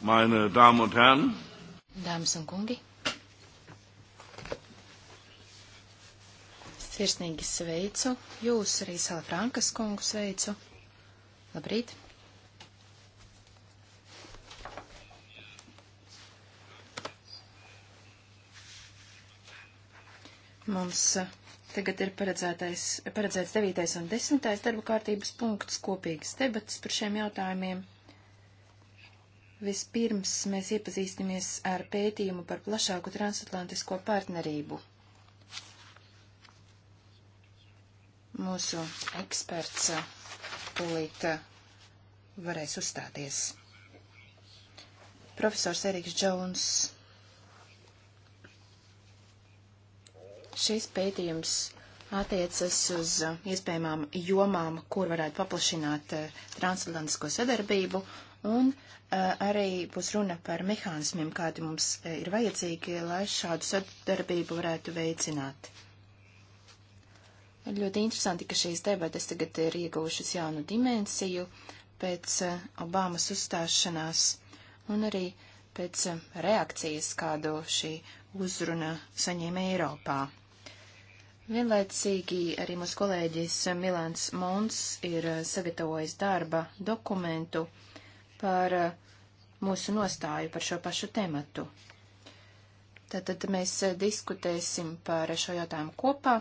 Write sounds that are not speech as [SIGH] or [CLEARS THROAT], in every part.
meine Damen und Herren. Dāmas un kungi. Sirsnīgi sveicu jūs, arī Sala Frankas kungu sveicu. Labrīt! Mums eh, tagad ir paredzētais, paredzēts 9. un 10. darba kārtības punkts, kopīgas debatas par šiem jautājumiem. Vispirms mēs iepazīstamies ar pētījumu par plašāku transatlantisko partnerību. Mūsu eksperts uh, tūlīt uh, varēs uzstāties. Profesors Eriks Džons. Šis pētījums attiecas uz uh, iespējamām jomām, kur varētu paplašināt transatlantisko sadarbību un arī būs runa par mehānismiem, kādi mums ir vajadzīgi, lai šādu sadarbību varētu veicināt. Ļoti interesanti, ka šīs debates tagad ir ieguvušas jaunu dimensiju pēc Obamas uzstāšanās un arī pēc reakcijas, kādu šī uzruna saņēma Eiropā. Vienlaicīgi arī mūsu kolēģis Milāns Mons ir sagatavojis darba dokumentu, uh, par eh, mūsu nostāju par šo pašu tematu. Tātad mēs eh, diskutēsim par šo jautājumu kopā.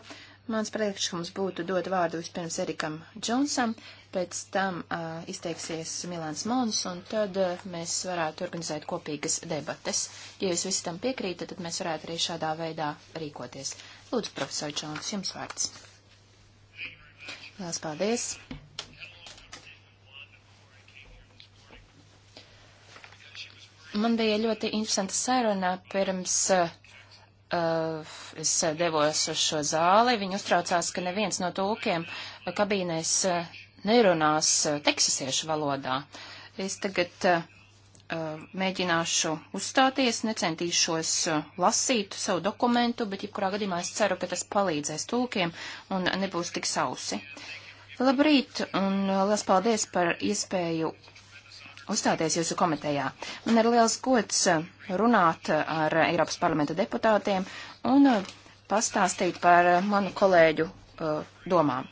Mans priekšlikums būtu dot vārdu vispirms Erikam Džonsam, pēc tam uh, izteiksies Milāns Mons, un tad uh, mēs varētu organizēt kopīgas debates. Ja jūs visi tam piekrītat, tad mēs varētu arī šādā veidā rīkoties. Lūdzu, profesor Džons, jums vārds. Lielas paldies! Man bija ļoti interesanta saruna pirms uh, es devos uz šo zāli. Viņi uztraucās, ka neviens no tūkiem kabīnēs uh, nerunās uh, teksasiešu valodā. Es tagad uh, uh mēģināšu uzstāties, necentīšos uh, lasīt savu dokumentu, bet jebkurā gadījumā es ceru, ka tas palīdzēs tūkiem un nebūs tik sausi. Labrīt un uh, liels paldies par iespēju uzstāties jūsu komitejā. Man ir liels gods eh, runāt eh, ar Eiropas parlamenta deputātiem un eh, pastāstīt par manu kolēģu uh, domām.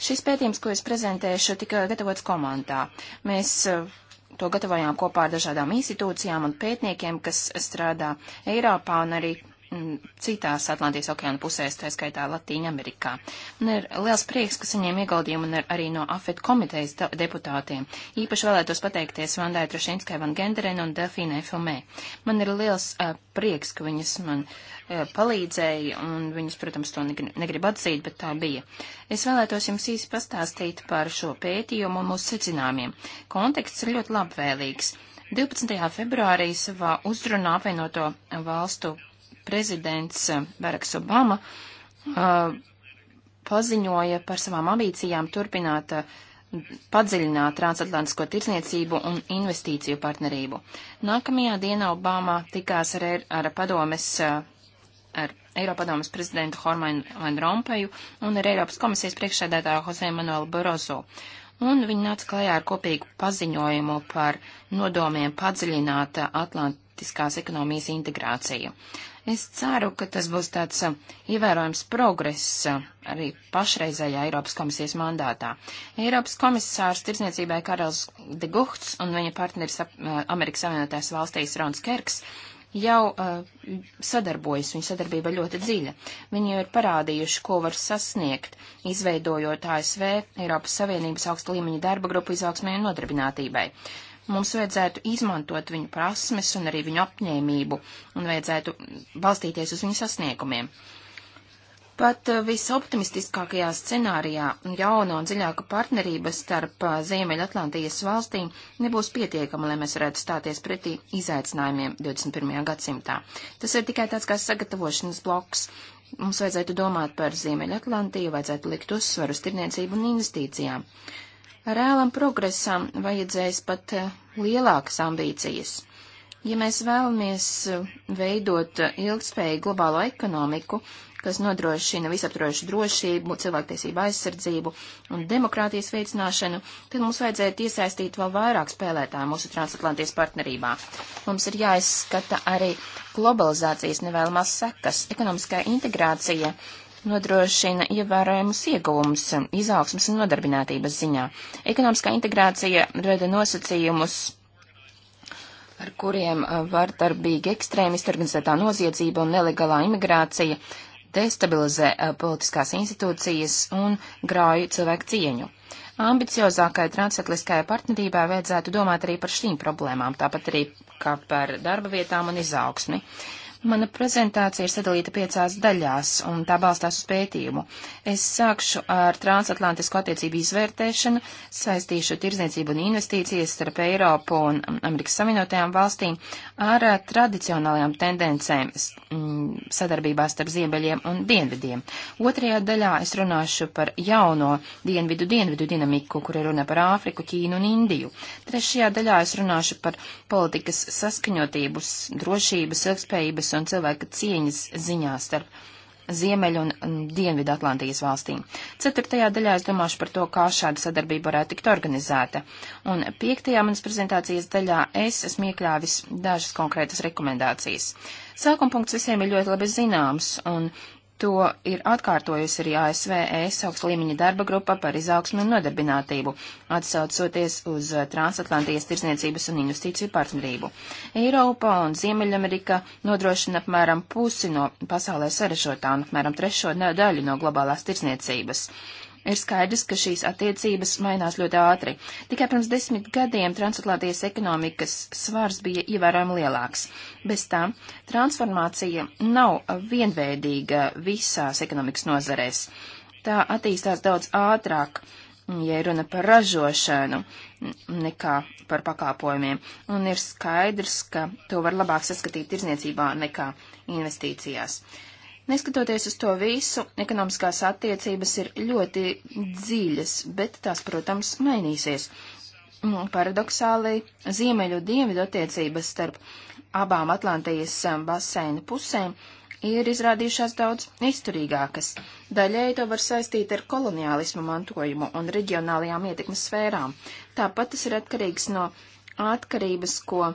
Šis pētījums, ko es prezentēšu, tika gatavots komandā. Mēs uh, to gatavojām kopā ar dažādām institūcijām un pētniekiem, kas strādā Eiropā un arī Mm, citās Atlantijas okeāna pusēs, tā skaitā Latīņa Amerikā. Man ir liels prieks, ka saņēmu ieguldījumu un arī no AFET komitejas deputātiem. Īpaši vēlētos pateikties Vandai Trašinskai Van Genderen un Delfīnai Filmē. Man ir liels uh, prieks, ka viņas man uh, palīdzēja, un viņas, protams, to negrib, negrib atzīt, bet tā bija. Es vēlētos jums īsi pastāstīt par šo pētījumu un mūsu secinājumiem. Konteksts ir ļoti labvēlīgs. 12. februārī savā uzrunā apvienoto valstu prezidents eh, Baraks Obama uh, paziņoja par savām ambīcijām turpināt uh, padziļināt transatlantisko tirsniecību un investīciju partnerību. Nākamajā dienā Obama tikās ar, ar padomes, ar Eiropadomes prezidentu Hormainu Van Rompeju un ar Eiropas komisijas priekšsēdētāju Jose Manuelu Barozo. Un viņi nāca klajā ar kopīgu paziņojumu par nodomiem padziļināt Atlant politiskās ekonomijas integrāciju. Es ceru, ka tas būs tāds uh, ievērojams progress uh, arī pašreizējā Eiropas komisijas mandātā. Eiropas komisārs tirsniecībai Karls de Guhts un viņa partneris uh, Amerikas Savienotās valstīs Rons Kerks jau uh, sadarbojas, viņa sadarbība ļoti dziļa. Viņi jau ir parādījuši, ko var sasniegt, izveidojot ASV Eiropas Savienības augsta līmeņa darba grupu izaugsmē un nodarbinātībai. Uh, Mums vajadzētu izmantot viņu prasmes un arī viņu apņēmību un vajadzētu balstīties uz viņu sasniegumiem. Pat eh, visoptimistiskākajā scenārijā jauna un dziļāka partnerība starp eh, Ziemeļatlantijas valstīm nebūs pietiekama, lai mēs varētu stāties pretī izaicinājumiem 21. gadsimtā. Tas ir tikai tāds kā sagatavošanas bloks. Mums vajadzētu domāt par Ziemeļatlantiju, vajadzētu likt uzsvaru uz tirniecību un investīcijām. Reālam progresam vajadzēs pat eh, lielākas ambīcijas. Ja mēs vēlamies eh, veidot eh, ilgspēju globālo ekonomiku, kas nodrošina visaptrošu drošību, cilvēktiesību aizsardzību un demokrātijas veicināšanu, tad mums vajadzētu iesaistīt vēl vairāk spēlētāju mūsu transatlantijas partnerībā. Mums ir jāizskata arī globalizācijas nevēlamās sekas, ekonomiskā integrācija nodrošina ievērojamus ieguvumus izaugsmas un nodarbinātības ziņā. Ekonomiskā integrācija rada nosacījumus, ar kuriem uh, vardarbīgi ekstrēmisti, organizētā noziedzība un nelegālā imigrācija destabilizē uh, politiskās institūcijas un grauj cilvēku cieņu. Ambiciozākai transatlantiskajai partnerībai vajadzētu domāt arī par šīm problēmām, tāpat arī kā par darba vietām un izaugsmi. Uh, Mana prezentācija ir sadalīta piecās daļās, un tā balstās uz pētījumu. Es sākšu ar transatlantisko attiecību izvērtēšanu, saistīšu tirdzniecību un investīcijas starp Eiropu un Amerikas Savienotajām valstīm ar eh, tradicionālajām tendencēm sadarbībā starp ziemeļiem un dienvidiem. Otrajā daļā es runāšu par jauno dienvidu-dienvidu dinamiku, kur ir runa par Āfriku, Ķīnu un Indiju. Trešajā daļā es runāšu par politikas saskaņotības, drošības, ilgspējības tiesības un cilvēka cieņas ziņā starp Ziemeļu un Dienvidu Atlantijas valstīm. Ceturtajā daļā es domāšu par to, kā šāda sadarbība varētu tikt organizēta. Un piektajā manas prezentācijas daļā es esmu iekļāvis dažas konkrētas rekomendācijas. Sākuma punkts visiem ir ļoti labi zināms, un To ir atkārtojusi arī ASV ES augsta līmeņa darba grupa par izaugsmu un nodarbinātību, atsaucoties uz uh, transatlantijas tirsniecības un investīciju partnerību. Eiropa un Ziemeļamerika nodrošina apmēram pusi no pasaulē sarežotā un apmēram trešo daļu no globālās tirsniecības ir skaidrs, ka šīs attiecības mainās ļoti ātri. Tikai pirms desmit gadiem transatlantijas ekonomikas svars bija ievērojami lielāks. Bez tām transformācija nav vienveidīga visās ekonomikas nozarēs. Tā attīstās daudz ātrāk, ja runa par ražošanu, nekā par pakāpojumiem, un ir skaidrs, ka to var labāk saskatīt tirzniecībā nekā investīcijās. Uh, Neskatoties uz to visu, ekonomiskās attiecības ir ļoti dziļas, bet tās, protams, mainīsies. Mm, Paradoxāli, ziemeļu dienvidu attiecības starp abām Atlantijas um, baseina pusēm ir izrādījušās daudz izturīgākas. Daļēji to var saistīt ar koloniālismu mantojumu un reģionālajām ietekmes sfērām. Tāpat tas ir atkarīgs no atkarības, ko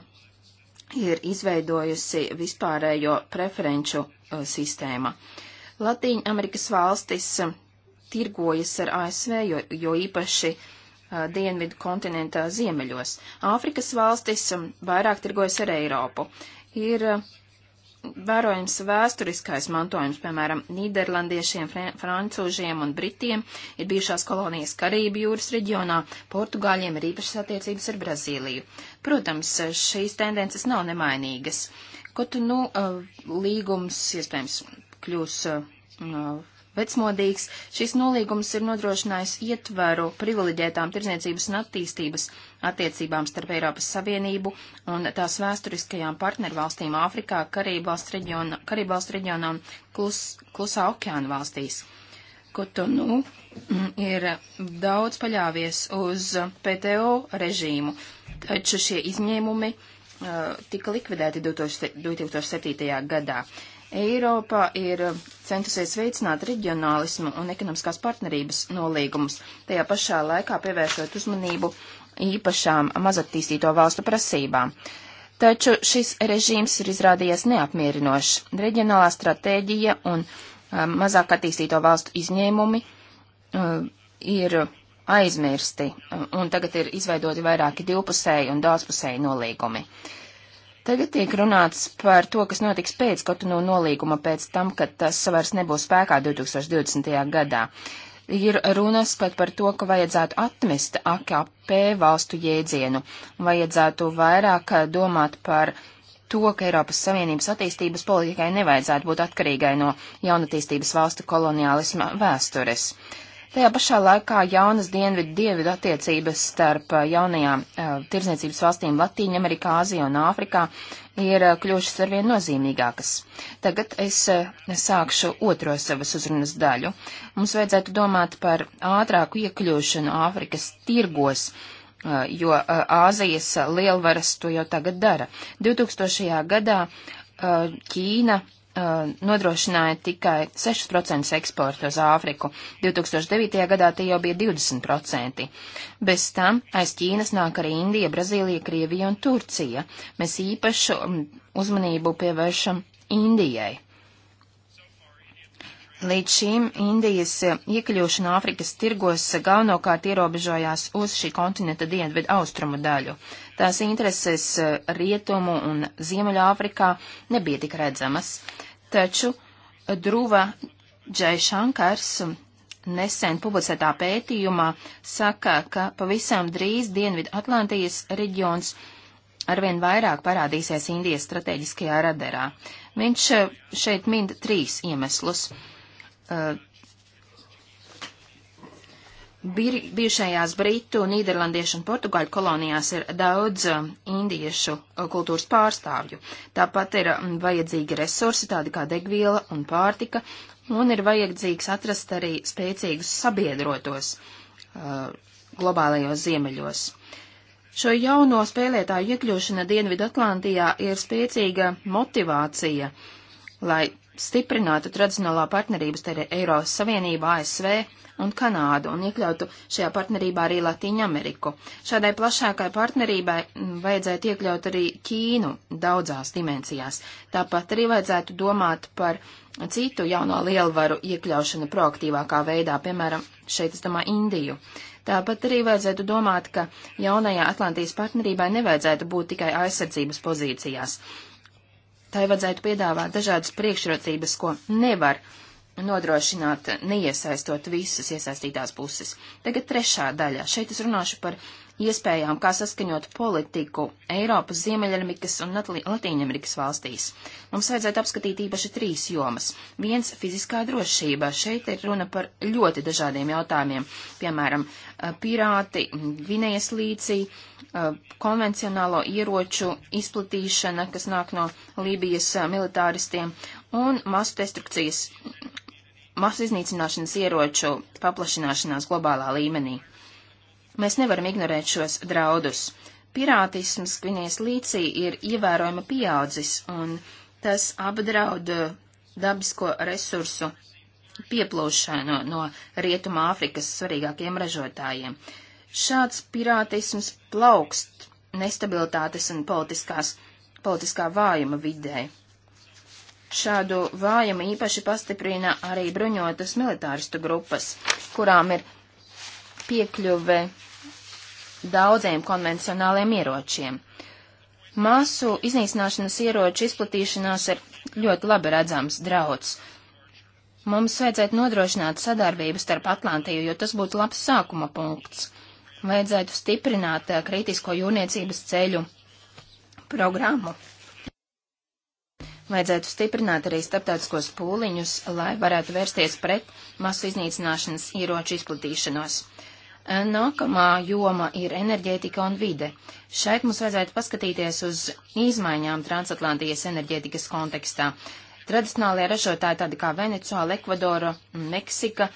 ir izveidojusi vispārējo preferenču Uh, sistēma. Latīņa Amerikas valstis um, tirgojas ar ASV, jo, jo īpaši uh, dienvidu kontinentā ziemeļos. Āfrikas valstis um, vairāk tirgojas ar Eiropu. Ir uh, vērojams vēsturiskais mantojums, piemēram, Nīderlandiešiem, francūžiem un britiem ir bijušās kolonijas Karību jūras reģionā, Portugāļiem ir īpašas attiecības ar Brazīliju. Protams, šīs tendences nav nemainīgas. Uh, Kotunu eh, līgums iespējams kļūs eh, vecmodīgs. Šis nolīgums ir nodrošinājis ietveru privileģētām tirzniecības un attīstības attiecībām starp Eiropas Savienību un tās vēsturiskajām partnervalstīm Āfrikā, Karībvalstu reģionā, Karībvalstu reģionā un klus, Klusā okeāna valstīs. Kotonu [CLEARS THROAT] ir daudz paļāvies uz PTO režīmu, taču šie izņēmumi uh, Uh, tika likvidēti 2007. gadā. Eiropa ir uh, centusies veicināt reģionālismu un ekonomiskās partnerības nolīgumus, tajā pašā laikā pievēršot uzmanību īpašām mazattīstīto valstu prasībām. Taču šis režīms ir izrādījies neapmierinošs. Reģionālā stratēģija un um, mazāk attīstīto valstu izņēmumi um, ir aizmirsti, un tagad ir izveidoti vairāki divpusēji un daudzpusēji nolīgumi. Tagad tiek runāts par to, kas notiks pēc Kotonu nolīguma, pēc tam, kad tas vairs nebūs spēkā 2020. gadā. Ir runas pat par to, ka vajadzētu atmest AKP valstu jēdzienu, vajadzētu vairāk domāt par to, ka Eiropas Savienības attīstības politikai nevajadzētu būt atkarīgai no jaunatīstības valstu koloniālisma vēstures. Uh, Tajā pašā laikā jaunas dienvidu dievidu attiecības starp uh, jaunajām uh, tirzniecības valstīm Latīņa, Amerikā, Āzija un Āfrikā ir uh, kļuvušas arvien nozīmīgākas. Tagad es uh, sākšu otro savas uzrunas daļu. Mums vajadzētu domāt par ātrāku iekļūšanu Āfrikas tirgos, uh, jo uh, Āzijas lielvaras to jau tagad dara. 2000. gadā uh, Ķīna Uh, nodrošināja tikai 6% eksportu uz Āfriku. 2009. gadā tie jau bija 20%. Bez tam aiz Ķīnas nāk arī Indija, Brazīlija, Krievija un Turcija. Mēs īpašu mm, uzmanību pievēršam Indijai. Līdz šīm Indijas iekļūšana Āfrikas tirgos galvenokārt ierobežojās uz šī kontinenta dienvidu austrumu daļu. Tās intereses eh, rietumu un ziemeļa Āfrikā nebija tik redzamas, taču Druva Džaišankars nesen publicētā pētījumā saka, ka pavisam drīz dienvidu Atlantijas reģions arvien vairāk parādīsies Indijas strateģiskajā radarā. Viņš eh, šeit min trīs iemeslus uh, bir, bijušajās Britu, Nīderlandiešu un Portugāļu kolonijās ir daudz um, indiešu uh, kultūras pārstāvju. Tāpat ir um, vajadzīgi resursi, tādi kā degviela un pārtika, un ir vajadzīgs atrast arī spēcīgus sabiedrotos uh, globālajos ziemeļos. Šo jauno spēlētāju iekļūšana Dienvidu Atlantijā ir spēcīga motivācija, lai stiprinātu tradicionālā partnerības te ir Eiropas Savienība, ASV un Kanādu un iekļautu šajā partnerībā arī Latīņu Ameriku. Šādai plašākai partnerībai mm, vajadzētu iekļaut arī Ķīnu daudzās dimensijās. Tāpat arī vajadzētu domāt par citu jauno lielvaru iekļaušanu proaktīvākā veidā, piemēram, šeit es domāju Indiju. Tāpat arī vajadzētu domāt, ka jaunajā Atlantijas partnerībai nevajadzētu būt tikai aizsardzības pozīcijās tai vajadzētu piedāvāt dažādas priekšrocības, ko nevar nodrošināt, neiesaistot visas iesaistītās puses. Tagad trešā daļa. Šeit es runāšu par iespējām, kā saskaņot politiku Eiropas, Ziemeļamerikas un Latīņamerikas valstīs. Mums vajadzētu apskatīt īpaši trīs jomas. Viens - fiziskā drošība. Šeit ir runa par ļoti dažādiem jautājumiem, piemēram, pirāti, Gvinējas līcī, konvencionālo ieroču izplatīšana, kas nāk no Lībijas militāristiem, un masu destrukcijas masu iznīcināšanas ieroču paplašināšanās globālā līmenī. Mēs nevaram ignorēt šos draudus. Pirātisms Gvinējas līcī ir ievērojami pieaudzis, un tas apdraud dabisko resursu pieplūšanu no Rietuma Āfrikas svarīgākiem ražotājiem. Šāds pirātisms plaukst nestabilitātes un politiskā vājuma vidē. Šādu vājumu īpaši pastiprina arī bruņotas militāristu grupas, kurām ir piekļuve daudziem konvencionāliem ieročiem. Māsu iznīcināšanas ieroču izplatīšanās ir ļoti labi redzams drauds. Mums vajadzētu nodrošināt sadarbību starp Atlantiju, jo tas būtu labs sākuma punkts. Vajadzētu stiprināt eh, kritisko jūrniecības ceļu programmu. Vajadzētu stiprināt arī starptautiskos pūliņus, lai varētu vērsties pret masu iznīcināšanas ieroču izplatīšanos. Nākamā joma ir enerģētika un vide. Šeit mums vajadzētu paskatīties uz izmaiņām transatlantijas enerģētikas kontekstā. Tradicionālie ražotāji tādi kā Venecuāla, Ekvadora, Meksika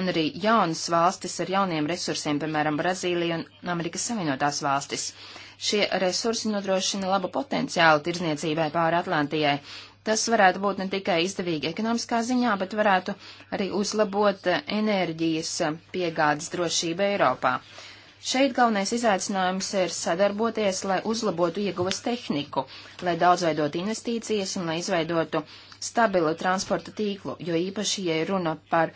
un arī jaunas valstis ar jauniem resursiem, piemēram, Brazīlija un Amerikas Savienotās valstis. Šie resursi nodrošina labu potenciālu tirzniecībai pāri Atlantijai, Tas varētu būt ne tikai izdevīgi ekonomiskā ziņā, bet varētu arī uzlabot enerģijas piegādes drošību Eiropā. Šeit galvenais izaicinājums ir sadarboties, lai uzlabotu ieguvas tehniku, lai daudzveidot investīcijas un lai izveidotu stabilu transporta tīklu, jo īpaši, ja runa par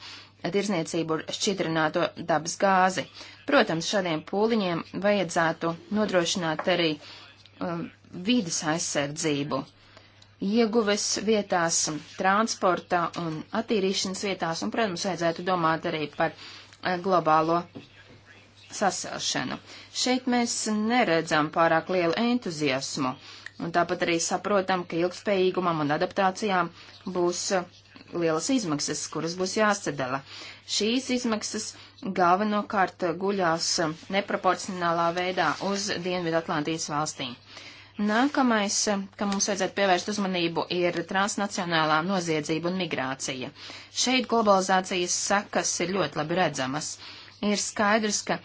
tirzniecību šķidrināto dabas gāzi. Protams, šādiem pūliņiem vajadzētu nodrošināt arī um, vidas aizsardzību ieguves vietās, transporta un attīrīšanas vietās, un, protams, vajadzētu domāt arī par eh, globālo sasilšanu. Šeit mēs neredzam pārāk lielu entuziasmu, un tāpat arī saprotam, ka ilgspējīgumam un adaptācijām būs eh, lielas izmaksas, kuras būs jāsadala. Šīs izmaksas galvenokārt guļās eh, neproporcionālā veidā uz Dienvidu Atlantijas valstīm. Nākamais, kam mums vajadzētu pievērst uzmanību, ir transnacionālā noziedzība un migrācija. Šeit globalizācijas sekas ir ļoti labi redzamas. Ir skaidrs, ka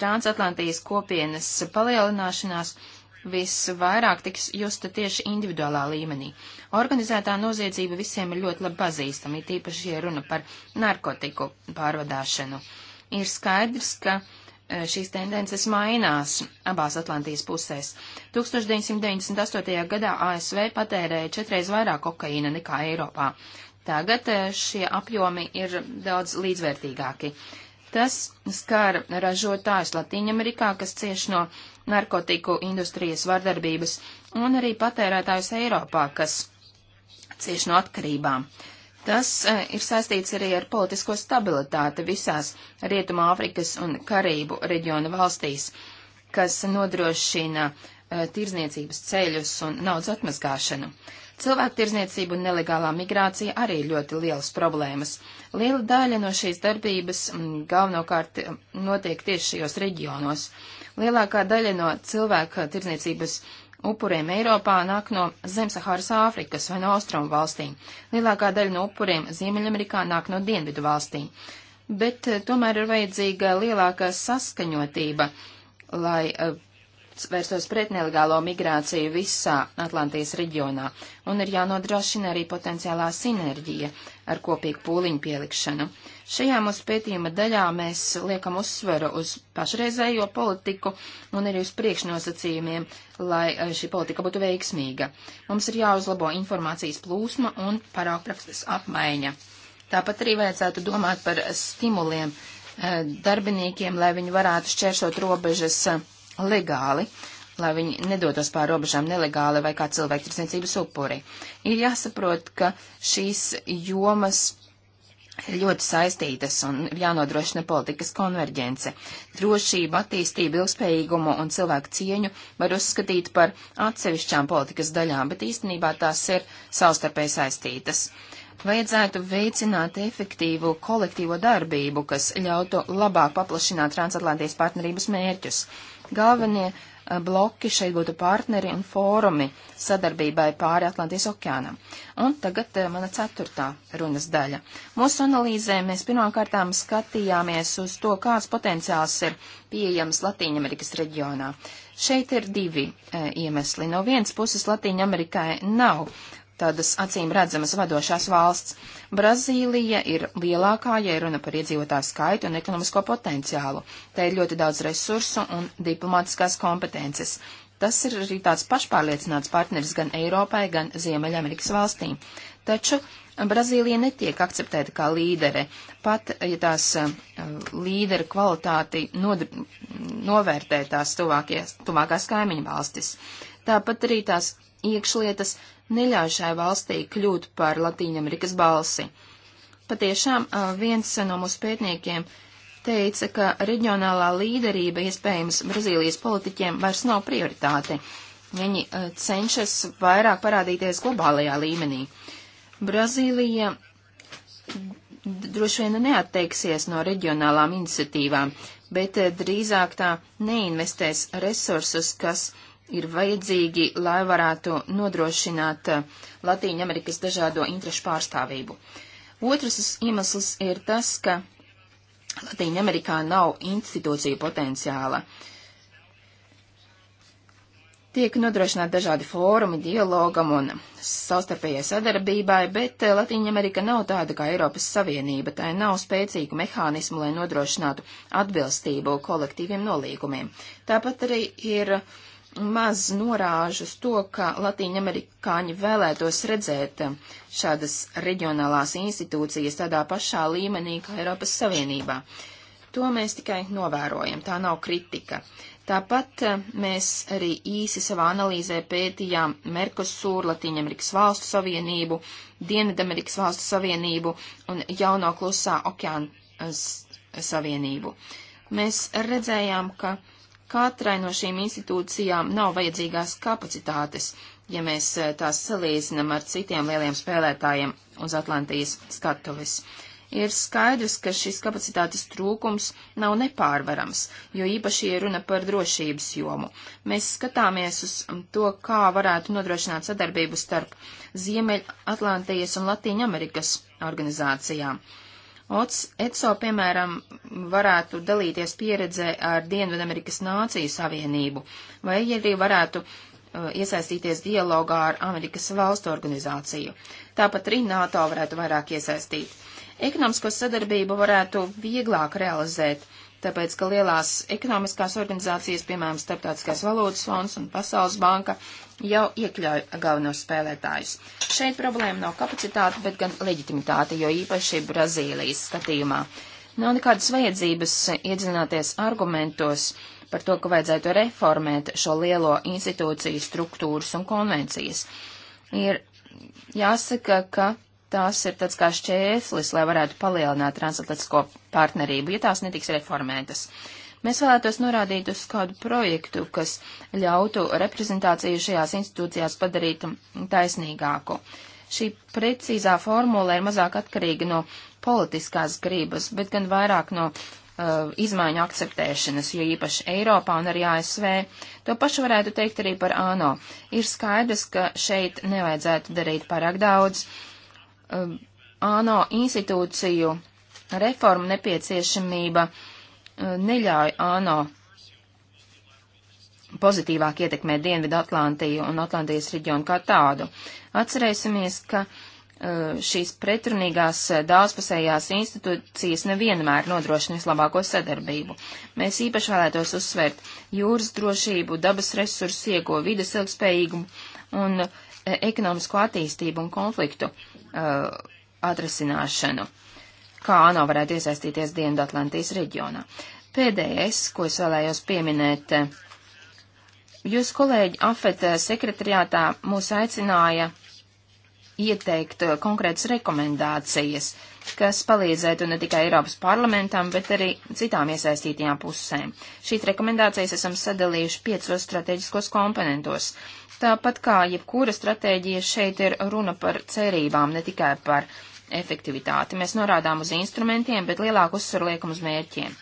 transatlantijas kopienas palielināšanās visvairāk tiks justa tieši individuālā līmenī. Organizētā noziedzība visiem ir ļoti labi pazīstama, it īpaši, ja runa par narkotiku pārvadāšanu. Ir skaidrs, ka uh, Eh, šīs tendences mainās abās Atlantijas pusēs. 1998. gadā ASV patērēja četreiz vairāk kokaīna nekā Eiropā. Tagad eh, šie apjomi ir daudz līdzvērtīgāki. Tas skar ražotājus Latīņamerikā, kas cieš no narkotiku industrijas vardarbības, un arī patērētājus Eiropā, kas cieš no atkarībām. Uh, Tas e, ir saistīts arī ar politisko stabilitāti visās Rietumā Afrikas un Karību reģiona valstīs, kas nodrošina e, tirzniecības ceļus un naudas atmazgāšanu. Cilvēktirzniecība un nelegālā migrācija arī ir ļoti lielas problēmas. Liela daļa no šīs darbības galvenokārt e, notiek tieši šajos reģionos. Lielākā daļa no cilvēka tirdzniecības upuriem Eiropā nāk no Zemsaharas Āfrikas vai no Austrumu valstīm. Lielākā daļa no upuriem Ziemeļamerikā nāk no Dienvidu valstīm. Bet eh, tomēr ir vajadzīga lielāka saskaņotība, lai eh, vērstos pret nelegālo migrāciju visā Atlantijas reģionā, un ir jānodrošina arī potenciālā sinerģija ar kopīgu pūliņu pielikšanu. Šajā mūsu pētījuma daļā mēs liekam uzsveru uz pašreizējo politiku un arī uz priekšnosacījumiem, lai eh, šī politika būtu veiksmīga. Mums ir jāuzlabo informācijas plūsma un paraugprakses apmaiņa. Tāpat arī vajadzētu domāt par stimuliem eh, darbiniekiem, lai viņi varētu šķēršot robežas eh, legāli, lai viņi nedotos pār robežām nelegāli vai kā cilvēktirdzniecības upuri. Ir jāsaprot, ka šīs jomas ir ļoti saistītas un jānodrošina politikas konverģence. Drošību, attīstību, ilgspējīgumu un cilvēku cieņu var uzskatīt par atsevišķām politikas daļām, bet īstenībā tās ir savstarpēji saistītas vajadzētu veicināt efektīvu kolektīvo darbību, kas ļautu labāk paplašināt transatlantijas partnerības mērķus. Galvenie eh, bloki šeit būtu partneri un fórumi sadarbībai pāri Atlantijas okeānam. Un tagad eh, mana ceturtā runas daļa. Mūsu analīzē mēs pirmkārtām skatījāmies uz to, kāds potenciāls ir pieejams Latīņamerikas reģionā. Šeit ir divi e, iemesli. No vienas puses Latīņamerikai nav tādas acīm redzamas vadošās valsts. Brazīlija ir lielākā, ja runa par iedzīvotāju skaitu un ekonomisko potenciālu. Te ir ļoti daudz resursu un diplomātiskās kompetences. Tas ir arī tāds pašpārliecināts partneris gan Eiropai, gan Ziemeļamerikas valstīm. Taču Brazīlija netiek akceptēta kā līdere, pat ja tās eh, līdera kvalitāti novērtē tās tuvākās kaimiņu valstis. Tāpat arī tās iekšlietas neļauj šai valstī kļūt par Latīņamerikas balsi. Patiešām viens no mūsu pētniekiem teica, ka reģionālā līderība iespējams Brazīlijas politiķiem vairs nav prioritāte. Viņi cenšas vairāk parādīties globālajā līmenī. Brazīlija droši vien neatteiksies no reģionālām iniciatīvām, bet drīzāk tā neinvestēs resursus, kas uh, ir vajadzīgi, lai varētu nodrošināt eh, Latīņu Amerikas dažādo interešu pārstāvību. Otrs iemesls ir tas, ka Latīņa Amerikā nav institūciju potenciāla. Tiek nodrošināti dažādi fórumi dialogam un savstarpējai sadarbībai, bet eh, Latīņa Amerika nav tāda kā Eiropas Savienība, tai nav spēcīgu mehānismu, lai nodrošinātu atbilstību kolektīviem nolīgumiem. Tāpat arī ir uh, maz norāžu uz to, ka latīņamerikāņi vēlētos redzēt šādas reģionālās institūcijas tādā pašā līmenī kā Eiropas Savienībā. To mēs tikai novērojam, tā nav kritika. Tāpat eh, mēs arī īsi savā analīzē pētījām Merkosūru, Latīņamerikas valstu savienību, Dienvidamerikas valstu savienību un jauno klusā okeāna eh, savienību. Mēs redzējām, ka uh, Katrai no šīm institūcijām nav vajadzīgās kapacitātes, ja mēs eh, tās salīdzinām ar citiem lieliem spēlētājiem uz Atlantijas skatuves. Ir skaidrs, ka šis kapacitātes trūkums nav nepārvarams, jo īpaši ir runa par drošības jomu. Mēs skatāmies uz to, kā varētu nodrošināt sadarbību starp Ziemeļ Atlantijas un Latīņamerikas organizācijām. Uh, ECO, piemēram, varētu dalīties pieredzē ar Dienvidamerikas Nāciju Savienību, vai arī varētu uh, iesaistīties dialogā ar Amerikas valstu organizāciju. Tāpat arī NATO varētu vairāk iesaistīt. Ekonomisko sadarbību varētu vieglāk realizēt tāpēc, ka lielās ekonomiskās organizācijas, piemēram, Starptautiskais valūtas fonds un Pasaules banka, jau iekļauj galvenos spēlētājus. Šeit problēma nav kapacitāte, bet gan leģitimitāte, jo īpaši Brazīlijas skatījumā. Nav nekādas vajadzības iedzināties argumentos par to, ka vajadzētu reformēt šo lielo institūciju struktūras un konvencijas. Ir jāsaka, ka tās ir tāds kā šķēslis, lai varētu palielināt transatlantisko partnerību, ja tās netiks reformētas. Mēs vēlētos norādīt uz kādu projektu, kas ļautu reprezentāciju šajās institūcijās padarīt taisnīgāku. Šī precīzā formula ir mazāk atkarīga no politiskās gribas, bet gan vairāk no uh, izmaiņu akceptēšanas, jo īpaši Eiropā un arī ASV. To pašu varētu teikt arī par ANO. Ir skaidrs, ka šeit nevajadzētu darīt pārāk daudz. Uh, Um, ANO institūciju reforma nepieciešamība uh, neļauj ANO pozitīvāk ietekmēt Dienvidu Atlantiju un Atlantijas reģionu kā tādu. Atcerēsimies, ka uh, šīs pretrunīgās uh, daudzpusējās institūcijas nevienmēr nodrošina vislabāko sadarbību. Mēs īpaši vēlētos uzsvērt jūras drošību, dabas resursu ieguvu, vides ilgspējīgumu un uh, E, ekonomisko attīstību un konfliktu uh, e, atrasināšanu, kā ANO varētu iesaistīties Dienvidatlantijas reģionā. Pēdējais, ko es vēlējos pieminēt, e, jūs kolēģi AFET sekretariātā mūs aicināja ieteikt konkrētas rekomendācijas, kas palīdzētu ne tikai Eiropas parlamentam, bet arī citām iesaistītajām pusēm. Šīs rekomendācijas esam sadalījuši piecos strateģiskos komponentos. Tāpat kā jebkura stratēģija šeit ir runa par cerībām, ne tikai par efektivitāti. Mēs norādām uz instrumentiem, bet lielāku uzsvaru liekam uz mērķiem.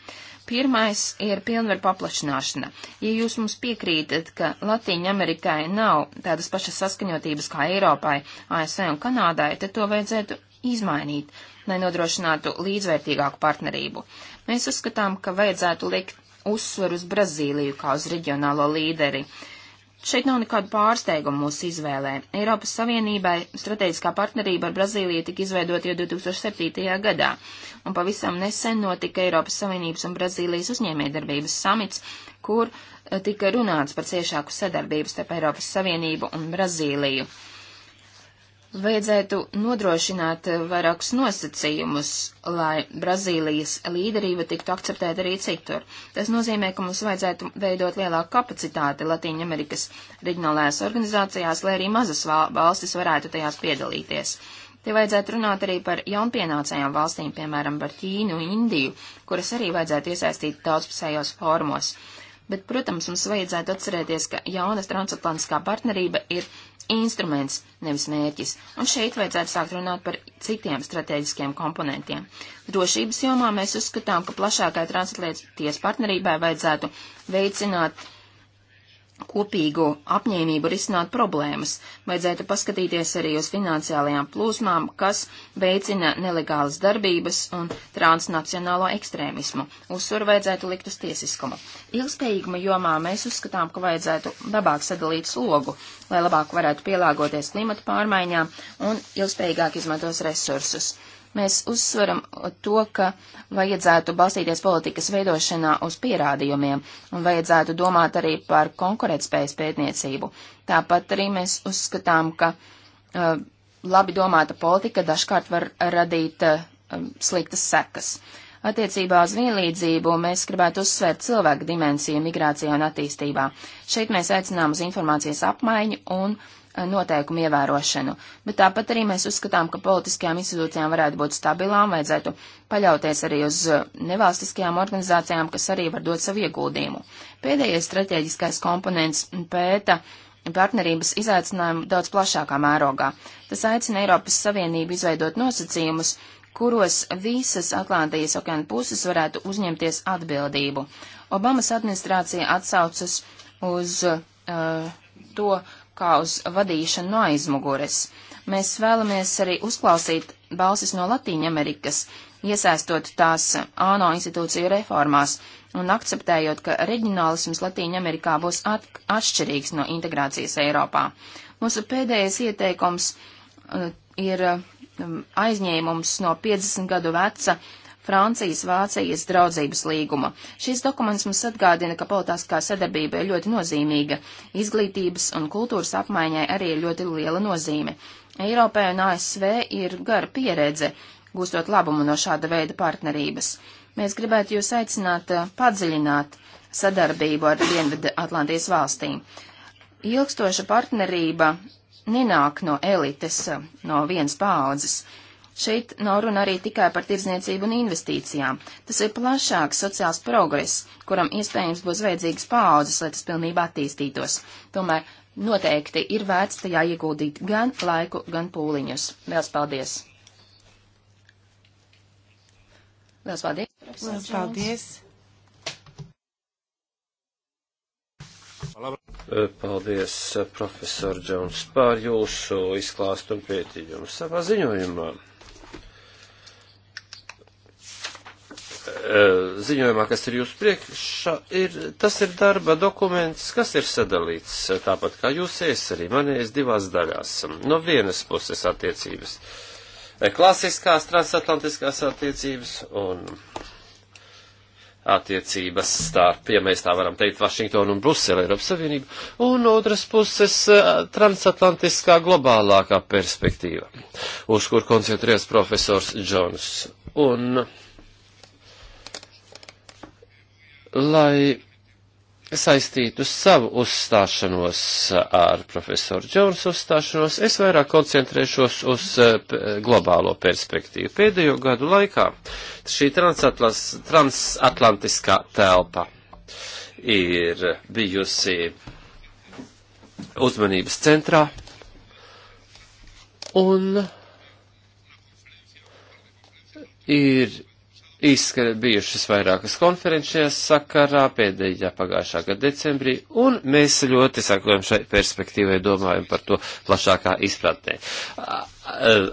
Pirmais ir pilnvaru paplašināšana. Ja jūs mums piekrītat, ka Latīņa Amerikai nav tādas pašas saskaņotības kā Eiropai, ASV un Kanādai, tad to vajadzētu izmainīt, lai nodrošinātu līdzvērtīgāku partnerību. Mēs uzskatām, ka vajadzētu likt uzsvaru uz Brazīliju kā uz reģionālo līderi. Uh, Šeit nav nekādu pārsteigumu mūsu izvēlē. Eiropas Savienībai strateģiskā partnerība ar Brazīliju tika izveidota jau 2007. gadā, un pavisam nesen notika Eiropas Savienības un Brazīlijas uzņēmējdarbības samits, kur eh, tika runāts par ciešāku sadarbību starp Eiropas Savienību un Brazīliju. Uh, vajadzētu nodrošināt eh, vairākus nosacījumus, lai Brazīlijas līderība tiktu akceptēta arī citur. Tas nozīmē, ka mums vajadzētu veidot lielāku kapacitāti Latīņa Amerikas reģionālajās organizācijās, lai arī mazas valstis varētu tajās piedalīties. Te vajadzētu runāt arī par jaunpienācējām valstīm, piemēram, par Ķīnu, Indiju, kuras arī vajadzētu iesaistīt daudzpusējos formos bet, protams, mums vajadzētu atcerēties, ka jaunas transatlantiskā partnerība ir instruments, nevis mērķis, un šeit vajadzētu sākt runāt par citiem strateģiskiem komponentiem. Drošības jomā mēs uzskatām, ka plašākai transatlantiskajai partnerībai vajadzētu veicināt kopīgu apņēmību risināt problēmas. Vajadzētu paskatīties arī uz finansiālajām plūsmām, kas veicina nelegālas darbības un transnacionālo ekstrēmismu. Uzsvaru vajadzētu likt uz tiesiskumu. Ilgspējīguma jomā mēs uzskatām, ka vajadzētu labāk sadalīt slogu, lai labāk varētu pielāgoties klimata pārmaiņām un ilgspējīgāk izmantos resursus. Mēs uzsveram to, ka vajadzētu balstīties politikas veidošanā uz pierādījumiem un vajadzētu domāt arī par konkurētspējas pētniecību. Tāpat arī mēs uzskatām, ka uh, labi domāta politika dažkārt var radīt uh, um, sliktas sekas. Attiecībā uz vienlīdzību mēs gribētu uzsvērt cilvēku dimensiju migrācijā un attīstībā. Šeit mēs aicinām uz informācijas apmaiņu un uh, noteikumu ievērošanu, bet tāpat arī mēs uzskatām, ka politiskajām institūcijām varētu būt stabilām, vajadzētu paļauties arī uz uh, nevalstiskajām organizācijām, kas arī var dot savu ieguldījumu. Pēdējais strateģiskais komponents pēta partnerības izaicinājumu daudz plašākā mērogā. Tas aicina Eiropas Savienību izveidot nosacījumus, kuros visas Atlantijas okeāna puses varētu uzņemties atbildību. Obamas administrācija atsaucas uz uh, to, kā uz vadīšanu no aizmugures. Mēs vēlamies arī uzklausīt balsis no Latīņamerikas, iesaistot tās ANO institūciju reformās un akceptējot, ka reģionālisms Latīņamerikā būs at atšķirīgs no integrācijas Eiropā. Mūsu pēdējais ieteikums uh, ir um, aizņēmums no 50 gadu veca Francijas-Vācijas draudzības līguma. Šis dokuments mums atgādina, ka politiskā sadarbība ir ļoti nozīmīga. Izglītības un kultūras apmaiņai arī ir ļoti liela nozīme. Eiropai un ASV ir gara pieredze, gūstot labumu no šāda veida partnerības. Mēs gribētu jūs aicināt eh, padziļināt sadarbību ar Dienvidu Atlantijas valstīm. Ilgstoša partnerība nenāk no elites, no vienas paaudzes. Šeit nav runa arī tikai par tirdzniecību un investīcijām. Tas ir plašāks sociāls progress, kuram iespējams būs vajadzīgas paaudzes, lai tas pilnībā attīstītos. Tomēr noteikti ir vērts tajā ieguldīt gan laiku, gan pūliņus. Liels paldies! Liels paldies! Liels paldies! Paldies, profesor Džons, par jūsu izklāstu un pētījumu savā ziņojumā. Eh, ziņojumā, kas ir jūsu priekšā, ir, tas ir darba dokuments, kas ir sadalīts eh, tāpat kā jūs es arī manējis divās daļās. No vienas puses attiecības, eh, klasiskās transatlantiskās attiecības un attiecības starp, ja mēs tā varam teikt, Vašingtonu un Bruseli, Eiropas Savienību, un otras puses transatlantiskā globālākā perspektīva, uz kur koncentrējas profesors Džons. Un lai saistītu savu uzstāšanos ar profesoru Džonsu uzstāšanos, es vairāk koncentrēšos uz eh, globālo perspektīvu. Pēdējo gadu laikā šī transatlantiskā telpa ir bijusi uzmanības centrā un ir Izskara bijušas vairākas konferences šajā sakarā pēdējā pagājušā gada decembrī, un mēs ļoti sakojam šai perspektīvai, domājam par to plašākā izpratnē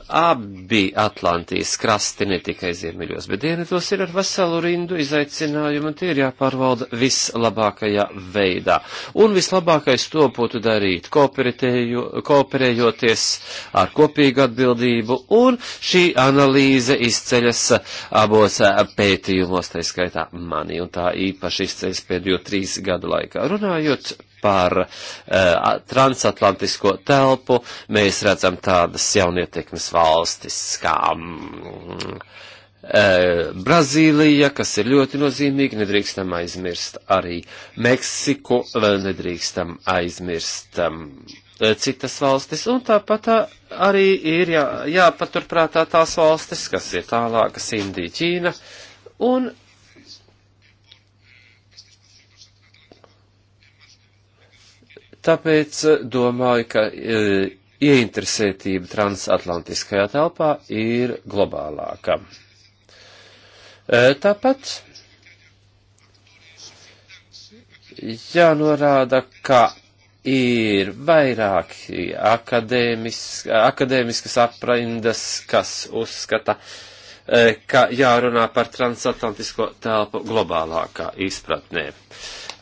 abi Atlantijas krasti ne tikai ziemeļos, bet dienvidos ir ar veselu rindu izaicinājumu, un tie ir jāpārvalda vislabākajā veidā. Un vislabākais to būtu darīt, kooperējoties ar kopīgu atbildību, un šī analīze izceļas abos pētījumos, tā skaitā mani, un tā īpaši izceļas pēdējo trīs gadu laikā. Runājot par uh, transatlantisko telpu, mēs redzam tādas jaunietekmes valstis kā mm, eh, Brazīlija, kas ir ļoti nozīmīga, nedrīkstam aizmirst arī Meksiku, nedrīkstam aizmirst um, citas valstis, un tāpat arī ir jā, jāpaturprātā tās valstis, kas ir tālākas Indija, Ķīna, un Tāpēc eh, domāju, ka eh, ieinteresētība transatlantiskajā telpā ir globālāka. Eh, tāpat jānorāda, ka ir vairāki akadēmiskas aprindas, kas uzskata, ka jārunā par transatlantisko telpu globālākā izpratnē. Uh,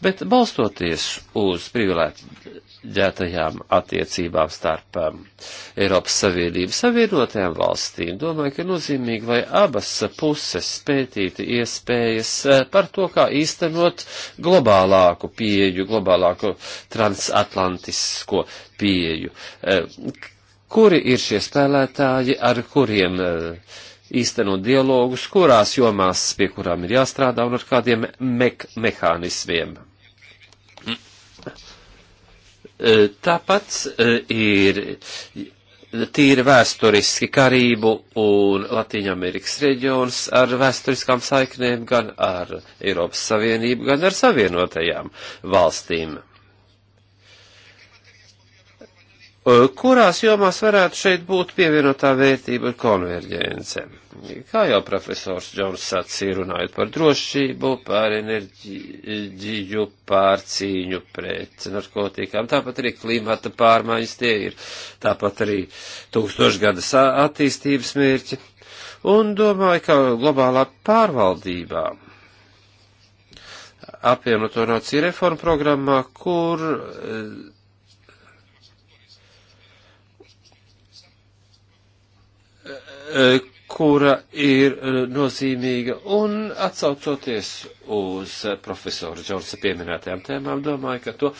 Bet balstoties uz privilēģētajām attiecībām starp um, Eiropas Savienības savienotajām valstīm, domāju, ka nozīmīgi, lai abas puses pētītu iespējas eh, par to, kā īstenot globālāku pieju, globālāku transatlantisko pieju. Eh, kuri ir šie spēlētāji, ar kuriem uh, īstenot dialogus, kurās jomās, pie kurām ir jāstrādā un ar kādiem me mehānismiem. Tāpat e, ir tīri vēsturiski Karību un Latīņamerikas reģions ar vēsturiskām saiknēm gan ar Eiropas Savienību, gan ar Savienotajām valstīm. Eh, kurās jomās varētu šeit būt pievienotā vērtība un konverģence. Kā jau profesors Džons sacīja, runājot par drošību, par enerģiju, par cīņu pret narkotikām, tāpat arī klimata pārmaiņas tie ir, tāpat arī tūkstošgadas attīstības mērķi. Un domāju, ka globālā pārvaldībā apvienoto nāciju reformu programmā, kur eh, Eh, kura ir eh, nozīmīga. Un atsaucoties uz eh, profesora Džonsa pieminētajām tēmām, domāju, ka to,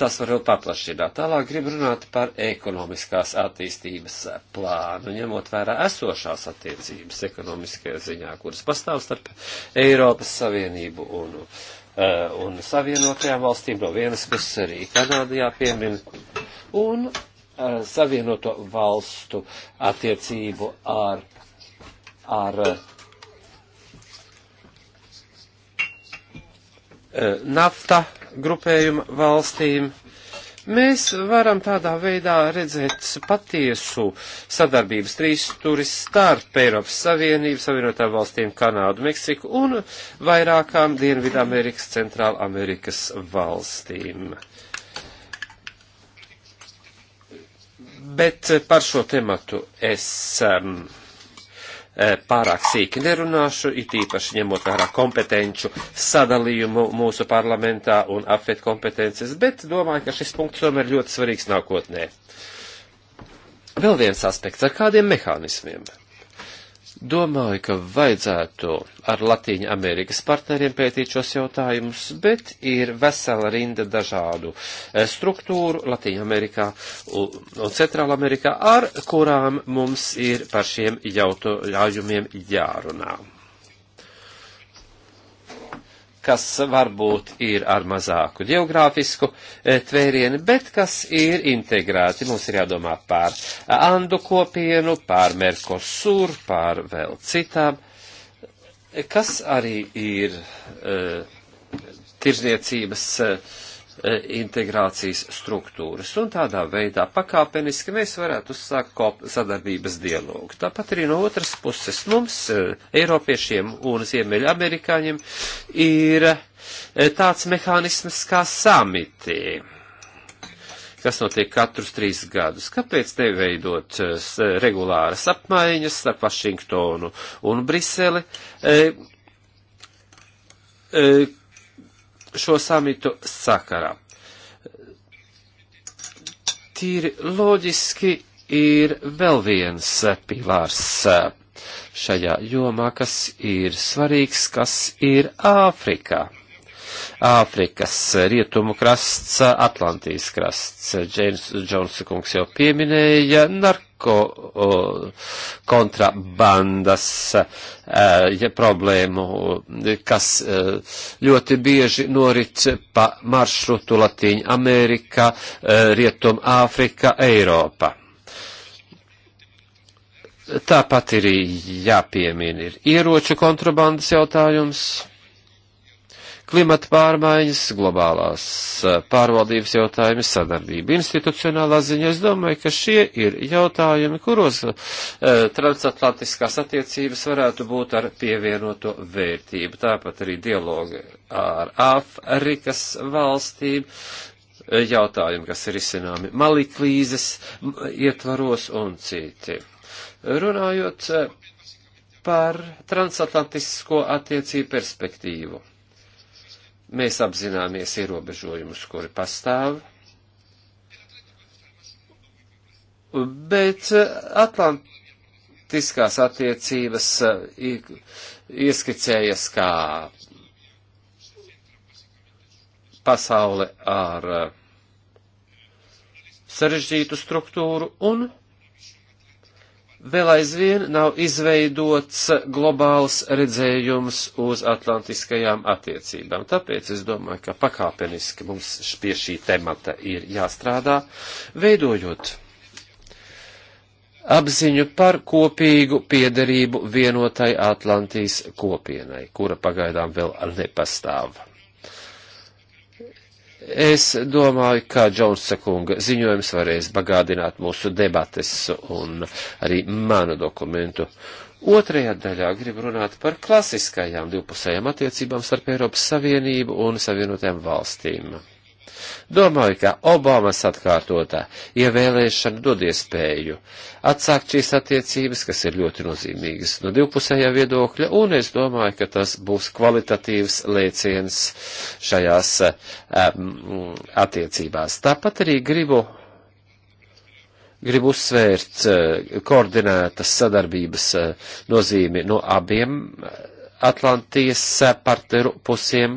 tas var vēl paplašināt. Tālāk grib runāt par ekonomiskās attīstības plānu, ņemot vērā esošās attiecības ekonomiskajā ziņā, kuras pastāv starp Eiropas Savienību un, un Savienotajām valstīm no vienas puses arī Kanādā jāpiemina. Un Savienoto valstu attiecību ar, ar eh, nafta grupējuma valstīm. Mēs varam tādā veidā redzēt patiesu sadarbības trīsstūris starp Eiropas Savienību, Savienotām valstīm, Kanādu, Meksiku un vairākām Dienvidamerikas, Centrālamerikas valstīm. Bet eh, par šo tematu es um, pārāk sīki nerunāšu, it īpaši ņemot vērā kompetenču sadalījumu mūsu parlamentā un apvet kompetences, bet domāju, ka šis punkts tomēr ļoti svarīgs nākotnē. Vēl viens aspekts ar kādiem mehānismiem. Domāju, ka vajadzētu ar Latīņu Amerikas partneriem pētīt šos jautājumus, bet ir vesela rinda dažādu e, struktūru Latīņu Amerikā un Centrāla Amerikā, ar kurām mums ir par šiem jautājumiem jārunā kas varbūt ir ar mazāku geogrāfisku e, tvērienu, bet kas ir integrēti. Mums ir jādomā par Andu kopienu, par Merkosur, par vēl citām, e, kas arī ir uh, tirzniecības uh, E, integrācijas struktūras, un tādā veidā pakāpeniski mēs varētu uzsākt sadarbības dialogu. Tāpat arī no otras puses mums, e, Eiropiešiem un Ziemeļa Amerikāņiem, ir e, tāds mehānisms kā samitī kas notiek katrus trīs gadus. Kāpēc neveidot regulāras apmaiņas starp Vašingtonu un Briseli, šo samitu sakarā. Tīri loģiski ir vēl viens pilārs šajā jomā, kas ir svarīgs, kas ir Āfrikā. Āfrikas rietumu krasts, Atlantijas krasts. Džeims Džonsa kungs jau pieminēja narko o, kontrabandas e, ja, problēmu, kas e, ļoti bieži norit pa maršrutu Latīņa Amerika, e, Rietum Āfrika, Eiropa. Tāpat ir jāpiemina ir ieroču kontrabandas jautājums klimata pārmaiņas, globālās pārvaldības jautājumi, sadarbība institucionālā ziņā. Es domāju, ka šie ir jautājumi, kuros uh, transatlantiskās attiecības varētu būt ar pievienoto vērtību. Tāpat arī dialogi ar Āfrikas valstīm, jautājumi, kas ir izcināmi maliklīzes ietvaros un citi. Runājot par transatlantisko attiecību perspektīvu. Mēs apzināmies ierobežojumus, kuri pastāv, bet eh, atlantiskās attiecības eh, ieskicējas kā pasaule ar eh, sarežģītu struktūru un vēl aizvien nav izveidots globāls redzējums uz atlantiskajām attiecībām. Tāpēc es domāju, ka pakāpeniski mums pie šī temata ir jāstrādā, veidojot apziņu par kopīgu piederību vienotai Atlantijas kopienai, kura pagaidām vēl nepastāv. Es domāju, ka Džonsa kunga ziņojums varēs bagādināt mūsu debates un arī manu dokumentu. Otrajā daļā gribu runāt par klasiskajām divpusējām attiecībām starp Eiropas Savienību un Savienotajām valstīm. Domāju, ka Obamas atkārtotā ievēlēšana dod iespēju atsākt šīs attiecības, kas ir ļoti nozīmīgas no divpusējā viedokļa, un es domāju, ka tas būs kvalitatīvs lēciens šajās um, attiecībās. Tāpat arī gribu grib uzsvērt eh, koordinētas sadarbības eh, nozīmi no abiem Atlantijas partneru pusēm,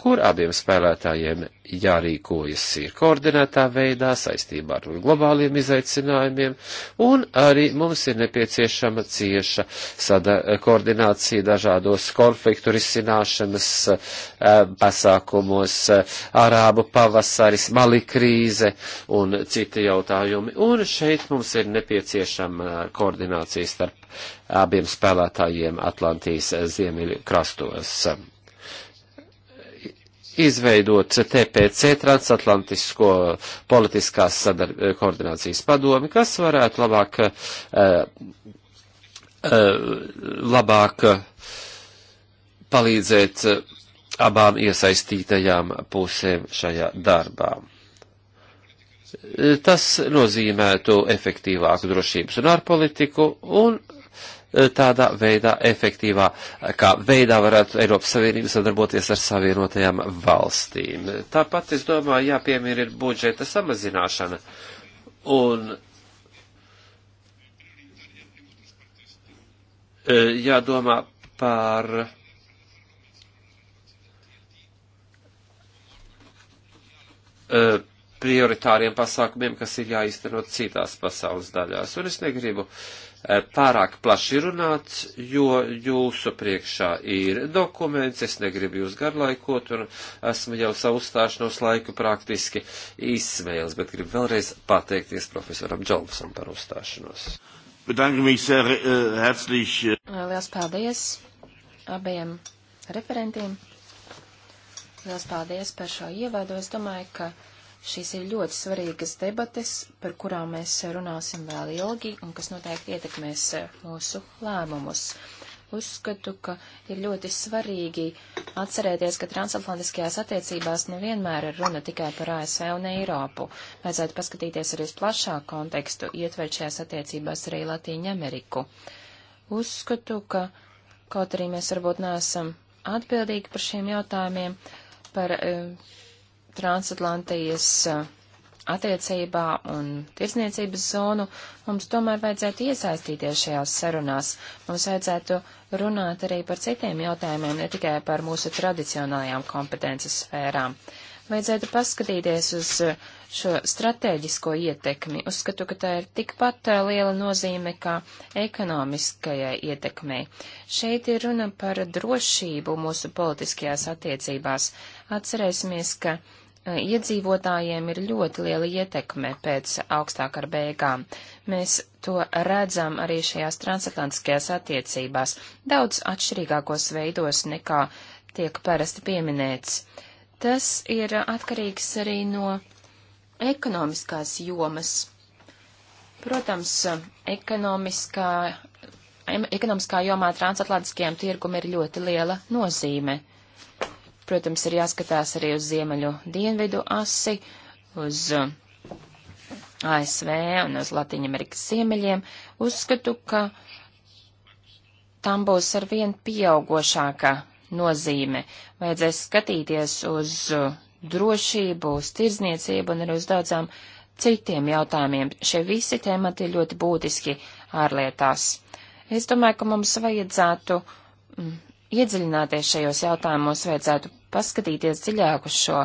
kur abiem spēlētājiem jārīkojas ir koordinētā veidā saistībā ar globāliem izaicinājumiem, un arī mums ir nepieciešama cieša sada, koordinācija dažādos konfliktu risināšanas eh, pasākumos, eh, arābu pavasaris, mali krīze un citi jautājumi. Un šeit mums ir nepieciešama koordinācija starp abiem spēlētājiem Atlantijas ziemeļu krastos. Izveidot TPC transatlantisko politiskās sadar koordinācijas padomi, kas varētu labāk, eh, eh, labāk palīdzēt abām iesaistītajām pusēm šajā darbā. Tas nozīmētu efektīvāku drošības un ārpolitiku un Eh, tādā veidā, efektīvā, kā veidā varētu Eiropas Savienība sadarboties ar savienotajām valstīm. Tāpat, es domāju, jāpiemīra ir budžeta samazināšana. Un eh, jādomā par eh, prioritāriem pasākumiem, kas ir jāiztenot citās pasaules daļās. Un es negribu uh, Eh, pārāk plaši runāts, jo jūsu priekšā ir dokuments, es negribu jūs garlaikot, un esmu jau savu stāšanos laiku praktiski izsmēlis, bet gribu vēlreiz pateikties profesoram Džalbsam par uzstāšanos. Eh, eh. Lielas paldies abiem referentiem. Lielas paldies par šo ievādu. Es domāju, ka Šīs ir ļoti svarīgas debates, par kurām mēs runāsim vēl ilgi un kas noteikti ietekmēs eh, mūsu lēmumus. Uzskatu, ka ir ļoti svarīgi atcerēties, ka transatlantiskajās attiecībās nevienmēr ir runa tikai par ASV un Eiropu. Vajadzētu paskatīties arī uz plašāku kontekstu, ietvert šajās attiecībās arī Latīņu Ameriku. Uzskatu, ka kaut arī mēs varbūt neesam atbildīgi par šiem jautājumiem, par eh, transatlantijas eh, attiecībā un tirsniecības zonu, mums tomēr vajadzētu iesaistīties šajās sarunās. Mums vajadzētu runāt arī par citiem jautājumiem, ne tikai par mūsu tradicionālajām kompetences sfērām. Vajadzētu paskatīties uz eh, šo strateģisko ietekmi. Uzskatu, ka tā ir tikpat eh, liela nozīme kā ekonomiskajai ietekmei. Šeit ir runa par drošību mūsu politiskajās attiecībās. Atcerēsimies, ka iedzīvotājiem ir ļoti liela ietekme pēc augstākar beigām. Mēs to redzam arī šajās transatlantiskajās attiecībās, daudz atšķirīgākos veidos nekā tiek parasti pieminēts. Tas ir atkarīgs arī no ekonomiskās jomas. Protams, ekonomiskā, ekonomiskā jomā transatlantiskajam tirgum ir ļoti liela nozīme protams, ir jāskatās arī uz ziemeļu dienvidu asi, uz uh, ASV un uz Latīņamerikas ziemeļiem. Uzskatu, ka tam būs ar vien pieaugošāka nozīme. Vajadzēs skatīties uz uh, drošību, uz tirdzniecību un arī uz daudzām citiem jautājumiem. Šie visi temati ir ļoti būtiski ārlietās. Es domāju, ka mums vajadzētu mm, iedziļināties šajos jautājumos, vajadzētu paskatīties dziļāk uz šo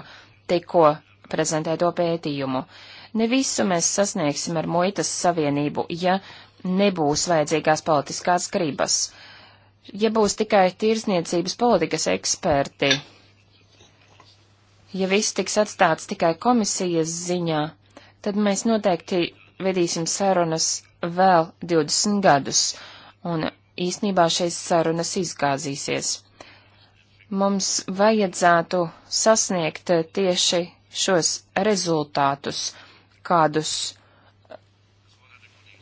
tikko prezentēto pētījumu. Ne visu mēs sasniegsim ar muitas savienību, ja nebūs vajadzīgās politiskās gribas. Ja būs tikai tirsniecības politikas eksperti, ja viss tiks atstāts tikai komisijas ziņā, tad mēs noteikti vedīsim sarunas vēl 20 gadus, un īsnībā šīs sarunas izgāzīsies mums vajadzētu sasniegt eh, tieši šos rezultātus, kādus eh,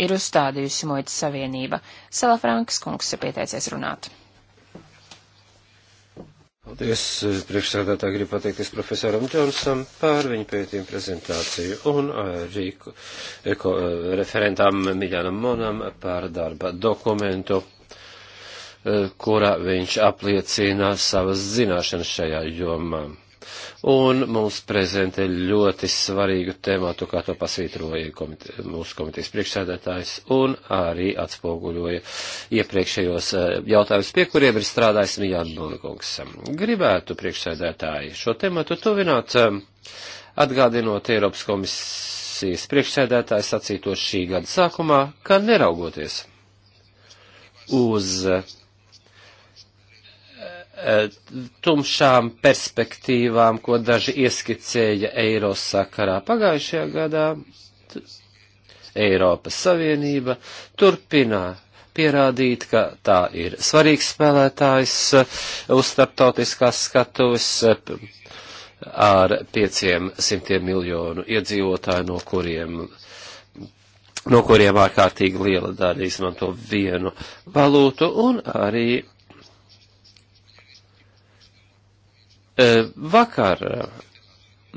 ir uzstādījusi Moitas Savienība. Sala Frankas kungs ir pieteicies runāt. Paldies, eh, priekšsēdētāji, gribu pateikties profesoram Džonsam par viņa pētījumu prezentāciju un arī referentam Miļanam Monam par darba dokumentu Eh, kurā viņš apliecina savas zināšanas šajā jomā. Un mums prezentē ļoti svarīgu tēmātu, kā to pasvītroja komite, mūsu komitejas priekšsēdētājs, un arī atspoguļoja iepriekšējos eh, jautājumus, pie kuriem ir strādājis Mijāna Bulgungs. Gribētu priekšsēdētāji šo tēmātu tuvināt, eh, atgādinot Eiropas komisijas priekšsēdētāju sacīto šī gada sākumā, ka neraugoties uz Eh, tumšām perspektīvām, ko daži ieskicēja eiro sakarā pagājušajā gadā. Eiropas Savienība turpina pierādīt, ka tā ir svarīgs spēlētājs eh, uz starptautiskās skatuves eh, ar pieciem simtiem miljonu iedzīvotāju, no kuriem, no kuriem ārkārtīgi liela daļa izmanto vienu valūtu un arī E, vakar e,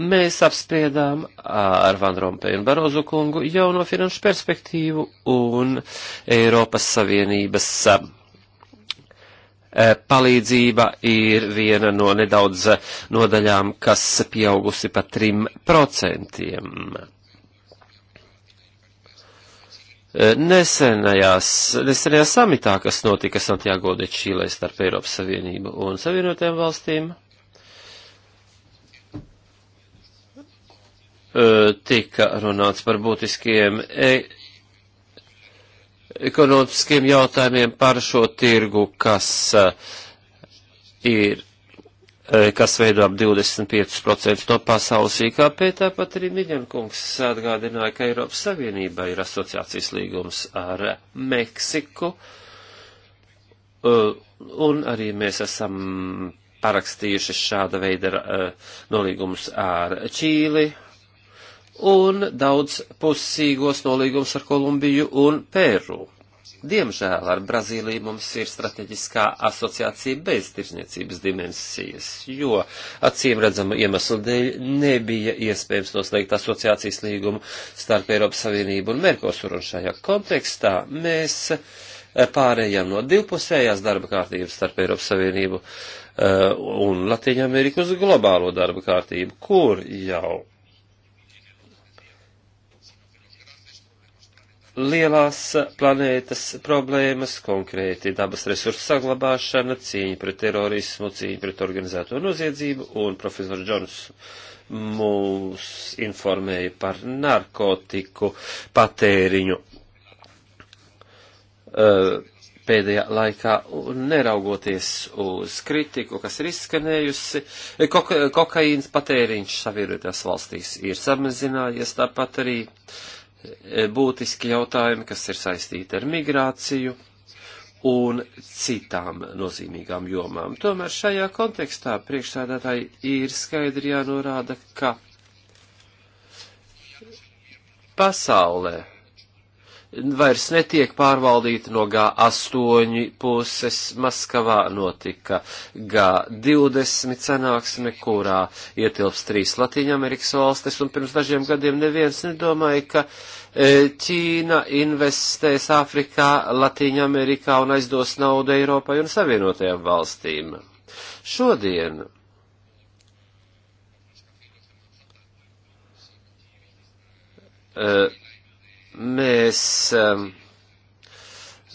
mēs apspriedām ar Van Rompēju un Barozu kungu jauno finanšu perspektīvu un Eiropas Savienības e, palīdzība ir viena no nedaudz nodaļām, kas pieaugusi pa trim procentiem. Nesenajās, nesenajā samitā, kas notika Santiago de Čīlē starp Eiropas Savienību un Savienotajām valstīm, tika runāts par būtiskiem e ekonomiskiem jautājumiem par šo tirgu, kas ir, kas veido ap 25% no pasaules IKP, tāpat arī Miļankungs atgādināja, ka Eiropas Savienībā ir asociācijas līgums ar Meksiku, un arī mēs esam parakstījuši šāda veida nolīgumus ar Čīli, un daudz pusīgos nolīgums ar Kolumbiju un Pēru. Diemžēl ar Brazīliju mums ir strateģiskā asociācija bez tirzniecības dimensijas, jo acīm redzama iemesla dēļ nebija iespējams noslēgt asociācijas līgumu starp Eiropas Savienību un Merkosuru, un šajā kontekstā mēs eh, pārējām no divpusējās darba kārtības starp Eiropas Savienību eh, un Latviju Ameriku uz globālo darba kārtību, kur jau lielās planētas problēmas, konkrēti dabas resursu saglabāšana, cīņa pret terorismu, cīņa pret organizēto noziedzību, un profesors Džons mūs informēja par narkotiku patēriņu eh, pēdējā laikā, neraugoties uz kritiku, kas ir izskanējusi, eh, koka, kokaīns patēriņš savienotās valstīs ir samazinājies, tāpat arī uh, E, būtiski jautājumi, kas ir saistīti ar migrāciju un citām nozīmīgām jomām. Tomēr šajā kontekstā priekšsēdētāji ir skaidri jānorāda, ka pasaulē vairs netiek pārvaldīta no G8 puses. Maskavā notika G20 cenāksme, kurā ietilps trīs Latīņamerikas valstis, un pirms dažiem gadiem neviens nedomāja, ka e, Ķīna investēs Āfrikā, Latīņamerikā un aizdos naudu Eiropai un Savienotajām valstīm. Šodien uh, mēs um,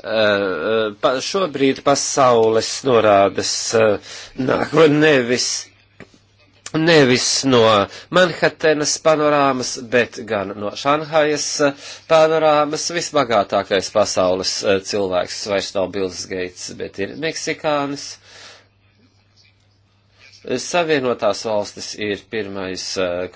uh, šobrīd pasaules norādes uh, nāk nevis, nevis no Manhattanas panorāmas, bet gan no Šanhajas uh, panorāmas. Visbagātākais pasaules cilvēks vairs nav Bills Gates, bet ir Meksikānis. Savienotās valstis ir pirmais eh,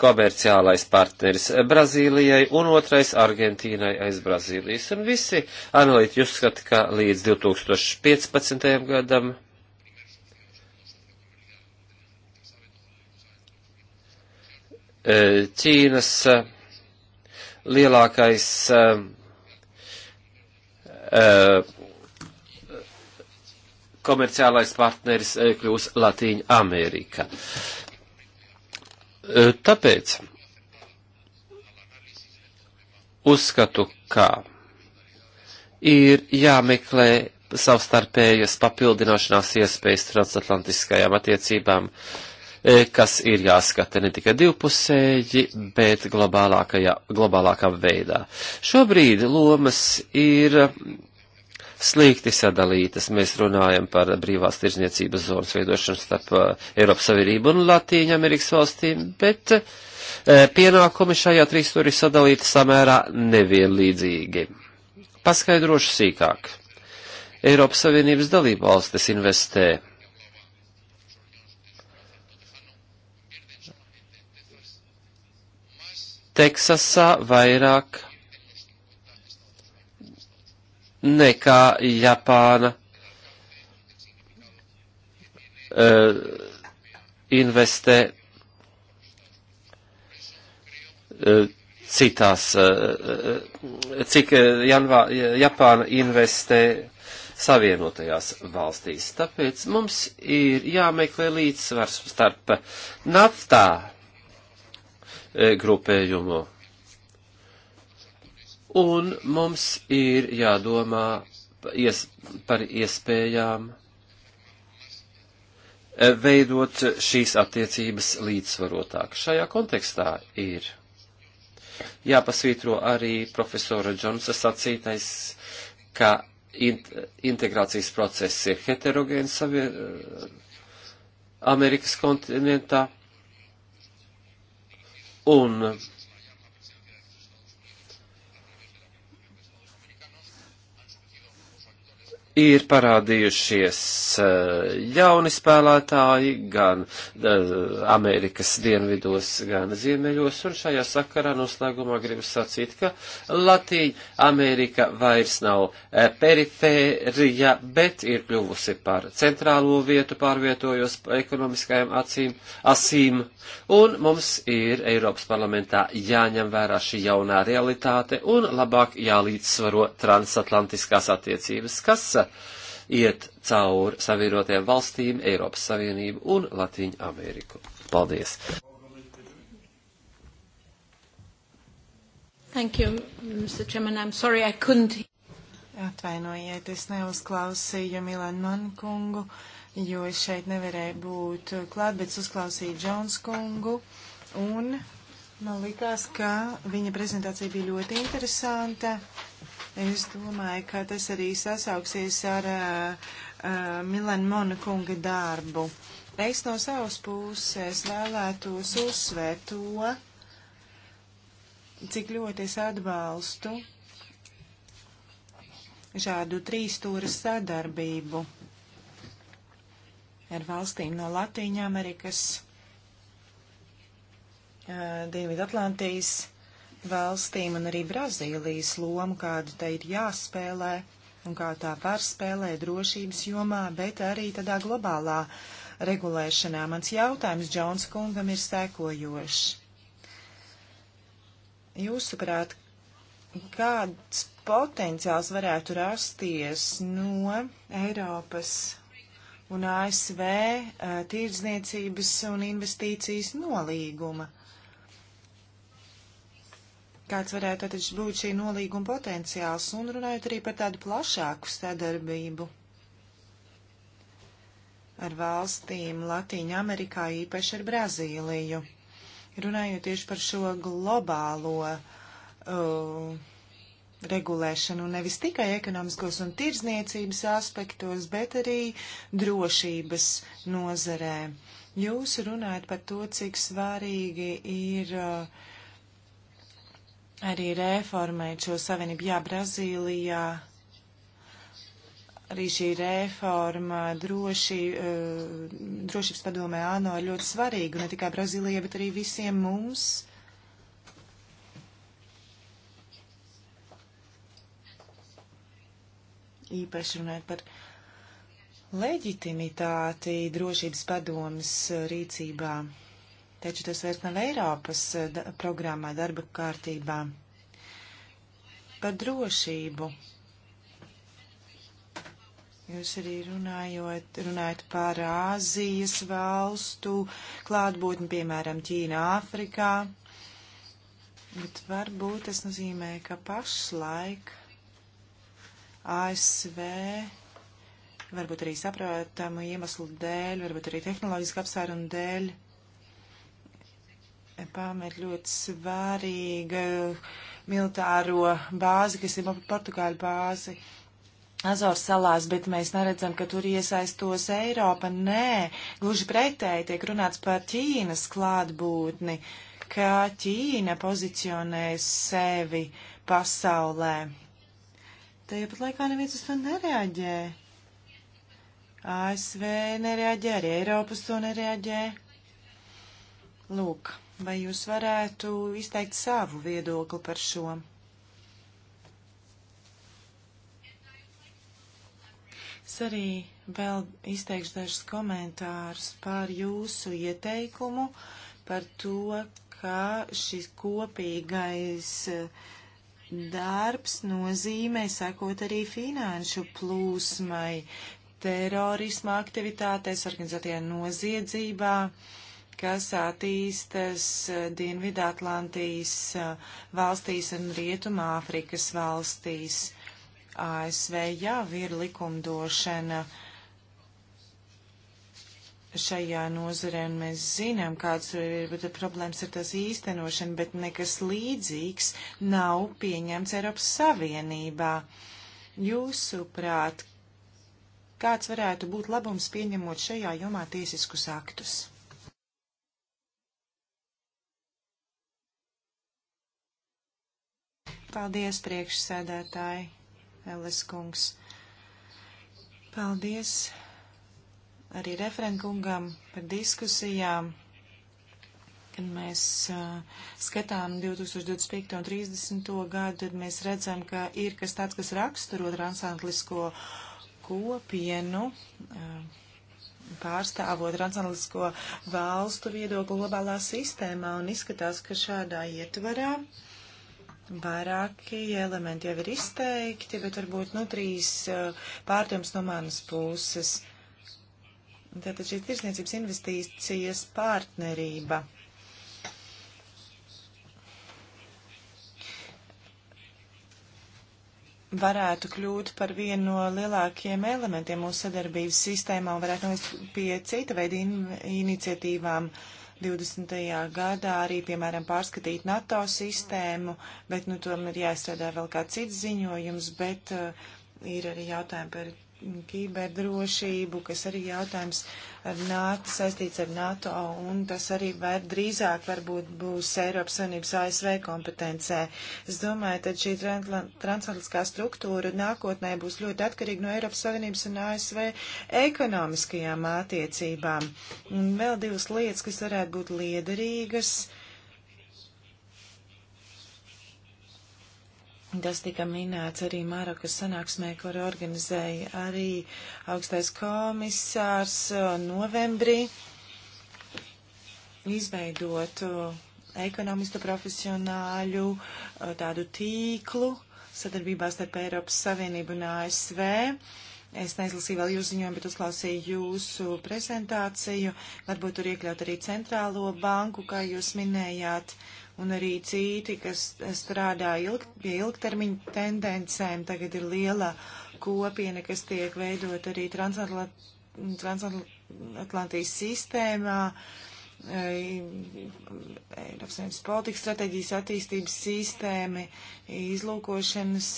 komerciālais partneris Brazīlijai un otrais Argentīnai aiz Brazīlijas. Un visi analītiķi uzskata, ka līdz 2015. gadam eh, Ķīnas eh, lielākais uh, komerciālais partneris e, kļūs Latīņa Amerika. E, tāpēc uzskatu, ka ir jāmeklē savstarpējas papildināšanās iespējas transatlantiskajām attiecībām, e, kas ir jāskata ne tikai divpusēji, bet globālākajā, globālākā veidā. Šobrīd lomas ir slikti sadalītas. Mēs runājam par brīvās tirzniecības zonas veidošanu starp uh, Eiropas Savienību un Latīņu Amerikas valstīm, bet uh, pienākumi šajā trīsstūrī sadalīti samērā nevienlīdzīgi. Paskaidrošu sīkāk. Eiropas Savienības dalība valstis investē Teksasā vairāk nekā Japāna uh, investē uh, citās, uh, cik janvā, Japāna investē savienotajās valstīs. Tāpēc mums ir jāmeklē līdzsvars starp naftā grupējumu un mums ir jādomā ies, par iespējām e, veidot šīs attiecības līdzsvarotāk. Šajā kontekstā ir jāpasvītro arī profesora Džonsa sacītais, ka integrācijas process ir heterogēns savie, e, Amerikas kontinentā, un ir parādījušies eh, jauni spēlētāji gan eh, Amerikas dienvidos, gan ziemeļos, un šajā sakarā noslēgumā gribu sacīt, ka Latīņa Amerika vairs nav eh, perifērija, bet ir kļuvusi par centrālo vietu pārvietojos ekonomiskajām acīm, asīm, un mums ir Eiropas parlamentā jāņem vērā šī jaunā realitāte un labāk jālīdzsvaro transatlantiskās attiecības, kas iet cauri savienotajām valstīm, Eiropas Savienību un Latīņu Ameriku. Paldies! Thank you, Mr. Chairman. I'm sorry I couldn't. Atvainojiet, es neuzklausīju Milanu Mankungu, jo es šeit nevarēju būt klāt, bet uzklausīju Džons kungu. Un man likās, ka viņa prezentācija bija ļoti interesanta. Es domāju, ka tas arī sasauksies ar uh, eh, uh, eh, Milanu Monakunga darbu. Es no savas puses vēlētos uzsvērt to, cik ļoti es atbalstu šādu trīstūra sadarbību ar valstīm no Latvijas, Amerikas, eh, Dienvidatlantijas valstīm un arī Brazīlijas lomu, kādu tai ir jāspēlē un kā tā var spēlēt drošības jomā, bet arī tādā globālā regulēšanā. Mans jautājums Džons kungam ir sekojošs. Jūsuprāt, kāds potenciāls varētu rasties no Eiropas un ASV eh, tirdzniecības un investīcijas nolīguma? kāds varētu tad būt šī nolīguma potenciāls, un runājot arī par tādu plašāku sadarbību ar valstīm Latīņa Amerikā, īpaši ar Brazīliju. Runājot tieši par šo globālo uh, regulēšanu, nevis tikai ekonomiskos un tirzniecības aspektos, bet arī drošības nozarē. Jūs runājat par to, cik svarīgi ir uh, arī reformēt šo savienību. Jā, Brazīlijā arī šī reforma droši, eh, drošības padomē ANO ir ļoti svarīga, ne tikai Brazīlijai, bet arī visiem mums. Īpaši runājot par leģitimitāti drošības padomas eh, rīcībā. Taču tas vairs nav Eiropas eh, da programmā, darba kārtībā. Par drošību. Jūs arī runājot, runājot par Āzijas valstu klātbūtni, piemēram, Ķīna, Āfrikā. Bet varbūt tas nozīmē, ka pašlaik ASV varbūt arī saprotamu iemeslu dēļ, varbūt arī tehnoloģisku apsvērumu dēļ EPAM ir ļoti svarīga militāro bāzi, kas ir Portugāļu bāzi. Azors salās, bet mēs neredzam, ka tur iesaistos Eiropa. Nē, gluži pretēji tiek runāts par Ķīnas klātbūtni, ka Ķīna pozicionē sevi pasaulē. Tajāpat laikā neviens uz to nereaģē. ASV nereaģē, arī Eiropas to nereaģē. Lūk. Vai jūs varētu izteikt savu viedokli par šo? Es arī vēl izteikšu dažus komentārus par jūsu ieteikumu, par to, ka šis kopīgais eh, darbs nozīmē sekot arī finanšu plūsmai, terorisma aktivitātēs, organizētajā noziedzībā. Uh, kas attīstas Dienvidatlantijas valstīs un Rietumā Afrikas valstīs. ASV jau ir likumdošana šajā nozarē, un mēs zinām, kāds ir problēmas ar tās īstenošanu, bet nekas līdzīgs nav pieņemts Eiropas Savienībā. Jūsuprāt, kāds varētu būt labums pieņemot šajā jomā tiesiskus aktus? Paldies, priekšsēdētāji, Elis kungs. Paldies arī referenkungam par diskusijām, kad mēs uh, skatām 2025. un 30. gadu, tad mēs redzam, ka ir kas tāds, kas raksturo transatlantisko kopienu, uh, pārstāvot transatlantisko valstu viedokli globālā sistēmā un izskatās, ka šādā ietvarā uh, Vairāki elementi jau ir izteikti, bet varbūt nu trīs eh, pārdomas no manas puses. Tātad šī tirsniecības investīcijas partnerība. varētu kļūt par vienu no lielākiem elementiem mūsu sadarbības sistēmā un varētu novest pie cita veida in iniciatīvām. Uh, 20. gadā arī, piemēram, pārskatīt NATO sistēmu, bet, nu, tomēr jāizstrādā vēl kāds cits ziņojums, bet uh, ir arī jautājumi par kiberdrošību, kas arī jautājums ar NATO, saistīts ar NATO, un tas arī var, drīzāk varbūt būs Eiropas Savienības ASV kompetencē. Es domāju, tad šī transatlantiskā struktūra nākotnē būs ļoti atkarīga no Eiropas Savienības un ASV ekonomiskajām attiecībām. Un vēl divas lietas, kas varētu būt liederīgas Tas tika minēts arī Marokas sanāksmē, kur organizēja arī augstais komisārs uh, novembrī izveidot uh, ekonomistu profesionāļu uh, tādu tīklu sadarbībā starp Eiropas Savienību un ASV. Es neizlasīju vēl jūsu ziņojumu, bet uzklausīju jūsu prezentāciju. Varbūt tur iekļaut arī centrālo banku, kā jūs minējāt. Uh, un arī citi, kas strādā ilg, pie ilgtermiņa tendencēm. Tagad ir liela kopiena, kas tiek veidot arī transatlant, transatlantijas sistēmā. Eh, Eiropas Savienības politikas stratēģijas attīstības sistēma, izlūkošanas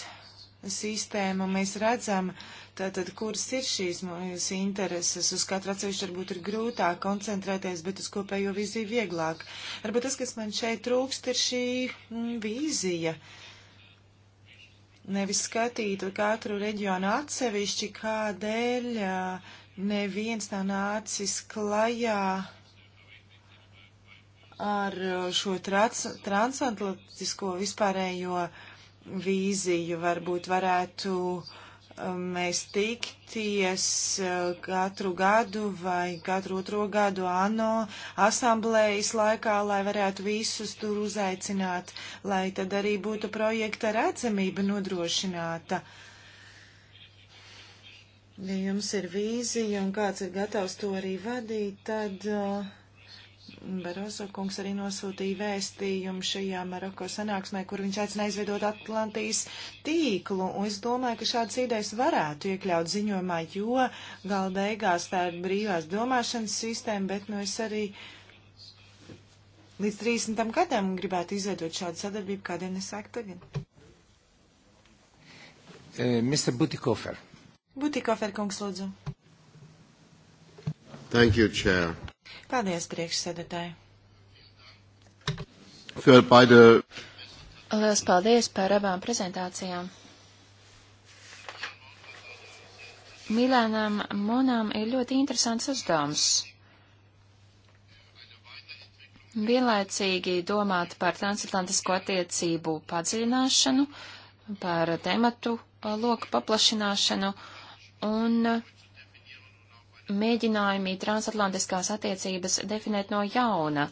sistēma, un mēs redzam, uh, Tātad, kuras ir šīs mūsu intereses, uz katru atsevišķi varbūt ir grūtāk koncentrēties, bet uz kopējo vīziju vieglāk. Varbūt tas, kas man šeit trūkst, ir šī mm, vīzija. Nevis skatīt katru reģionu atsevišķi, kādēļ neviens nav nācis klajā ar šo transatlantisko vispārējo vīziju varbūt varētu uh, mēs tikties eh, katru gadu vai katru otro gadu ANO asamblējas laikā, lai varētu visus tur uzaicināt, lai tad arī būtu projekta redzamība nodrošināta. Ja jums ir vīzija un kāds ir gatavs to arī vadīt, tad uh, Barozo kungs arī nosūtīja vēstījumu šajā Maroko sanāksmē, kur viņš aicināja izveidot Atlantijas tīklu. Un es domāju, ka šādas idejas varētu iekļaut ziņojumā, jo gala beigās tā ir brīvās domāšanas sistēma, bet nu es arī līdz 30. gadam gribētu izveidot šādu sadarbību, kādiem es saku tagad. Uh, eh, Mr. Butikofer. Butikofer kungs, lūdzu. Thank you, Chair. Paldies, priekšsēdētāji. Lielas paldies par abām prezentācijām. Milānam Monām ir ļoti interesants uzdevums. Vienlaicīgi domāt par transatlantisko attiecību padziļināšanu, par tematu loku paplašināšanu un uh, mēģinājumi transatlantiskās attiecības definēt no jauna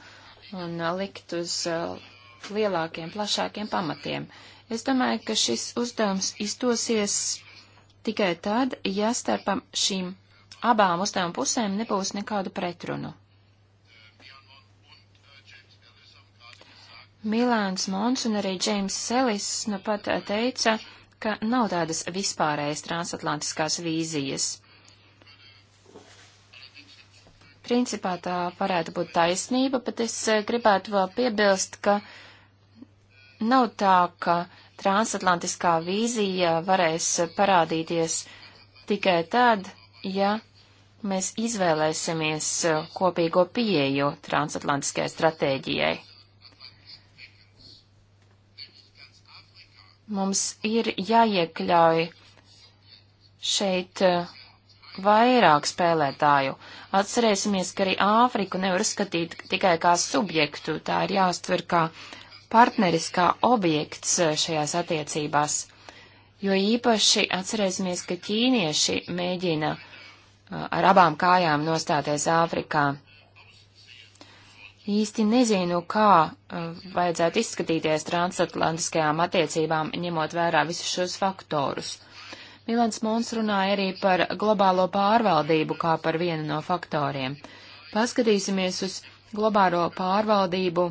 un likt uz uh, lielākiem, plašākiem pamatiem. Es domāju, ka šis uzdevums izdosies tikai tad, ja starp šīm abām uzdevuma pusēm nebūs nekādu pretrunu. Milāns Mons un arī Džeims Selis nu pat teica, ka nav tādas vispārējas transatlantiskās vīzijas. Principā tā varētu būt taisnība, bet es eh, gribētu vēl piebilst, ka nav tā, ka transatlantiskā vīzija varēs parādīties tikai tad, ja mēs izvēlēsimies eh, kopīgo pieeju transatlantiskajai stratēģijai. Mums ir jāiekļauj šeit eh, vairāk spēlētāju. Atcerēsimies, ka arī Āfriku nevar skatīt tikai kā subjektu, tā ir jāuztver kā partneris, kā objekts eh, šajās attiecībās. Jo īpaši atcerēsimies, ka ķīnieši mēģina eh, ar abām kājām nostāties Āfrikā. Īsti nezinu, kā eh, vajadzētu izskatīties transatlantiskajām attiecībām, ņemot vērā visus šos faktorus Milans Mons runāja arī par globālo pārvaldību kā par vienu no faktoriem. Paskatīsimies uz globālo pārvaldību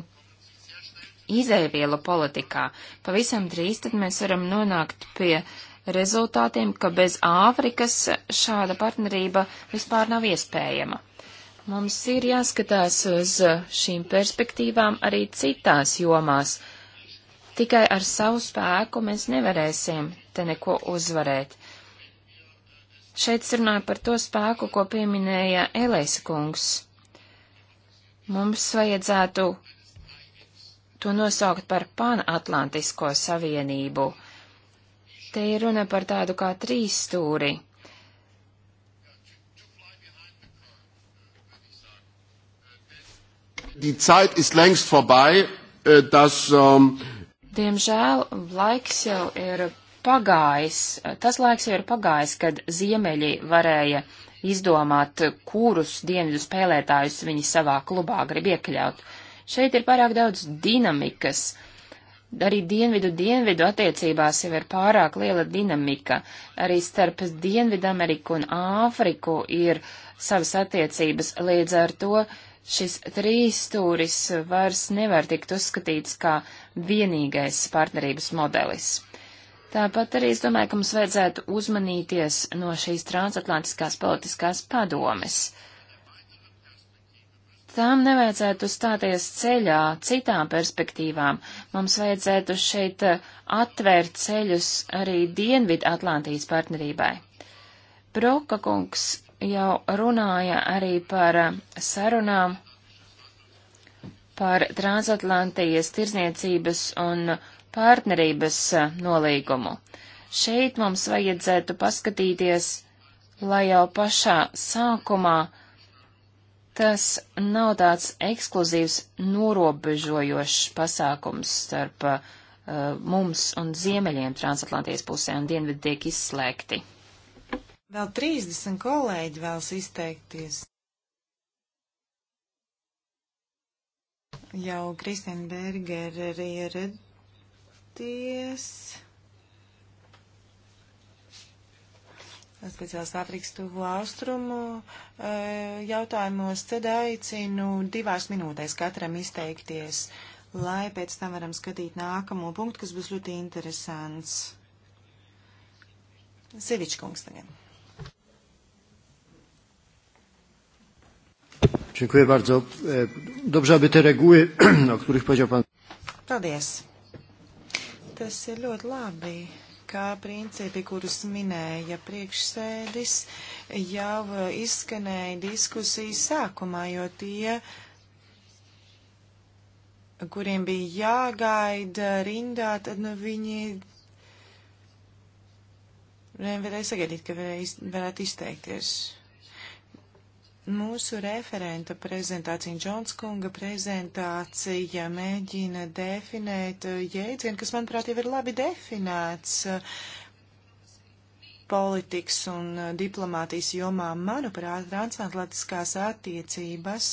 izēvielu politikā. Pavisam drīz tad mēs varam nonākt pie rezultātiem, ka bez Āfrikas šāda partnerība vispār nav iespējama. Mums ir jāskatās uz šīm perspektīvām arī citās jomās. Tikai ar savu spēku mēs nevarēsim te neko uzvarēt. Šeit es runāju par to spēku, ko pieminēja Elēsa kungs. Mums vajadzētu to nosaukt par panatlantisko savienību. Te ir runa par tādu kā trīs stūri. Die Zeit ist längst vorbei, äh, dass. Um... Diemžēl laiks jau ir pagājis, tas laiks jau ir pagājis, kad ziemeļi varēja izdomāt, kurus dienvidu spēlētājus viņi savā klubā grib iekļaut. Šeit ir pārāk daudz dinamikas. Arī dienvidu dienvidu attiecībās jau ir pārāk liela dinamika. Arī starp Dienvidu Ameriku un Āfriku ir savas attiecības, līdz ar to šis trīstūris vairs nevar tikt uzskatīts kā vienīgais partnerības modelis. Tāpat arī es domāju, ka mums vajadzētu uzmanīties no šīs transatlantiskās politiskās padomes. Tām nevajadzētu stāties ceļā citām perspektīvām. Mums vajadzētu šeit eh, atvērt ceļus arī Dienvidu Atlantijas partnerībai. Broka kungs jau runāja arī par eh, sarunām par transatlantijas tirzniecības un uh, partnerības eh, nolīgumu. Šeit mums vajadzētu paskatīties, lai jau pašā sākumā tas nav tāds ekskluzīvs norobežojošs pasākums starp uh, mums un ziemeļiem transatlantijas pusē, un dienvidi tiek izslēgti. Vēl 30 kolēģi vēlas izteikties. Jau Kristina Berger arī ir Paldies! Speciāls Āfrikas tuvu austrumu e, jautājumos tad aicinu divās minūtēs katram izteikties, lai pēc tam varam skatīt nākamo punktu, kas būs ļoti interesants. Sevičkungs tagad. Dziękuję bardzo. E, dobrze, aby te reguły, [CLEARS THROAT] o których powiedział Pan. Paldies tas ir ļoti labi, kā principi, kurus minēja priekšsēdis, jau izskanēja diskusijas sākumā, jo tie, kuriem bija jāgaida rindā, tad nu viņi nevarēja sagaidīt, ka varētu izteikties. Mūsu referenta prezentācija, Džons Kunga prezentācija mēģina definēt uh, jēdzienu, kas, manuprāt, jau ir labi definēts uh, politikas un uh, diplomātijas jomā. Manuprāt, transatlantiskās attiecības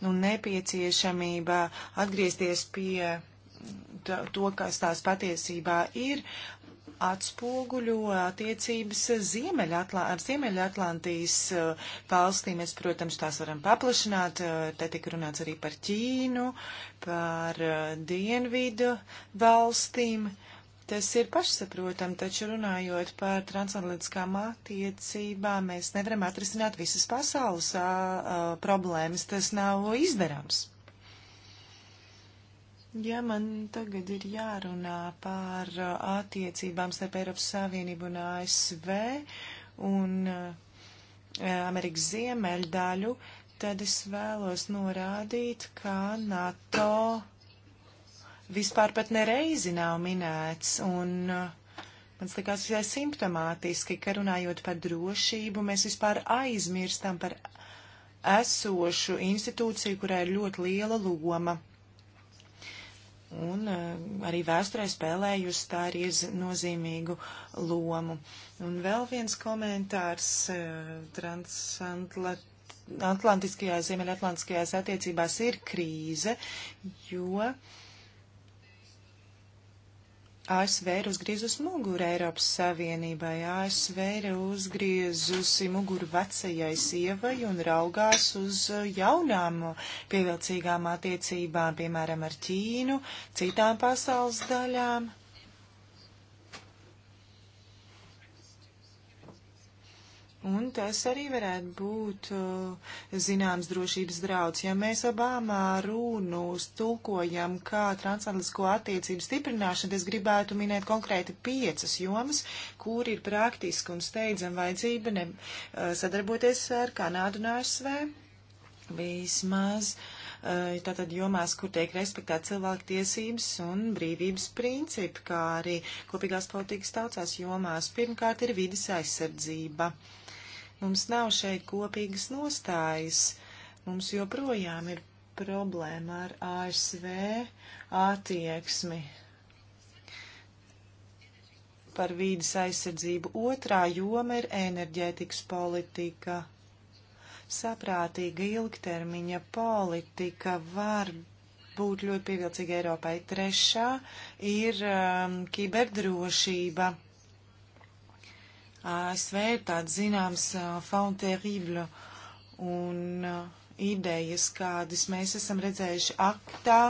un nepieciešamība atgriezties pie mm, to, kas tās patiesībā ir, atspoguļo attiecības Ziemeļatlā, ar Ziemeļatlantijas eh, valstīm. Mēs, protams, tās varam paplašināt. Eh, te tika runāts arī par Ķīnu, par eh, Dienvidu valstīm. Tas ir pašsaprotam, taču runājot par transatlantiskām attiecībām, mēs nevaram atrisināt visas pasaules a, a, problēmas. Tas nav izdarams. Ja man tagad ir jārunā par uh, attiecībām starp Eiropas Savienību un ASV un uh, Amerikas ziemeļdaļu, tad es vēlos norādīt, ka NATO vispār pat nereizi nav minēts. Un uh, man likās visai simptomātiski, ka runājot par drošību, mēs vispār aizmirstam par esošu institūciju, kurai ir ļoti liela loma un e, arī vēsturē spēlējusi tā arī nozīmīgu lomu. Un vēl viens komentārs e, transatlantiskajās, ziemeļatlantiskajās attiecībās ir krīze, jo ASV ir uzgriezus muguru Eiropas Savienībai, ASV ir uzgriezusi muguru vecajai sievai un raugās uz eh, jaunām pievilcīgām attiecībām, piemēram, ar Ķīnu, citām pasaules daļām. Un tas arī varētu būt uh, zināms drošības drauds. Ja mēs Obamā uh, runu tulkojam kā transatlantisko attiecību stiprināšanu, es gribētu minēt konkrēti piecas jomas, kur ir praktiski un steidzam vajadzība ne, uh, sadarboties ar Kanādu un ASV. Vismaz uh, tātad jomās, kur tiek respektēt cilvēktiesības un brīvības principi, kā arī kopīgās politikas taucās jomās. Pirmkārt ir vidas aizsardzība. Uh, Mums nav šeit kopīgas nostājas. Mums joprojām ir problēma ar ASV attieksmi par vīdas aizsardzību. Otrā joma ir enerģētikas politika. Saprātīga ilgtermiņa politika var būt ļoti pievilcīga Eiropai. Trešā ir um, kiberdrošība. ASV ir tāds zināms fauna terrible un idejas, kādas mēs esam redzējuši aktā.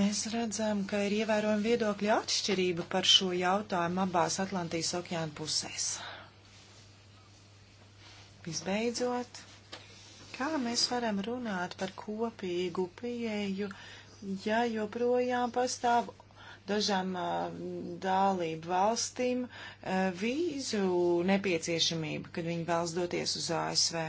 Mēs redzam, ka ir ievērojama viedokļa atšķirība par šo jautājumu abās Atlantijas okeāna pusēs. Visbeidzot, kā mēs varam runāt par kopīgu pieeju, ja joprojām pastāv dažām dalību valstīm vīzu nepieciešamību, kad viņi vēlas doties uz ASV.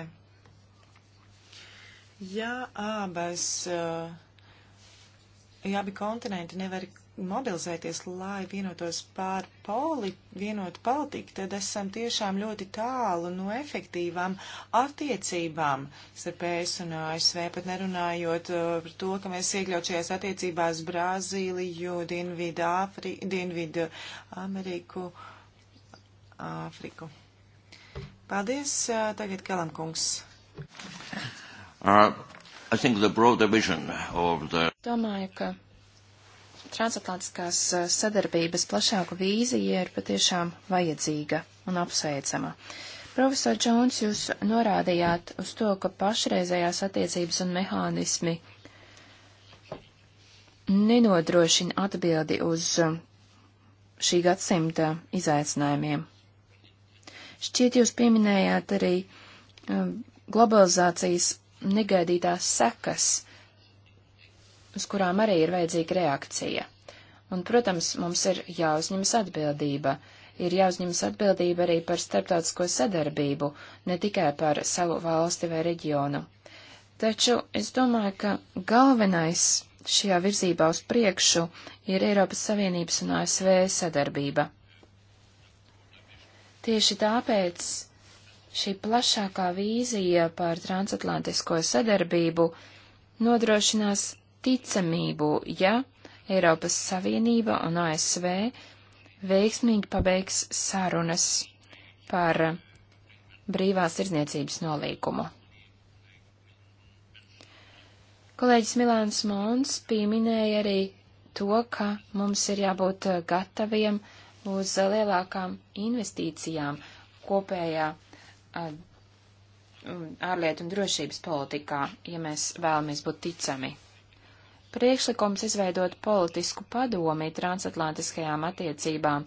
Ja abas, ja abi kontinenti nevar mobilizēties, lai vienotos pār poli, vienotu politiku, tad esam tiešām ļoti tālu no efektīvām attiecībām starp ES un ASV, pat nerunājot uh, par to, ka mēs iekļaut šajās attiecībās Brazīliju, Dienvidu, Afri, Dienvidu Ameriku, Āfriku. Paldies, uh, tagad Kalankungs. Uh, I think the broader vision of the... Domāju, ka transatlantiskās eh, sadarbības plašāku vīzija ir patiešām vajadzīga un apsveicama. Profesor Džons, jūs norādījāt uz to, ka pašreizējās attiecības un mehānismi nenodrošina atbildi uz eh, šī gadsimta izaicinājumiem. Šķiet, jūs pieminējāt arī eh, globalizācijas negaidītās sekas uz kurām arī ir vajadzīga reakcija. Un, protams, mums ir jāuzņemas atbildība. Ir jāuzņemas atbildība arī par starptautisko sadarbību, ne tikai par savu valsti vai reģionu. Taču es domāju, ka galvenais šajā virzībā uz priekšu ir Eiropas Savienības un ASV sadarbība. Tieši tāpēc šī plašākā vīzija par transatlantisko sadarbību nodrošinās ticamību, ja Eiropas Savienība un ASV veiksmīgi pabeigs sarunas par brīvās tirdzniecības nolīkumu. Kolēģis Milāns Mons pieminēja arī to, ka mums ir jābūt eh, gataviem uz lielākām investīcijām kopējā eh, ārlietu un drošības politikā, ja mēs vēlamies būt ticami. Priekšlikums izveidot politisku padomi transatlantiskajām attiecībām.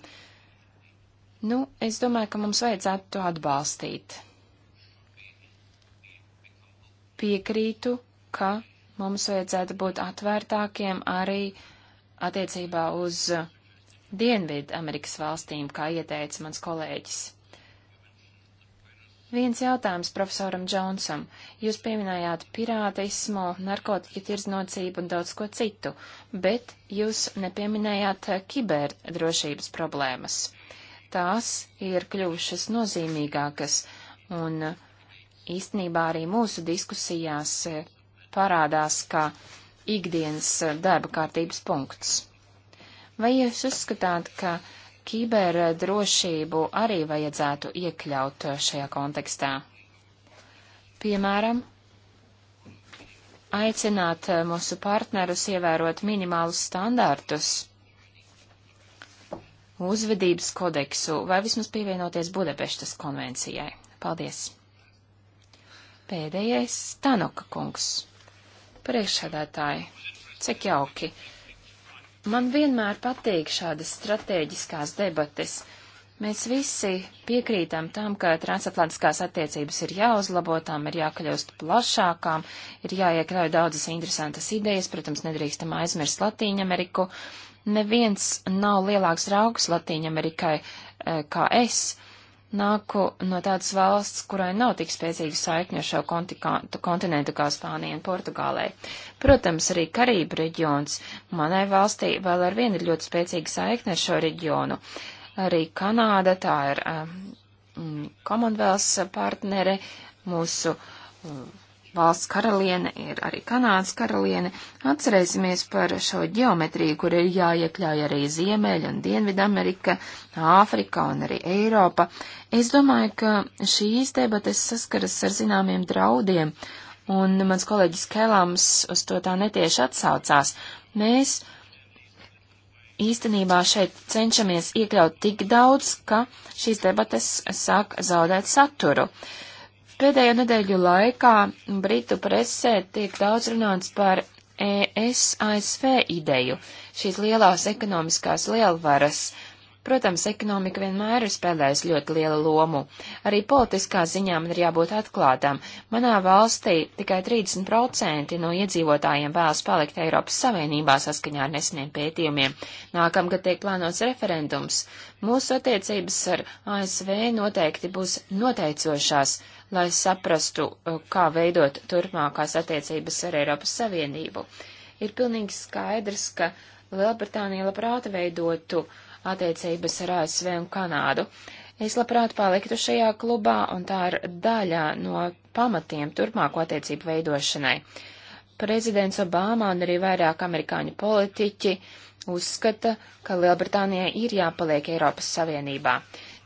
Nu, es domāju, ka mums vajadzētu to atbalstīt. Piekrītu, ka mums vajadzētu būt atvērtākiem arī attiecībā uz Dienvidu Amerikas valstīm, kā ieteica mans kolēģis. Viens jautājums profesoram Džonsam. Jūs pieminējāt pirātismu, narkotika tirznocību un daudz ko citu, bet jūs nepieminējāt kiberdrošības problēmas. Tās ir kļuvušas nozīmīgākas un īstenībā arī mūsu diskusijās parādās kā ikdienas darba kārtības punkts. Vai jūs uzskatāt, ka Kiberdrošību arī vajadzētu iekļaut šajā kontekstā. Piemēram, aicināt mūsu partnerus ievērot minimālus standartus, uzvedības kodeksu vai vismaz pievienoties Budapeštas konvencijai. Paldies! Pēdējais Tanoka kungs. Priekšsēdētāji, cik jauki! Man vienmēr patīk šādas strateģiskās debates. Mēs visi piekrītam tam, ka transatlantiskās attiecības ir jāuzlabo, tām ir jākļūst plašākām, ir jāiekļauj daudzas interesantas idejas, protams, nedrīkstam aizmirst Latīņameriku. Neviens nav lielāks draugs Latīņamerikai eh, kā es. Nāku no tādas valsts, kurai nav tik spēcīga saikņa ar šo kontinentu kā Spānija un Portugālē. Protams, arī Karību reģions. Manai valstī vēl ar vienu ir ļoti spēcīga saikne ar šo reģionu. Arī Kanāda, tā ir um, mm, Commonwealth partnere, mūsu um, valsts karaliene, ir arī Kanādas karaliene. Atcerēsimies par šo ģeometriju, kur ir jāiekļauj arī Ziemeļa un Dienvidamerika, Āfrika un arī Eiropa. Es domāju, ka šīs debates saskaras ar zināmiem draudiem, un mans kolēģis Kelams uz to tā netieši atsaucās. Mēs īstenībā šeit cenšamies iekļaut tik daudz, ka šīs debates sāk zaudēt saturu. Uh, Pēdējo nedēļu laikā Britu presē tiek daudz runāts par ES-ASV ideju, šīs lielās ekonomiskās lielvaras. Protams, ekonomika vienmēr ir spēlējusi ļoti lielu lomu. Arī politiskā ziņā man ir jābūt atklātām. Manā valstī tikai 30% no iedzīvotājiem vēlas palikt Eiropas Savienībā saskaņā ar neseniem pētījumiem. Nākamgad tiek plānots referendums. Mūsu attiecības ar ASV noteikti būs noteicošās lai saprastu, uh, kā veidot turpmākās attiecības ar Eiropas Savienību. Ir pilnīgi skaidrs, ka Lielbritānija labprāt veidotu attiecības ar ASV un Kanādu. Es labprāt paliktu šajā klubā, un tā ir daļa no pamatiem turpmāko attiecību veidošanai. Prezidents Obama un arī vairāk amerikāņu politiķi uzskata, ka Lielbritānijai ir jāpaliek Eiropas Savienībā.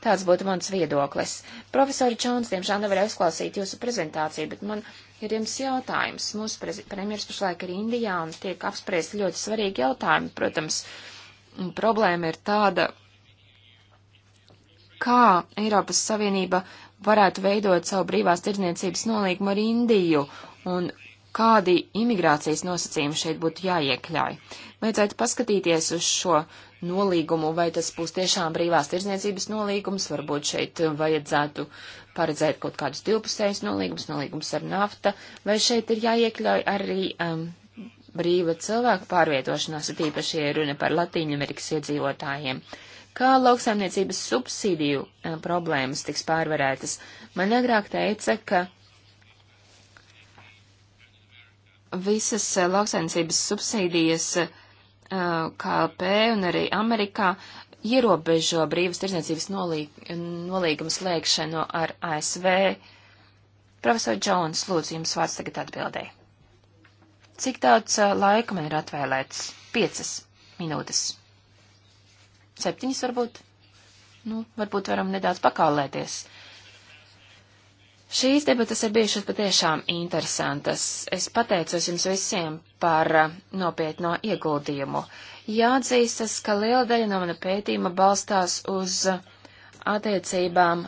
Tāds būtu mans viedoklis. Profesori Čons, diemžēl nevarēju uzklausīt jūsu prezentāciju, bet man ir jums jautājums. Mūsu premjeras pašlaik ir Indijā un tiek apspriesti ļoti svarīgi jautājumi. Protams, problēma ir tāda, kā Eiropas Savienība varētu veidot savu brīvās tirdzniecības nolīgumu ar Indiju un kādi imigrācijas nosacījumi šeit būtu jāiekļauj. Vajadzētu paskatīties uz šo nolīgumu, vai tas būs tiešām brīvās tirdzniecības nolīgums, varbūt šeit vajadzētu paredzēt kaut kādus divpusējus nolīgumus, nolīgumus ar nafta, vai šeit ir jāiekļauj arī um, brīva cilvēku pārvietošanās, tīpaši, ja runa par Latīņamerikas iedzīvotājiem. Kā lauksaimniecības subsīdiju um, problēmas tiks pārvarētas? Man agrāk teica, ka visas uh, lauksaimniecības subsīdijas uh, Eh, KLP un arī Amerikā ierobežo brīvas tirdzniecības nolīgumu slēgšanu ar ASV. Profesor Džons, lūdzu, jums vārds tagad atbildēja. Cik daudz eh, laika man ir atvēlēts? Piecas minūtes. Septiņas varbūt? Nu, varbūt varam nedaudz pakālēties. Uh, Šīs debatas ir bijušas patiešām interesantas. Es pateicos jums visiem par eh, nopietno ieguldījumu. Jāatzīstas, ka liela daļa no mana pētījuma balstās uz attiecībām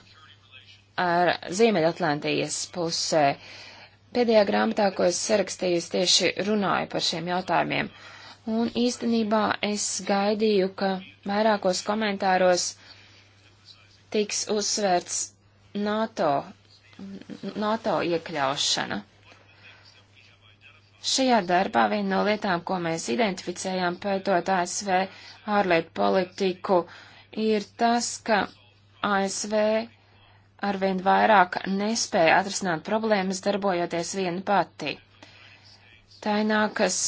ar Ziemeļatlantijas pusē. Pēdējā grāmatā, ko es sarakstīju, es tieši runāju par šiem jautājumiem. Un īstenībā es gaidīju, ka vairākos komentāros tiks uzsvērts NATO NATO iekļaušana. Šajā darbā viena no lietām, ko mēs identificējām pētot ASV ārlietu politiku, ir tas, ka ASV arvien vairāk nespēja atrisināt problēmas, darbojoties viena pati. Tā nākas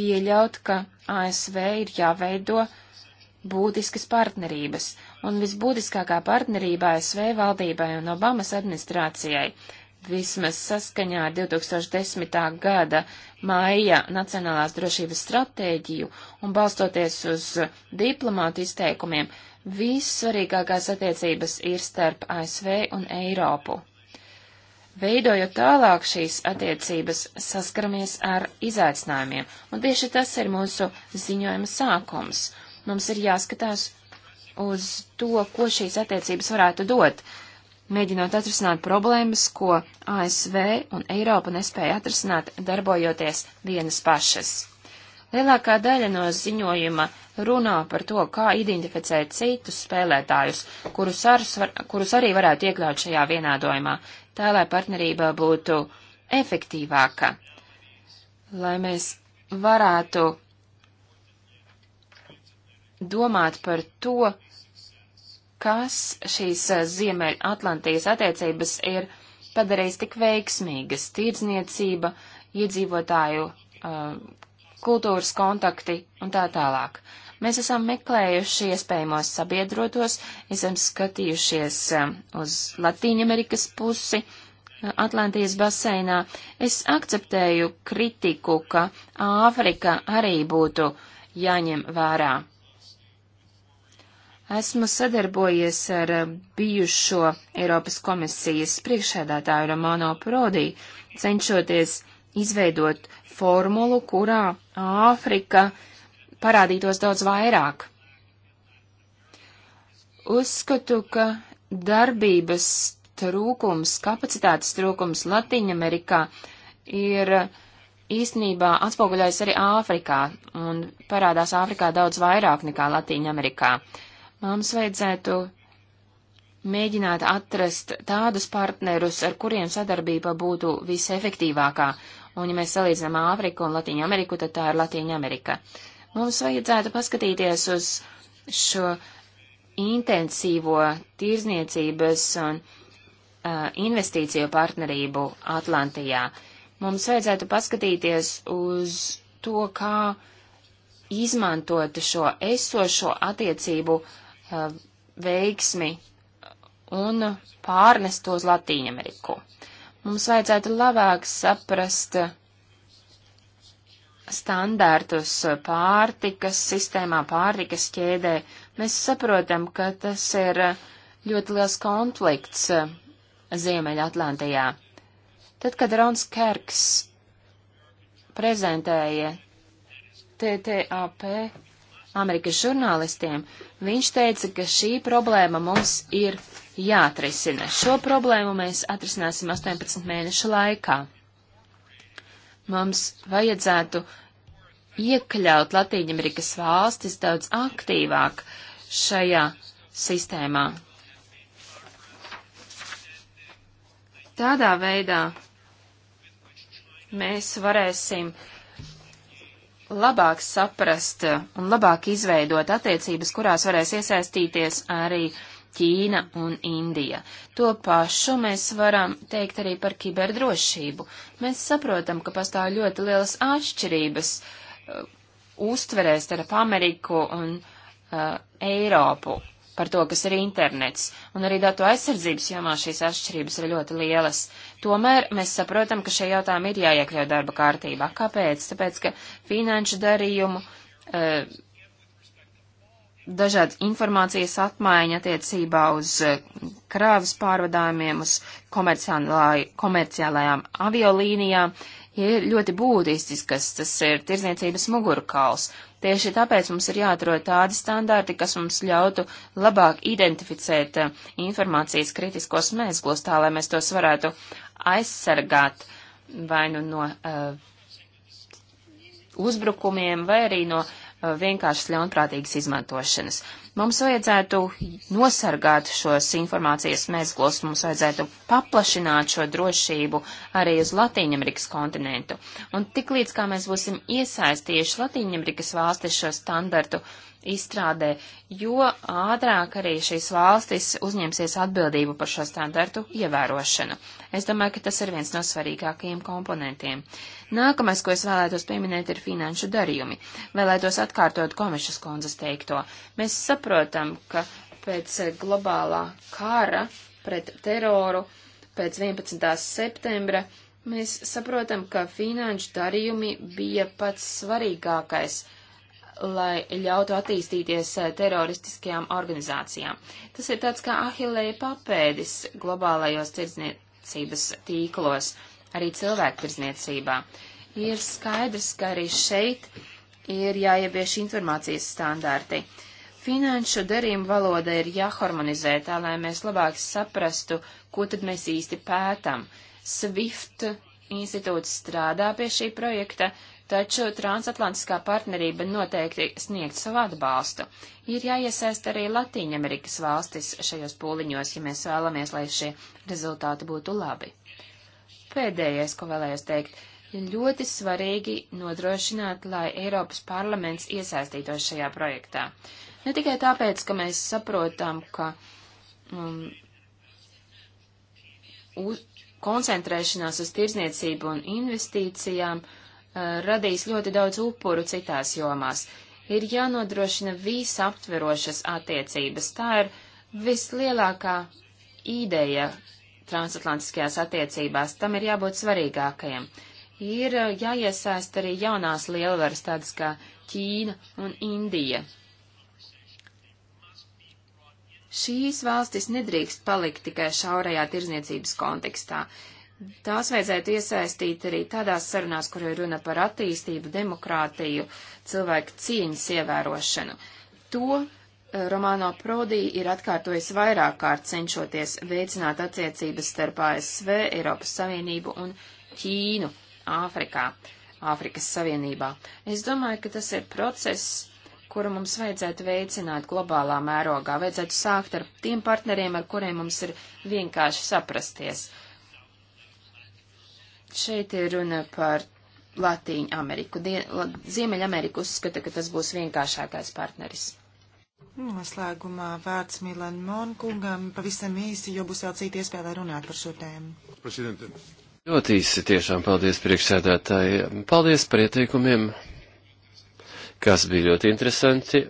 pieļaut, ka ASV ir jāveido būtiskas partnerības, un visbūtiskākā partnerībā SV valdībai un Obamas administrācijai, vismaz saskaņā ar 2010. gada maija Nacionālās drošības stratēģiju un balstoties uz diplomātu izteikumiem, vissvarīgākās attiecības ir starp ASV un Eiropu. Veidojot tālāk šīs attiecības, saskaramies ar izaicinājumiem, un tieši tas ir mūsu ziņojuma sākums. Mums ir jāskatās uz to, ko šīs attiecības varētu dot, mēģinot atrisināt problēmas, ko ASV un Eiropa nespēja atrisināt, darbojoties vienas pašas. Lielākā daļa no ziņojuma runā par to, kā identificēt citus spēlētājus, kurus, ar, kurus arī varētu iekļaut šajā vienādojumā, tā lai partnerība būtu efektīvāka, lai mēs varētu domāt par to, kas šīs eh, Ziemeļatlantijas attiecības ir padarījis tik veiksmīgas - tirdzniecība, iedzīvotāju uh, kultūras kontakti un tā tālāk. Mēs esam meklējuši iespējamos sabiedrotos, esam skatījušies uh, uz Latīņamerikas pusi, uh, Atlantijas baseinā. Es akceptēju kritiku, ka Āfrika arī būtu jāņem vērā. Esmu sadarbojies ar eh, bijušo Eiropas komisijas priekšēdātāju Romano Prodi, cenšoties izveidot formulu, kurā Āfrika parādītos daudz vairāk. Uzskatu, ka darbības trūkums, kapacitātes trūkums Latīņamerikā ir īstenībā atspoguļojas arī Āfrikā un parādās Āfrikā daudz vairāk nekā Latīņamerikā. Amerikā. Mums vajadzētu mēģināt atrast tādus partnerus, ar kuriem sadarbība būtu visefektīvākā, un ja mēs salīdzinām Āfriku un Latīņu Ameriku, tad tā ir Latīņa Amerika. Mums vajadzētu paskatīties uz šo intensīvo tirzniecības un uh, investīciju partnerību Atlantijā. Mums vajadzētu paskatīties uz to, kā izmantot šo esošo attiecību uh, Uh, veiksmi un pārnest to uz Latīņameriku. Mums vajadzētu labāk saprast standārtus pārtikas sistēmā, pārtikas ķēdē. Mēs saprotam, ka tas ir ļoti liels konflikts Ziemeļa Atlantijā. Tad, kad Rons Kerks prezentēja TTAP Amerikas žurnālistiem, Viņš teica, ka šī problēma mums ir jāatrisina. Šo problēmu mēs atrisināsim 18 mēnešu laikā. Mums vajadzētu iekļaut Latīņamerikas valstis daudz aktīvāk šajā sistēmā. Tādā veidā mēs varēsim uh, labāk saprast un labāk izveidot attiecības, kurās varēs iesaistīties arī Ķīna un Indija. To pašu mēs varam teikt arī par kiberdrošību. Mēs saprotam, ka pastāv ļoti lielas atšķirības uh, uztverēs starp Ameriku un uh, Eiropu par to, kas ir internets, un arī datu aizsardzības jomā šīs atšķirības ir ļoti lielas. Tomēr mēs saprotam, ka šie jautājumi ir jāiekļaut darba kārtībā. Kāpēc? Tāpēc, ka finanšu darījumu, e, dažādas informācijas apmaiņa attiecībā uz e, krāvas pārvadājumiem, uz komerciālajām aviolīnijām ir ļoti būtisks, tas ir tirzniecības mugurkauls. Tieši tāpēc mums ir jāatrod tādi standarti, kas mums ļautu labāk identificēt e, informācijas kritiskos mēsglos, tā lai mēs tos varētu aizsargāt vai nu no uh, uzbrukumiem, vai arī no uh, vienkāršas ļaunprātīgas izmantošanas. Mums vajadzētu nosargāt šos informācijas mezglos, mums vajadzētu paplašināt šo drošību arī uz Latīņamerikas kontinentu. Un tiklīdz kā mēs būsim iesaistījuši Latīņamerikas valstis šo standartu, uh, izstrādē, jo ātrāk arī šīs valstis uzņemsies atbildību par šo standartu ievērošanu. Es domāju, ka tas ir viens no svarīgākajiem komponentiem. Nākamais, ko es vēlētos pieminēt, ir finanšu darījumi. Vēlētos atkārtot komešas kundzes teikto. Mēs saprotam, ka pēc globālā kara pret teroru pēc 11. septembra mēs saprotam, ka finanšu darījumi bija pats svarīgākais lai ļautu attīstīties eh, teroristiskajām organizācijām. Tas ir tāds kā ahilēja papēdis globālajos tirdzniecības tīklos, arī cilvēktirdzniecībā. Ir skaidrs, ka arī šeit ir jāievieš informācijas standārti. Finanšu darījumu valoda ir jāharmonizē tā, lai mēs labāk saprastu, ko tad mēs īsti pētam. SWIFT institūts strādā pie šī projekta, taču transatlantiskā partnerība noteikti sniegt savu atbalstu. Ir jāiesaist arī Latīņamerikas valstis šajos pūliņos, ja mēs vēlamies, lai šie rezultāti būtu labi. Pēdējais, ko vēlējos teikt, ir ļoti svarīgi nodrošināt, lai Eiropas parlaments iesaistītos šajā projektā. Ne tikai tāpēc, ka mēs saprotam, ka um, uz, koncentrēšanās uz tirzniecību un investīcijām uh, radīs ļoti daudz upuru citās jomās. Ir jānodrošina visaptverošas attiecības. Tā ir vislielākā ideja transatlantiskajās attiecībās. Tam ir jābūt svarīgākajam. Ir uh, jāiesaist arī jaunās lielvaras, tādas kā Ķīna un Indija. Šīs valstis nedrīkst palikt tikai šaurajā tirzniecības kontekstā. Uh, Tās vajadzētu iesaistīt arī tādās sarunās, kur ir runa par attīstību, demokrātiju, cilvēku cieņas ievērošanu. To eh, Romano Prodī ir atkārtojis vairāk kārt cenšoties veicināt attiecības starp ASV, Eiropas Savienību un Ķīnu Āfrikā, Āfrikas Savienībā. Es domāju, ka tas ir process, kuru mums vajadzētu veicināt globālā mērogā. Vajadzētu sākt ar tiem partneriem, ar kuriem mums ir vienkārši saprasties. Šeit ir runa par Latīņu Ameriku. Ziemeļamerika uzskata, ka tas būs vienkāršākais partneris. Noslēgumā vārds Milan Monkungam pavisam īsi, jo būs vēl cita iespēja runāt par šo tēmu. Presidente. Ļoti īsi tiešām paldies priekšsēdētāji. Paldies par ieteikumiem, kas bija ļoti interesanti.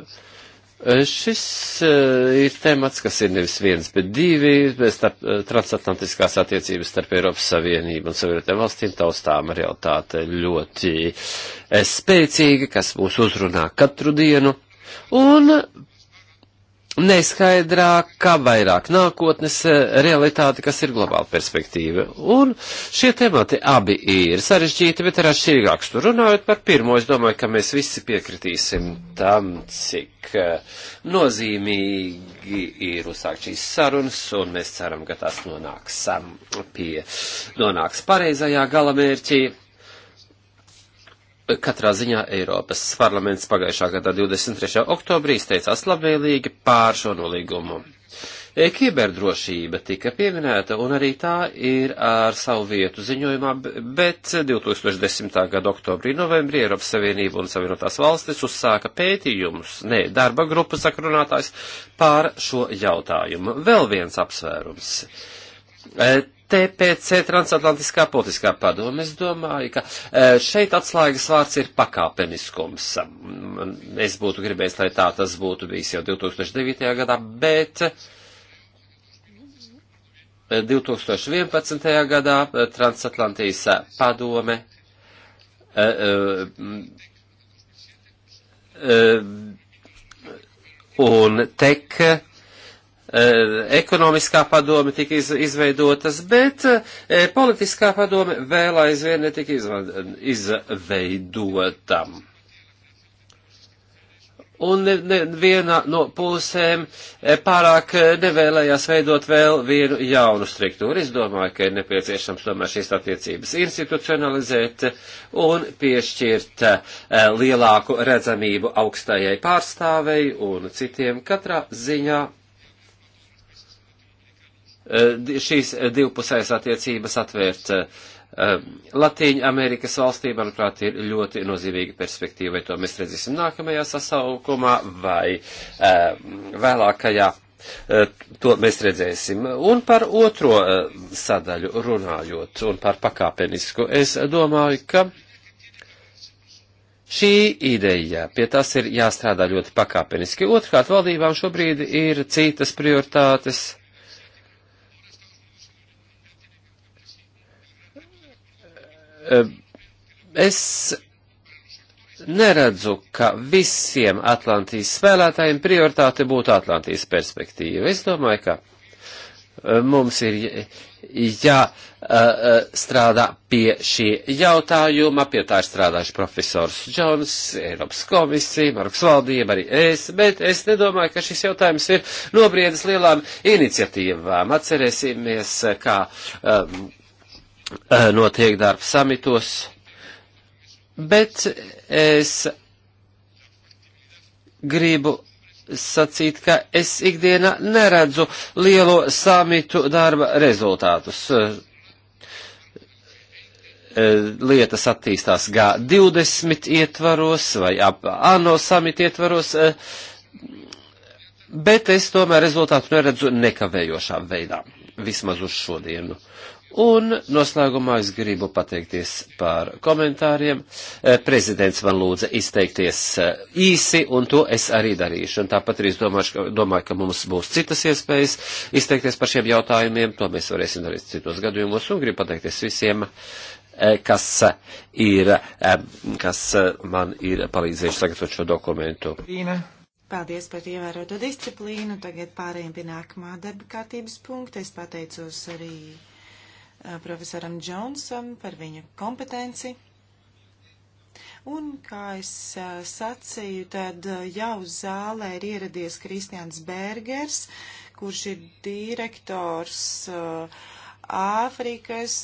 Eh, šis eh, ir temats, kas ir nevis viens, bet divi, bez eh, starp, transatlantiskās attiecības starp Eiropas Savienību un Savienotiem valstīm taustām realitāte ļoti spēcīga, kas mūs uzrunā katru dienu. Un neskaidrāka, vairāk nākotnes eh, realitāte, kas ir globāla perspektīva. Un šie temati abi ir sarežģīti, bet ir atšķirīgāks. Tur runājot par pirmo, es domāju, ka mēs visi piekritīsim tam, cik eh, nozīmīgi ir uzsākt šīs sarunas, un mēs ceram, ka tās nonāks pie, nonāks pareizajā galamērķī. Katrā ziņā Eiropas parlaments pagājušā gadā 23. oktobrī izteicās labvēlīgi pār šo nolīgumu. E, kiberdrošība tika pieminēta, un arī tā ir ar savu vietu ziņojumā, bet 2010. gada oktobrī, novembrī Eiropas Savienība un Savienotās valstis uzsāka pētījumus, ne, darba grupas sakrunātājs pār šo jautājumu. Vēl viens apsvērums. E, TPC transatlantiskā politiskā padoma. Es domāju, ka e, šeit atslēgas vārds ir pakāpeniskums. Es būtu gribējis, lai tā tas būtu bijis jau 2009. gadā, bet 2011. E, gadā e, transatlantijas padome un tek Eh, ekonomiskā padome tika iz, izveidotas, bet e, politiskā padome vēl aizvien netika izveidota. Un neviena ne, no pusēm eh, pārāk nevēlējās veidot vēl vienu jaunu struktūru. Es domāju, ka ir nepieciešams tomēr šīs attiecības institucionalizēt un piešķirt lielāku redzamību augstajai pārstāvei un citiem katrā ziņā Eh, šīs eh, divpusējas attiecības atvērt eh, Latīņa Amerikas valstī, manuprāt, ir ļoti nozīmīga perspektīva, vai to mēs redzēsim nākamajā sasaukumā vai vēlākajā. To mēs redzēsim. Un par otro sadaļu runājot un par pakāpenisku, es domāju, ka šī ideja pie tās ir jāstrādā ļoti pakāpeniski. Otrkārt, valdībām šobrīd ir citas prioritātes Es neredzu, ka visiem Atlantijas spēlētājiem prioritāte būtu Atlantijas perspektīva. Es domāju, ka eh, mums ir jāstrādā eh, eh, pie šī jautājuma, pie tā ir strādājuši profesors Džons, Eiropas komisija, Marks valdība, arī es, bet es nedomāju, ka šis jautājums ir nobriedis lielām iniciatīvām. Atcerēsimies, kā. Um, Eh, notiek darbs samitos, bet es gribu sacīt, ka es ikdienā neredzu lielo samitu darba rezultātus. Eh, eh, lietas attīstās G20 ietvaros vai ap ANO samita ietvaros, bet es tomēr rezultātu neredzu nekavējošā veidā, vismaz uz šodienu. Un noslēgumā es gribu pateikties par komentāriem. Eh, prezidents man lūdza izteikties eh, īsi, un to es arī darīšu. Un tāpat arī es domāšu, domāju, ka mums būs citas iespējas izteikties par šiem jautājumiem. To mēs varēsim darīt citos gadījumos, un gribu pateikties visiem, eh, kas, ir, kas man ir palīdzējuši sagatavot šo dokumentu. Dīna. Paldies par ievēroto disciplīnu. Tagad pārējiem pie nākamā darba kārtības punkta. Es pateicos arī Eh, profesoram Džonsam par viņa kompetenci. Un, kā es eh, sacīju, tad eh, jau zālē ir ieradies Kristians Bergers, kurš ir direktors Āfrikas,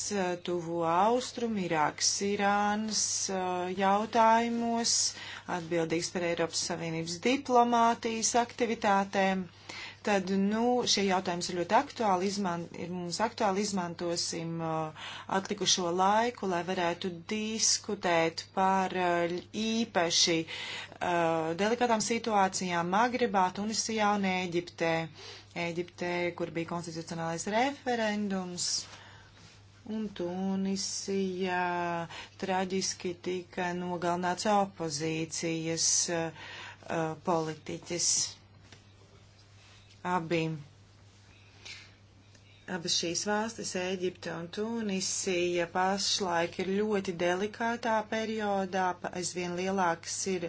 Tuvo Austrum, Irāks, Irānas jautājumos, atbildīgs par Eiropas Savienības diplomātijas aktivitātēm tad, nu, šie jautājums ir ļoti aktuāli, izman, ir mums aktuāli izmantosim uh, atlikušo laiku, lai varētu diskutēt par uh, īpaši uh, delikātām situācijām Magribā, Tunisijā un Ēģiptē. Ēģiptē, kur bija konstitucionālais referendums. Un Tunisijā traģiski tika nogalnāts opozīcijas uh, uh politiķis. Abi, abas šīs valstis, Ēģipte un Tunisija, pašlaik ir ļoti delikātā periodā, aizvien lielāks ir,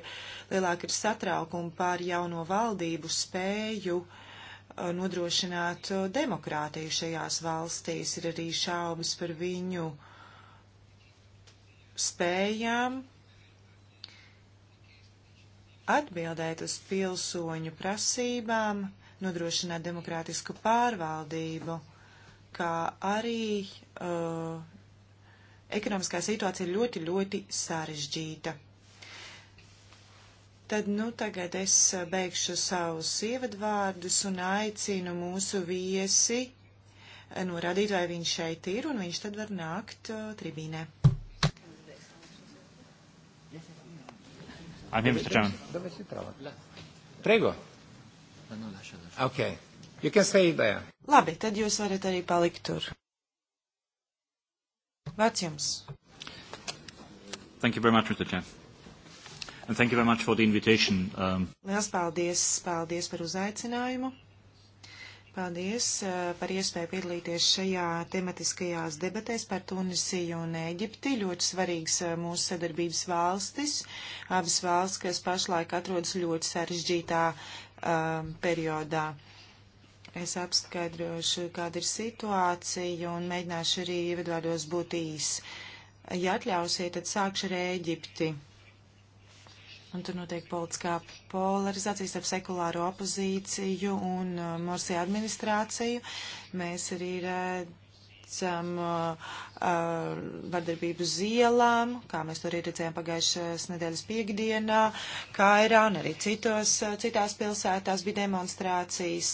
lielāk ir satraukumi pār jauno valdību spēju uh, nodrošināt uh, demokrātiju šajās valstīs, ir arī šaubas par viņu spējām atbildēt uz pilsoņu prasībām nodrošināt demokrātisku pārvaldību, kā arī uh, ekonomiskā situācija ir ļoti, ļoti sarežģīta. Tad, nu, tagad es beigšu savus ievadvārdus un aicinu mūsu viesi uh, norādīt, vai viņš šeit ir, un viņš tad var nākt uh, tribīnē. I'm here, Mr. Chairman. Prego. Okay. You can stay there. Labi, tad jūs varat arī palikt tur. Vārds jums. Thank you very much, Mr. Chair. And thank you very much for the invitation. Um... Liels paldies, paldies par uzaicinājumu. Paldies uh, par iespēju piedalīties šajā tematiskajās debatēs par Tunisiju un Eģipti. Ļoti svarīgs uh, mūsu sadarbības valstis, abas valsts, kas pašlaik atrodas ļoti sarežģītā um, periodā. Es apskaidrošu, kāda ir situācija un mēģināšu arī ievadvārdos būt īs. Ja atļausiet, tad sākšu ar Ēģipti. Un tur notiek politiskā polarizācija starp sekulāro opozīciju un uh, Morsī administrāciju. Mēs arī redz, veicam uh, uh, vardarbību zielām, kā mēs to arī redzējām pagājušās nedēļas piekdienā, Kairā un arī citos, uh, citās pilsētās bija demonstrācijas.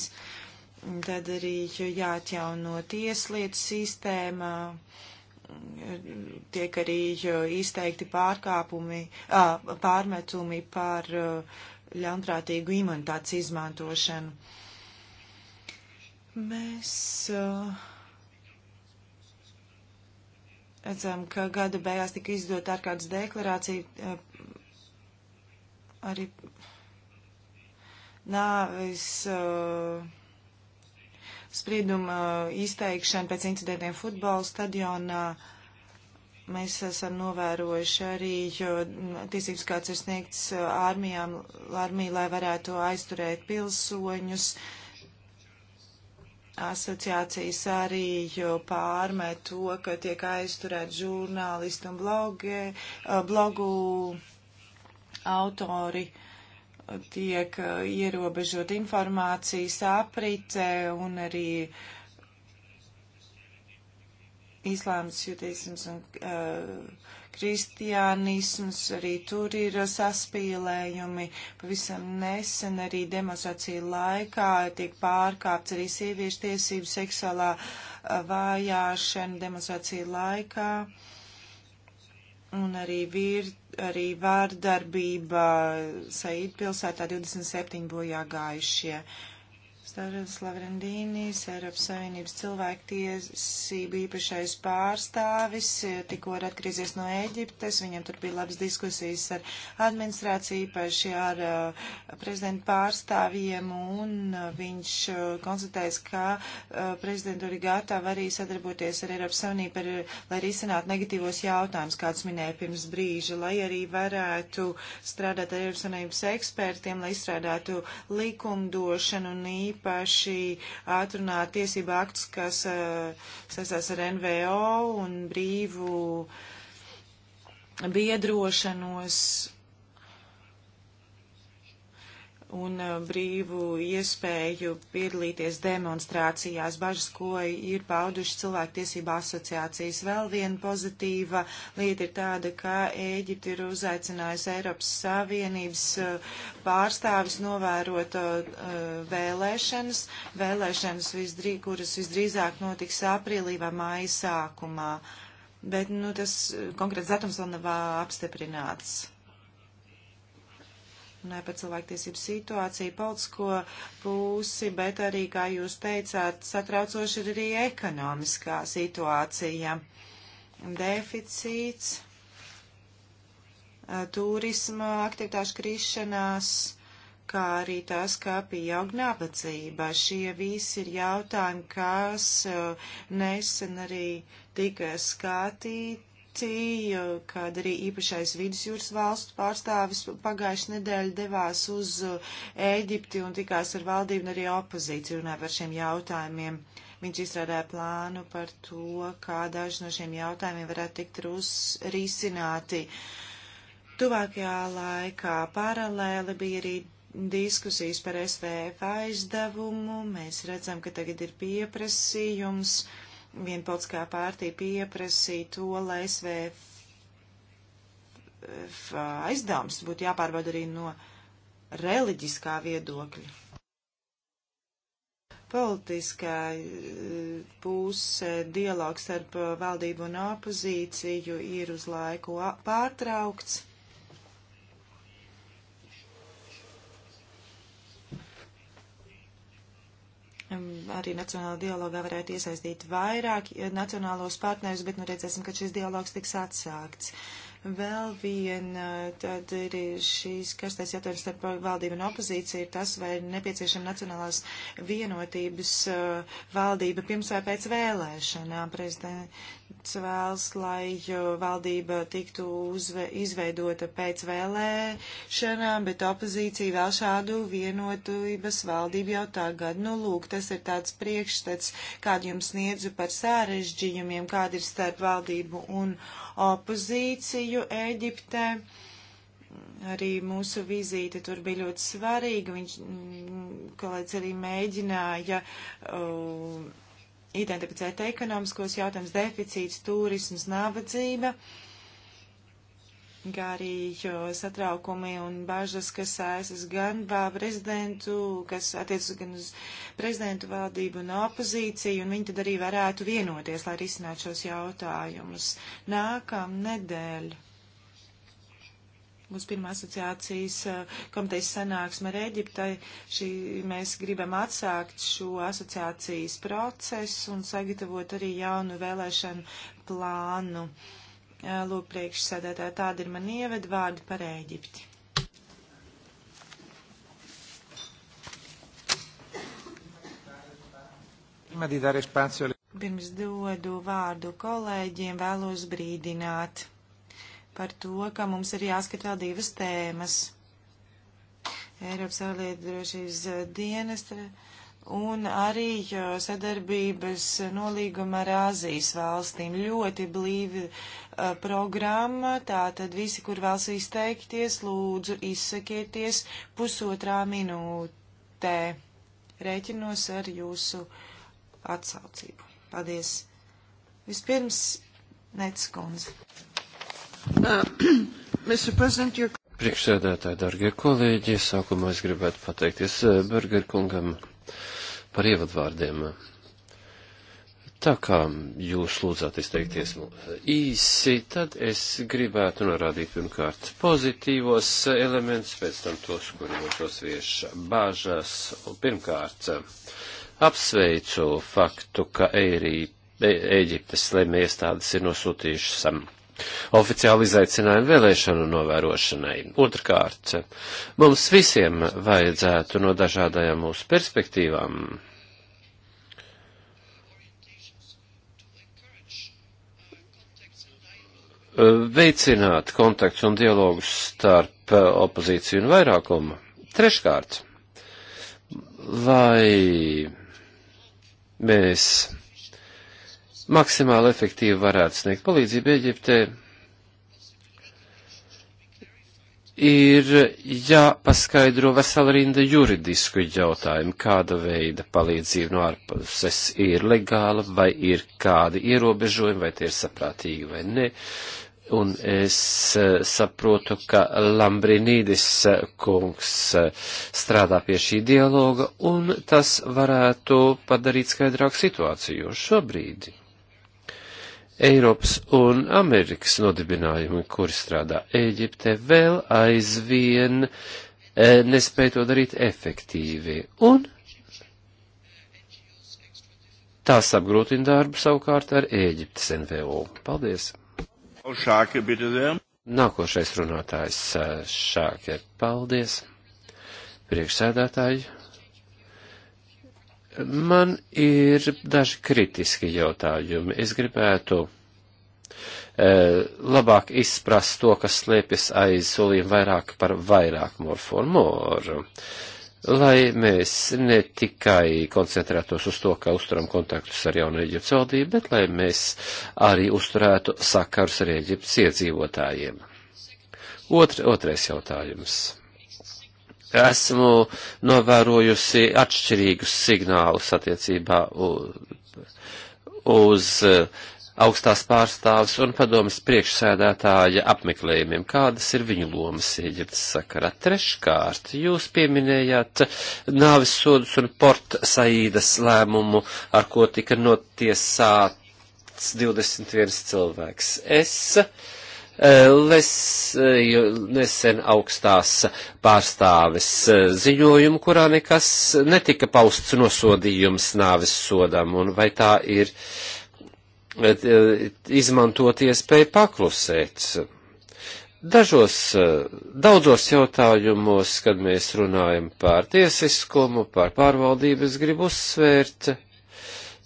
Tad arī jāatjauno tieslietu sistēma, tiek arī uh, izteikti pārkāpumi, uh, pārmetumi par uh, ļaunprātīgu imunitātes izmantošanu. Mēs uh, Redzam, ka gada beigās tika izdota ārkārtas deklarācija eh, arī nāvis eh, sprieduma eh, izteikšana pēc incidentiem futbola stadionā. Mēs esam novērojuši arī, jo mm, tiesības kāds ir sniegts armijām, armija, lai varētu aizturēt pilsoņus. Uh, asociācijas arī pārmet to, ka tiek aizturēt žurnālisti un blogi, blogu autori, tiek ierobežot informācijas aprite un arī islāms jutīsms un uh, kristiānisms, arī tur ir saspīlējumi. Pavisam nesen arī demonstrācija laikā tiek pārkāpts arī sieviešu tiesību seksuālā vājāšana demonstrācija laikā. Un arī, vir, arī vārdarbība Saīd pilsētā 27 bojā gājušie. Uh, Stavros Lavrendīnis, Eiropas Savienības cilvēktiesību īpašais pārstāvis, tikko ir atgriezies no Ēģiptes, viņam tur bija labas diskusijas ar administrāciju, īpaši ar uh, prezidentu pārstāvjiem, un uh, viņš uh, konstatējas, ka uh, prezidentūra ir gatava arī sadarboties ar Eiropas Savienību, par, uh, lai risinātu negatīvos jautājumus, kāds minēja pirms brīža, lai arī varētu strādāt ar Eiropas Savienības ekspertiem, lai izstrādātu likumdošanu un īpaši īpaši atrunāt tiesību aktus, kas eh, saistās ar NVO un brīvu biedrošanos un uh, brīvu iespēju piedalīties demonstrācijās, bažas, ko ir pauduši cilvēktiesība asociācijas. Vēl viena pozitīva lieta ir tāda, ka Ēģipte ir uzaicinājusi Eiropas Savienības uh, pārstāvis novērot uh, vēlēšanas, vēlēšanas, visdrīz, kuras visdrīzāk notiks aprīlī vai māja sākumā. Bet nu, tas konkrēts datums vēl nav apstiprināts runāja par cilvēktiesību situāciju, politisko pusi, bet arī, kā jūs teicāt, satraucoši ir arī ekonomiskā situācija. Deficīts, turisma aktivitāšu krišanās, kā arī tas, kā pieaug nabadzība. Šie visi ir jautājumi, kas nesen arī tika skatīti Turcija, kad arī īpašais vidusjūras valstu pārstāvis pagājušajā nedēļā devās uz Ēģipti un tikās ar valdību un arī opozīciju runāja par šiem jautājumiem. Viņš izstrādāja plānu par to, kā daži no šiem jautājumiem varētu tikt rus, risināti. Tuvākajā laikā paralēli bija arī diskusijas par SVF aizdevumu. Mēs redzam, ka tagad ir pieprasījums. Uh, viena politiskā pārtīja pieprasīja to, lai SVF aizdevums būtu jāpārbauda arī no reliģiskā viedokļa. Politiskā eh, puse dialogs starp eh, valdību un opozīciju ir uz laiku pārtraukts. arī nacionālā dialogā varētu iesaistīt vairāk eh, nacionālos partnerus, bet nu redzēsim, ka šis dialogs tiks atsākts. Vēl viena, eh, tad ir šīs karstais jautājums starp valdību un opozīciju, ir tas, vai ir nepieciešama nacionālās vienotības eh, valdība pirms vai pēc vēlēšanām. Prezident, vēlas, lai valdība tiktu uzve, izveidota pēc vēlēšanām, bet opozīcija vēl šādu vienotības valdību jau tagad. Nu, lūk, tas ir tāds priekšstats, kādu jums sniedzu par sārežģījumiem, kāda ir starp valdību un opozīciju Eģiptē. Arī mūsu vizīte tur bija ļoti svarīga. Viņš, mm, kolēģis arī mēģināja. Uh, identificēt ekonomiskos jautājumus, deficīts, turisms, nabadzība, kā arī satraukumi un bažas, kas aizsas gan vēl prezidentu, kas attiecas gan uz prezidentu valdību un opozīciju, un viņi tad arī varētu vienoties, lai risinātu šos jautājumus. Nākam nedēļa Būs pirmā asociācijas eh, komitejas sanāksme ar Eģiptai. Šī, mēs gribam atsākt šo asociācijas procesu un sagatavot arī jaunu vēlēšanu plānu. Eh, lūk, priekšsēdētāji, tādi ir mani ievedvārdi par Eģipti. Pirms dodu vārdu kolēģiem, vēlos brīdināt par to, ka mums ir jāskat vēl divas tēmas. Eiropas ārlietu drošības dienesta un arī sadarbības nolīguma ar Āzijas valstīm. Ļoti blīvi uh, programma, tātad visi, kur vēlas izteikties, lūdzu izsakieties pusotrā minūtē. Rēķinos ar jūsu atsaucību. Paldies! Vispirms, Nets kundze. Uh, [CLEARS THROAT] Priekšsēdētāji, dargie kolēģi, sākumā es gribētu pateikties uh, Berger kungam par ievadvārdiem. Tā kā jūs lūdzāt izteikties īsi, tad es gribētu norādīt pirmkārt pozitīvos elementus, pēc tam tos, kuri mūsos vieš bāžas. Pirmkārt, apsveicu faktu, ka Eirī, e- Eģiptes lemj iestādes ir nosūtījušas um, oficiāli izaicinājumu vēlēšanu novērošanai. Otrkārt, mums visiem vajadzētu no dažādajām mūsu perspektīvām veicināt kontakts un dialogus starp opozīciju un vairākumu. Treškārt, lai mēs maksimāli efektīvi varētu sniegt palīdzību Eģiptē, ir jāpaskaidro vesela rinda juridisku jautājumu, kāda veida palīdzība no ārpuses ir legāla, vai ir kādi ierobežojumi, vai tie ir saprātīgi vai nē. Un es eh, saprotu, ka Lambrinīdis eh, kungs eh, strādā pie šī dialoga, un tas varētu padarīt skaidrāku situāciju, jo šobrīd Eiropas un Amerikas nodibinājumi, kuri strādā Ēģipte, vēl aizvien e, nespēja to darīt efektīvi. Un tās apgrūtina darbu savukārt ar Ēģiptes NVO. Paldies! Šāke, Nākošais runātājs Šāke. E, Paldies! Priekšsēdētāji! Man ir daži kritiski jautājumi. Es gribētu eh, labāk izprast to, kas slēpjas aiz solījuma vairāk par vairāk morfu un moru. Lai mēs ne tikai koncentrētos uz to, ka uzturam kontaktus ar jaunu Eģiptes valdību, bet lai mēs arī uzturētu sakarus ar Eģiptes iedzīvotājiem. Otra, otrais jautājums esmu novērojusi atšķirīgus signālus attiecībā uz, uz e, augstās pārstāvis un padomas priekšsēdētāja apmeklējumiem. Kādas ir viņu lomas Ēģiptes sakarā? Treškārt, jūs pieminējāt nāvis sodus un Port Saīdas lēmumu, ar ko tika notiesāts 21 cilvēks. Es les, nesen augstās pārstāves eh, ziņojumu, kurā nekas netika pausts nosodījums nāves sodam, un vai tā ir eh, izmantot iespēju paklusēt. Dažos, eh, daudzos jautājumos, kad mēs runājam par tiesiskumu, par pārvaldību, es gribu uzsvērt,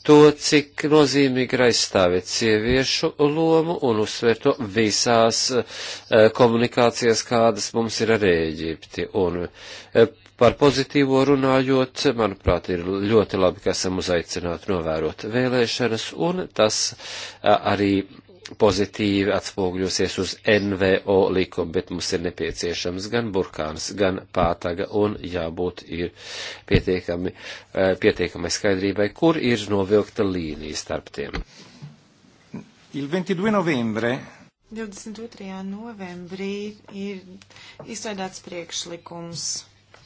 to, cik nozīmīgi ir aizstāvēt sieviešu lomu un uzsvērt to visās eh, komunikācijās, kādas mums ir ar Ēģipti. Un eh, par pozitīvo runājot, manuprāt, ir ļoti labi, ka esam uzaicināti novērot vēlēšanas, un tas eh, arī pozitīvi atspūgļosies uz NVO likumu, bet mums ir nepieciešams gan burkāns, gan pātaga un jābūt ir pietiekami, eh, pietiekamai skaidrībai, kur ir novilkta līnija starp tiem. 22. novembre. 22. novembrī ir izstrādāts priekšlikums.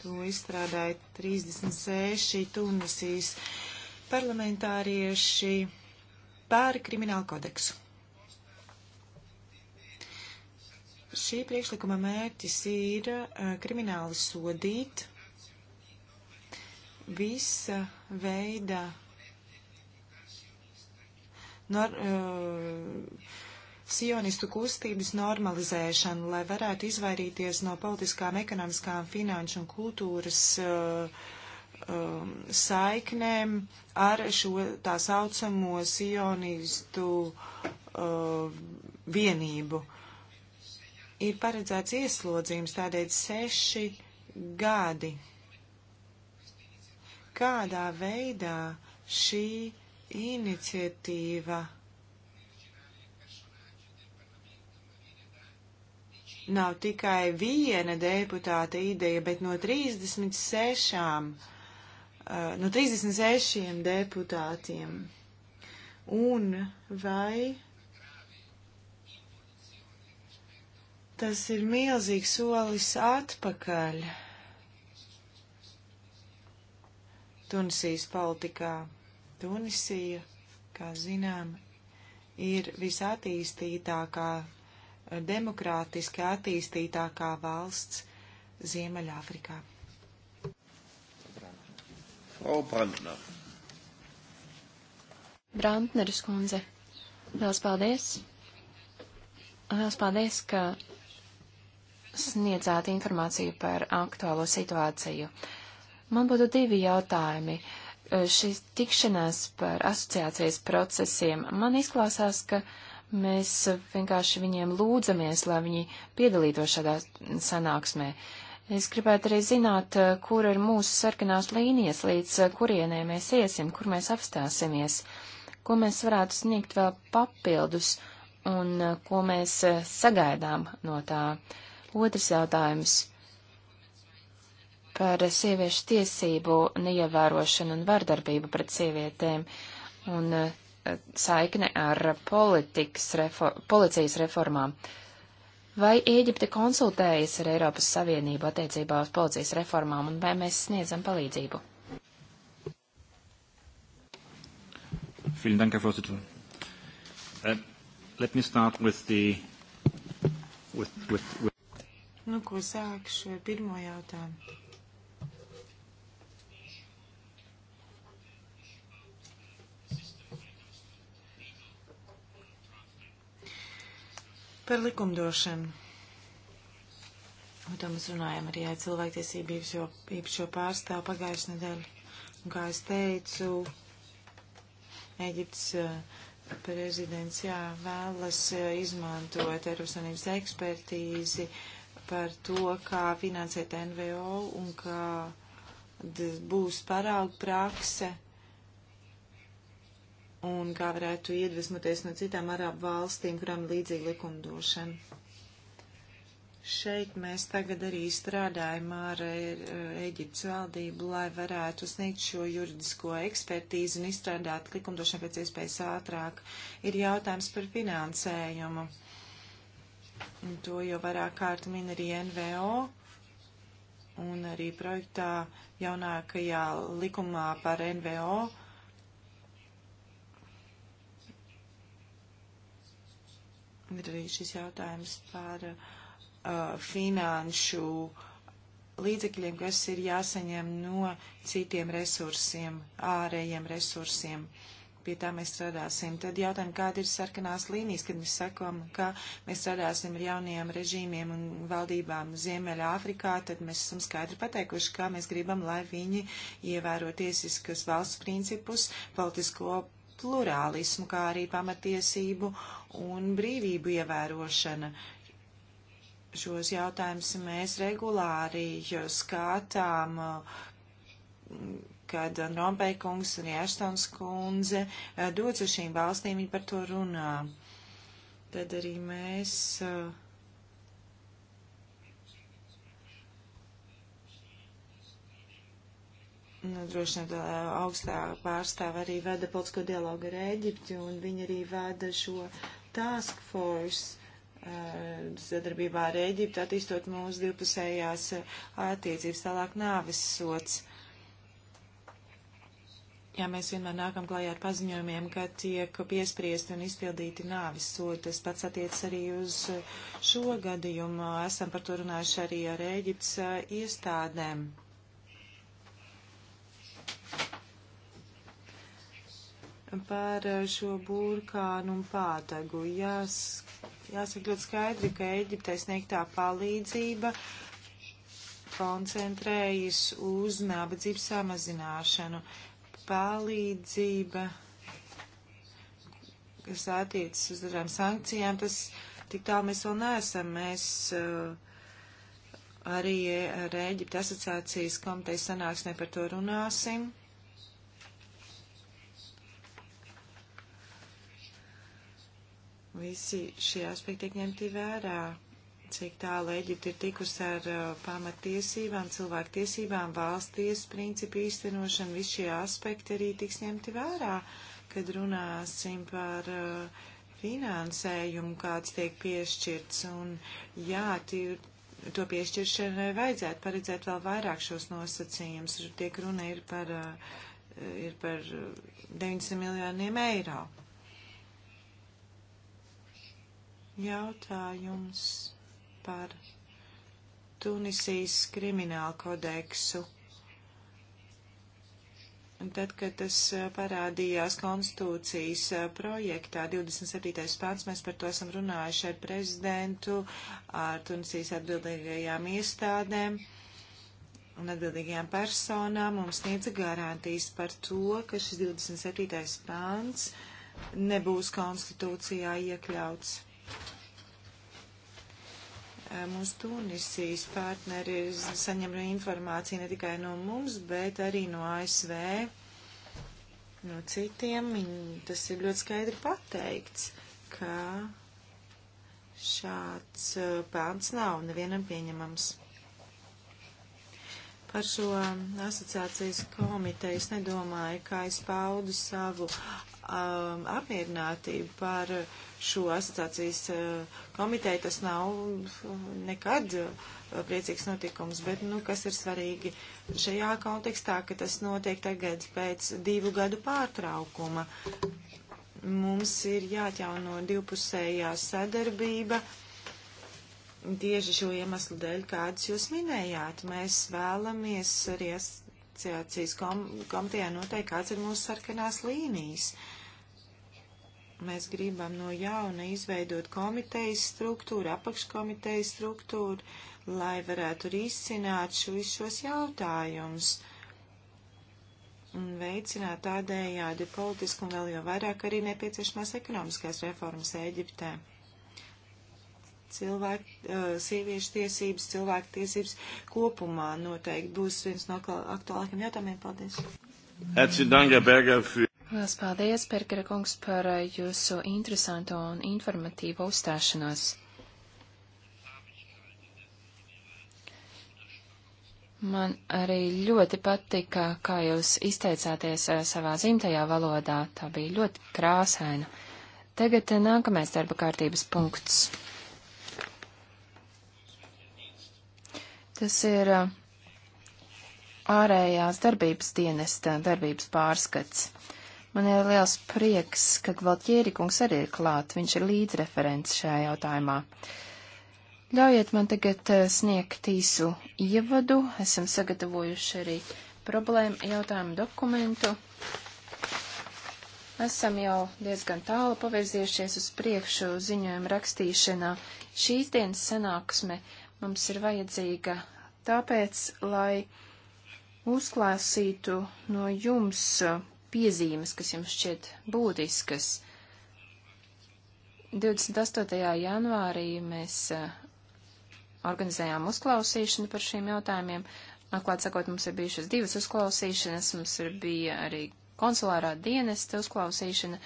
To izstrādāja 36 Tunisijas parlamentārieši par kriminālu kodeksu. Šī priekšlikuma mērķis ir eh, krimināli sodīt visa veida nor, uh, sionistu kustības normalizēšanu, lai varētu izvairīties no politiskām, ekonomiskām, finanšu un kultūras uh, uh, saiknēm ar šo tā saucamo sionistu uh, vienību. Uh, ir paredzēts ieslodzījums, tādēļ seši gadi. Kādā veidā šī iniciatīva nav tikai viena deputāta ideja, bet no 36, eh, no 36 deputātiem. Un vai Tas ir milzīgs solis atpakaļ Tunisijas politikā. Tunisija, kā zinām, ir visattīstītākā, demokrātiski attīstītākā valsts Ziemeļāfrikā. Frau Brandner. Brandneris kundze, liels paldies. Liels paldies, ka sniedzāt informāciju par aktuālo situāciju. Man būtu divi jautājumi. Šīs tikšanās par asociācijas procesiem man izklāsās, ka mēs vienkārši viņiem lūdzamies, lai viņi piedalītos šādā sanāksmē. Es gribētu arī zināt, kur ir mūsu sarkanās līnijas, līdz kurienē mēs iesim, kur mēs apstāsimies, ko mēs varētu sniegt vēl papildus un ko mēs sagaidām no tā. Uh, Otrs jautājums par sieviešu tiesību neievērošanu un vardarbību pret sievietēm un eh, saikne ar refor policijas reformām. Vai Ēģipte konsultējas ar Eiropas Savienību attiecībā uz policijas reformām un vai mēs sniedzam palīdzību? Dank, uh, with the, with, with, with... Nu, ko sākšu ar pirmo jautājumu. Par likumdošanu. Un to mēs runājam arī ar cilvēktiesību īpašo pārstāvu pagājušajā nedēļā. Un kā es teicu, Eģiptes eh, prezidents jā, vēlas eh, izmantot Eiropas Savienības ekspertīzi, uh, par to, kā finansēt NVO un kā būs parauga prakse un kā varētu iedvesmoties no citām arābu valstīm, kurām līdzīga likumdošana. Šeit mēs tagad arī strādājam ar Eģiptes valdību, lai varētu sniegt šo juridisko ekspertīzi un izstrādāt likumdošanu pēc iespējas ātrāk. Ir jautājums par finansējumu. Un to jau vairāk kārt min arī NVO. Un arī projektā jaunākajā likumā par NVO ir arī šis jautājums par uh, finanšu līdzekļiem, kas ir jāsaņem no citiem resursiem, ārējiem resursiem. Uh, pie tā mēs strādāsim. Tad jautājumi, kāda ir sarkanās līnijas, kad mēs sakām, ka mēs strādāsim ar jaunajiem režīmiem un valdībām Ziemeļa Āfrikā, tad mēs esam skaidri pateikuši, kā mēs gribam, lai viņi ievēro tiesiskas valsts principus, politisko plurālismu, kā arī pamatiesību un brīvību ievērošana. Šos jautājumus mēs regulāri skatām kad Rompeikungs un Jāštons kundze eh, dodas uz šīm valstīm, viņi par to runā. Tad arī mēs. Eh, Nodrošināt nu, eh, augstā pārstāva arī vada politisko dialogu ar Eģipti, un viņa arī vada šo task force sadarbībā ar Eģiptu, attīstot mūsu divpusējās attiecības tālāk nāvis sots. Uh, ja mēs vienmēr nākam klajā ar paziņojumiem, ka tiek piespriesti un izpildīti nāvis sodi, tas pats attiec arī uz šo gadījumu. Esam par to runājuši arī ar Ēģiptes iestādēm. Par šo burkānu un pātagu. Jās, jāsaka ļoti skaidri, ka Ēģiptei sniegtā palīdzība koncentrējas uz nabadzības samazināšanu. Uh, palīdzība, kas attiecas uz dažām sankcijām, tas tik tālu mēs vēl neesam. Mēs uh, arī ar Ēģipta asociācijas komitejas sanāksmē par to runāsim. Visi šie aspekti tiek ņemti vērā cik tālu Eģipte ir tikusi ar uh, pamatiesībām, cilvēktiesībām, valsties principu īstenošanu, visi šie aspekti arī tiks ņemti vērā, kad runāsim par uh, finansējumu, kāds tiek piešķirts. Un jā, tīr, to piešķiršanai vajadzētu paredzēt vēl vairāk šos nosacījumus. Tiek runa ir par, uh, ir par 90 uh, miljoniem eiro jautājums par Tunisijas kriminālu kodeksu. Un tad, kad tas parādījās konstitūcijas projektā, 27. pāns, mēs par to esam runājuši ar prezidentu, ar Tunisijas atbildīgajām iestādēm un atbildīgajām personām. Mums sniedza garantijas par to, ka šis 27. pāns nebūs konstitūcijā iekļauts mūsu Tunisijas partneri saņem informāciju ne tikai no mums, bet arī no ASV, no citiem. Tas ir ļoti skaidri pateikts, ka šāds uh, pēns nav nevienam pieņemams. Par šo asociācijas komiteju es nedomāju, kā es paudu savu um, apmierinātību par uh, šo asociācijas eh, komiteju. Tas nav nekad eh, priecīgs notikums, bet, nu, kas ir svarīgi šajā kontekstā, ka tas notiek tagad pēc divu gadu pārtraukuma. Mums ir jāatjauno divpusējā sadarbība tieši šo iemeslu dēļ, kādus jūs minējāt. Mēs vēlamies arī asociācijas kom komitejā noteikt, kāds ir mūsu sarkanās līnijas. Uh, Mēs gribam no jauna izveidot komitejas struktūru, apakškomitejas struktūru, lai varētu risināt šo, šos jautājumus un veicināt tādējādi politisku un vēl jau vairāk arī nepieciešamās ekonomiskās reformas Eģiptē. Cilvēku, sieviešu tiesības, cilvēku tiesības kopumā noteikti būs viens no aktuālākiem jautājumiem. Paldies! Herzlichen Dank, Herr Berger, für Lielas paldies, Perkara kungs, par eh, jūsu interesanto un informatīvo uzstāšanos. Man arī ļoti patika, kā jūs izteicāties eh, savā dzimtajā valodā. Tā bija ļoti krāsaina. Tagad eh, nākamais darba kārtības punkts. Tas ir ārējās darbības dienesta darbības pārskats. Man ir liels prieks, ka Gvaltjēri kungs arī ir klāt, viņš ir līdzreferents šajā jautājumā. Ļaujiet man tagad eh, sniegt īsu ievadu, esam sagatavojuši arī problēmu jautājumu dokumentu. Esam jau diezgan tālu pavirzījušies uz priekšu ziņojumu rakstīšanā. Šīs dienas sanāksme mums ir vajadzīga tāpēc, lai uzklāsītu no jums piezīmes, kas jums šķiet būtiskas. 28. janvārī mēs eh, organizējām uzklausīšanu par šiem jautājumiem. Atklāt sakot, mums ir bijušas divas uzklausīšanas, mums ir bija arī konsulārā dienesta uzklausīšana,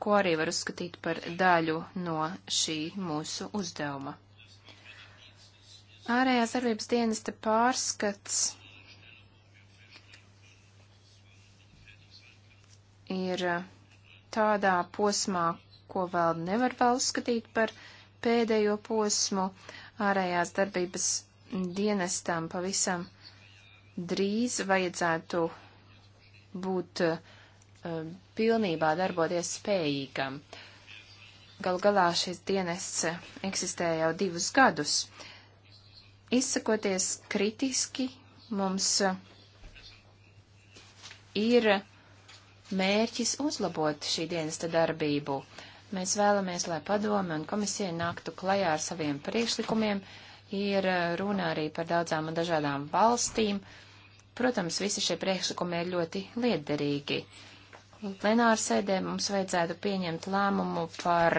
ko arī var uzskatīt par daļu no šī mūsu uzdevuma. Ārējās darbības dienesta pārskats ir uh, tādā posmā, ko vēl nevar vēl uzskatīt par pēdējo posmu. Ārējās darbības dienestām pavisam drīz vajadzētu būt uh, um, pilnībā darboties spējīgam. Gal galā šis dienests eksistē jau divus gadus. Izsakoties kritiski, mums uh, ir mērķis uzlabot šī dienesta darbību. Mēs vēlamies, lai padome un komisija nāktu klajā ar saviem priekšlikumiem, ir eh, runa arī par daudzām un dažādām valstīm. Protams, visi šie priekšlikumi ir ļoti liederīgi. Plenāra sēdē mums vajadzētu pieņemt lēmumu par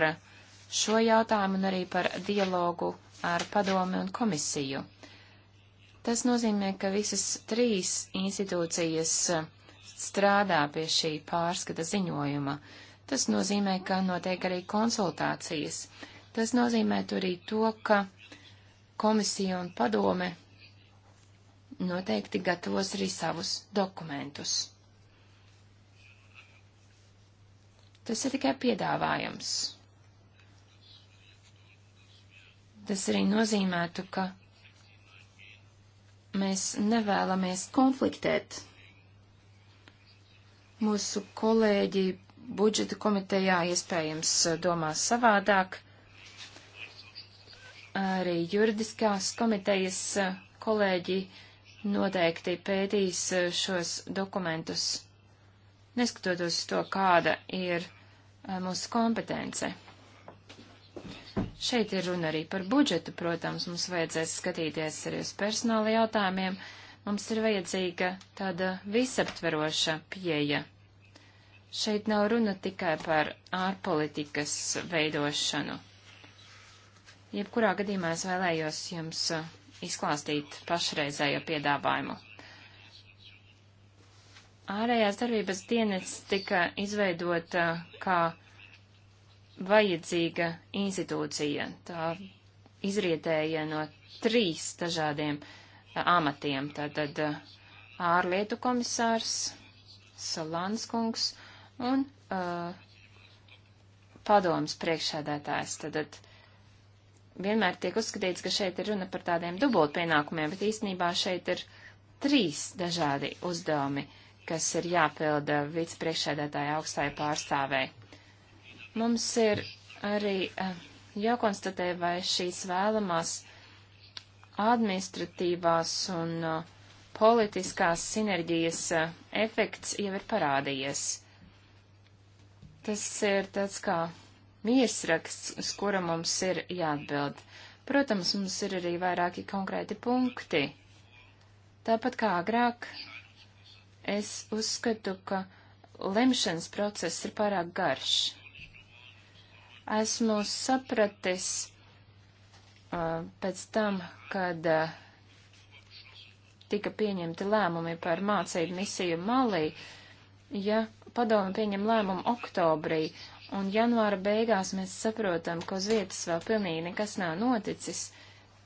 šo jautājumu un arī par dialogu ar padomi un komisiju. Tas nozīmē, ka visas trīs institūcijas strādā pie šī pārskata ziņojuma. Tas nozīmē, ka notiek arī konsultācijas. Tas nozīmē arī to, ka komisija un padome noteikti gatavos arī savus dokumentus. Tas ir tikai piedāvājums. Tas arī nozīmētu, ka mēs nevēlamies konfliktēt Mūsu kolēģi budžeta komitejā iespējams eh, domās savādāk. Arī juridiskās komitejas eh, kolēģi noteikti pētīs eh, šos dokumentus, neskatoties uz to, kāda ir mūsu kompetence. Šeit ir runa arī par budžetu, protams, mums vajadzēs skatīties arī uz personāla jautājumiem, uh, Mums ir vajadzīga tāda visaptveroša pieeja. Šeit nav runa tikai par ārpolitikas veidošanu. Jebkurā gadījumā es vēlējos jums uh, izklāstīt pašreizējo piedāvājumu. Ārējās darbības dienas tika izveidota uh, kā vajadzīga institūcija. Tā izrietēja no trīs dažādiem uh, amatiem. Tātad uh, ārlietu komisārs, Solanskungs un uh, padomas priekšsēdētājs. Tātad vienmēr tiek uzskatīts, ka šeit ir runa par tādiem dubultpienākumiem, bet īstenībā šeit ir trīs dažādi uzdevumi, kas ir jāpilda vicepriekšsēdētāja augstāja pārstāvē. Mums ir arī uh, jākonstatē, vai šīs vēlamās uh, administratīvās un uh, politiskās sinerģijas uh, efekts jau ir parādījies. Tas ir tāds kā miesraksts, uz kura mums ir jāatbild. Protams, mums ir arī vairāki konkrēti punkti. Tāpat kā agrāk, es uzskatu, ka lemšanas process ir pārāk garš. Esmu sapratis, pēc tam, kad tika pieņemti lēmumi par mācību misiju Malī, ja padomu pieņem lēmumu oktobrī, un janvāra beigās mēs saprotam, ka uz vietas vēl pilnīgi nekas nav noticis,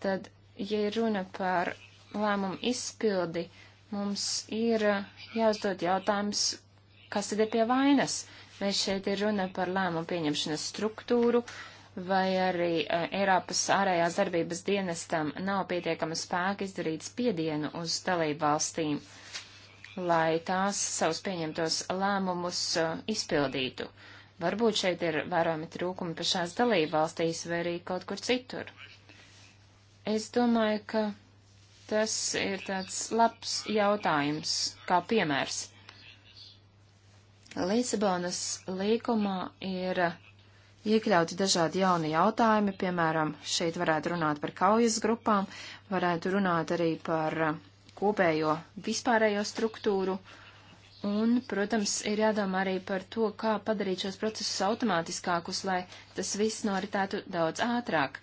tad, ja ir runa par lēmumu izpildi, mums ir jāuzdod jautājums, kas tad ir pie vainas. Mēs šeit ir runa par lēmumu pieņemšanas struktūru, uh, vai arī eh, Eiropas ārējās darbības dienestam nav pietiekama spēka izdarīt spiedienu uz dalību valstīm, lai tās savus pieņemtos lēmumus eh, izpildītu. Varbūt šeit ir vērojami trūkumi pašās dalību valstīs vai arī kaut kur citur. Es domāju, ka tas ir tāds labs jautājums, kā piemērs. Lisabonas līkumā ir uh, iekļauti dažādi jauni jautājumi, piemēram, šeit varētu runāt par kaujas grupām, varētu runāt arī par uh, kopējo vispārējo struktūru, un, protams, ir jādomā arī par to, kā padarīt šos procesus automātiskākus, lai tas viss noritētu daudz ātrāk,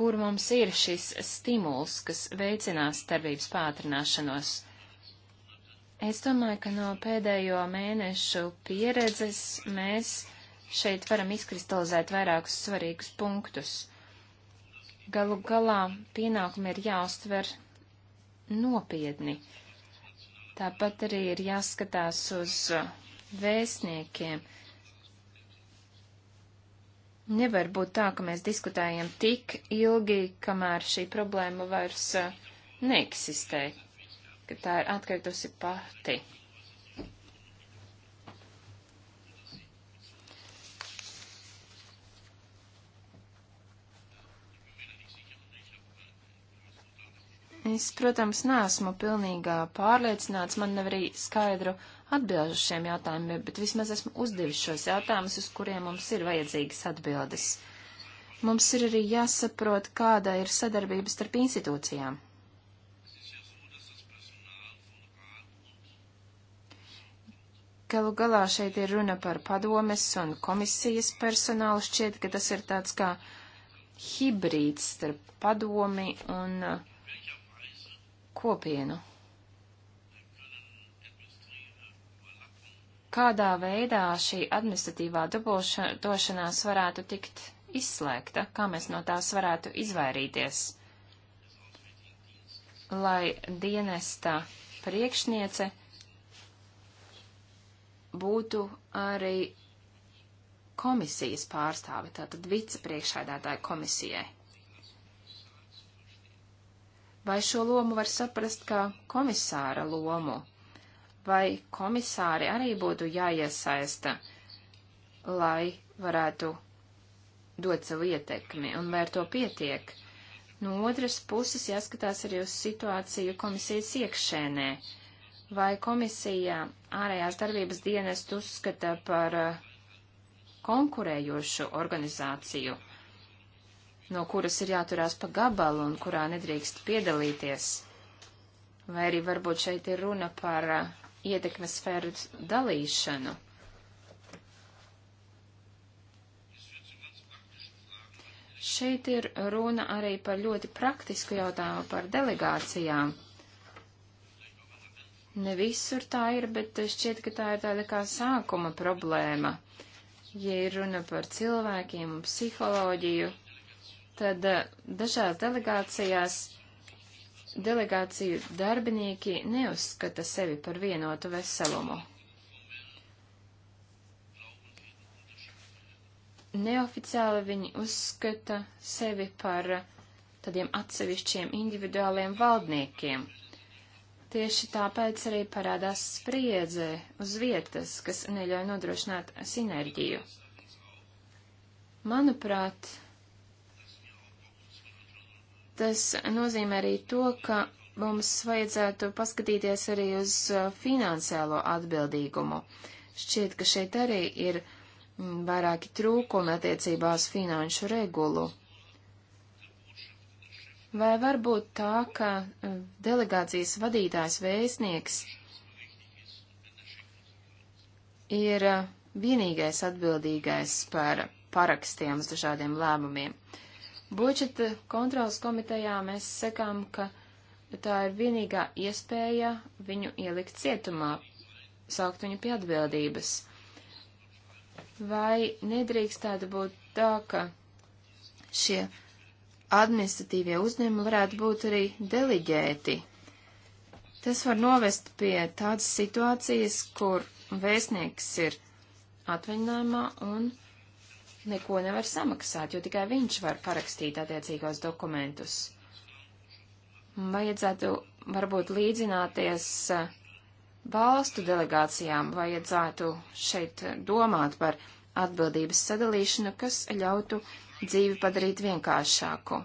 kur mums ir šis stimuls, kas veicinās starpības pātrināšanos. Es domāju, ka no pēdējo mēnešu pieredzes mēs šeit varam izkristalizēt vairākus svarīgus punktus. Galu galā pienākumi ir jāuztver nopietni. Tāpat arī ir jāskatās uz uh, vēstniekiem. Nevar būt tā, ka mēs diskutējam tik ilgi, kamēr šī problēma vairs uh, neeksistē, ka tā ir atkritusi pati. Es, protams, neesmu pilnīgā pārliecināts, man nav arī skaidru atbilžu šiem jautājumiem, bet vismaz esmu uzdevis šos jautājumus, uz kuriem mums ir vajadzīgas atbildes. Mums ir arī jāsaprot, kāda ir sadarbība starp institūcijām. Galu galā šeit ir runa par padomes un komisijas personālu. Šķiet, ka tas ir tāds kā hibrīds starp padomi un uh, kopienu. Kādā veidā šī administratīvā dubultošanās varētu tikt izslēgta, kā mēs no tās varētu izvairīties, lai dienesta priekšniece būtu arī komisijas pārstāve, tātad vicepriekšādātāja komisijai. Vai šo lomu var saprast kā komisāra lomu? Vai komisāri arī būtu jāiesaista, lai varētu dot savu ietekmi, un vai ar to pietiek? No otras puses jāskatās arī uz situāciju komisijas iekšēnē. Vai komisija ārējās darbības dienestu uzskata par eh, konkurējošu organizāciju? no kuras ir jāturās pa gabalu un kurā nedrīkst piedalīties. Vai arī varbūt šeit ir runa par uh, ietekmes sfēru dalīšanu. Šeit ir runa arī par ļoti praktisku jautājumu par delegācijām. Ne visur tā ir, bet šķiet, ka tā ir tāda kā sākuma problēma. Ja ir runa par cilvēkiem un psiholoģiju, tad eh, dažās delegācijās delegāciju darbinieki neuzskata sevi par vienotu veselumu. Neoficiāli viņi uzskata sevi par tādiem atsevišķiem individuāliem valdniekiem. Tieši tāpēc arī parādās spriedze uz vietas, kas neļauj nodrošināt sinerģiju. Manuprāt, Tas nozīmē arī to, ka mums vajadzētu paskatīties arī uz uh, finansiālo atbildīgumu. Šķiet, ka šeit arī ir mm, vairāki trūkumi attiecībā uz finanšu regulu. Vai var būt tā, ka uh, delegācijas vadītājs vēstnieks ir uh, vienīgais atbildīgais par parakstiem uz dažādiem lēmumiem? Uh, Budžeta kontrolas komitejā mēs sakām, ka tā ir vienīgā iespēja viņu ielikt cietumā, saukt viņu pie atbildības. Vai nedrīkstētu būt tā, ka šie administratīvie uzņēmumi varētu būt arī deliģēti? Tas var novest pie tādas situācijas, kur vēstnieks ir atvaļinājumā un neko nevar samaksāt, jo tikai viņš var parakstīt attiecīgos dokumentus. Vajadzētu varbūt līdzināties eh, valstu delegācijām, vajadzētu šeit domāt par atbildības sadalīšanu, kas ļautu dzīvi padarīt vienkāršāku.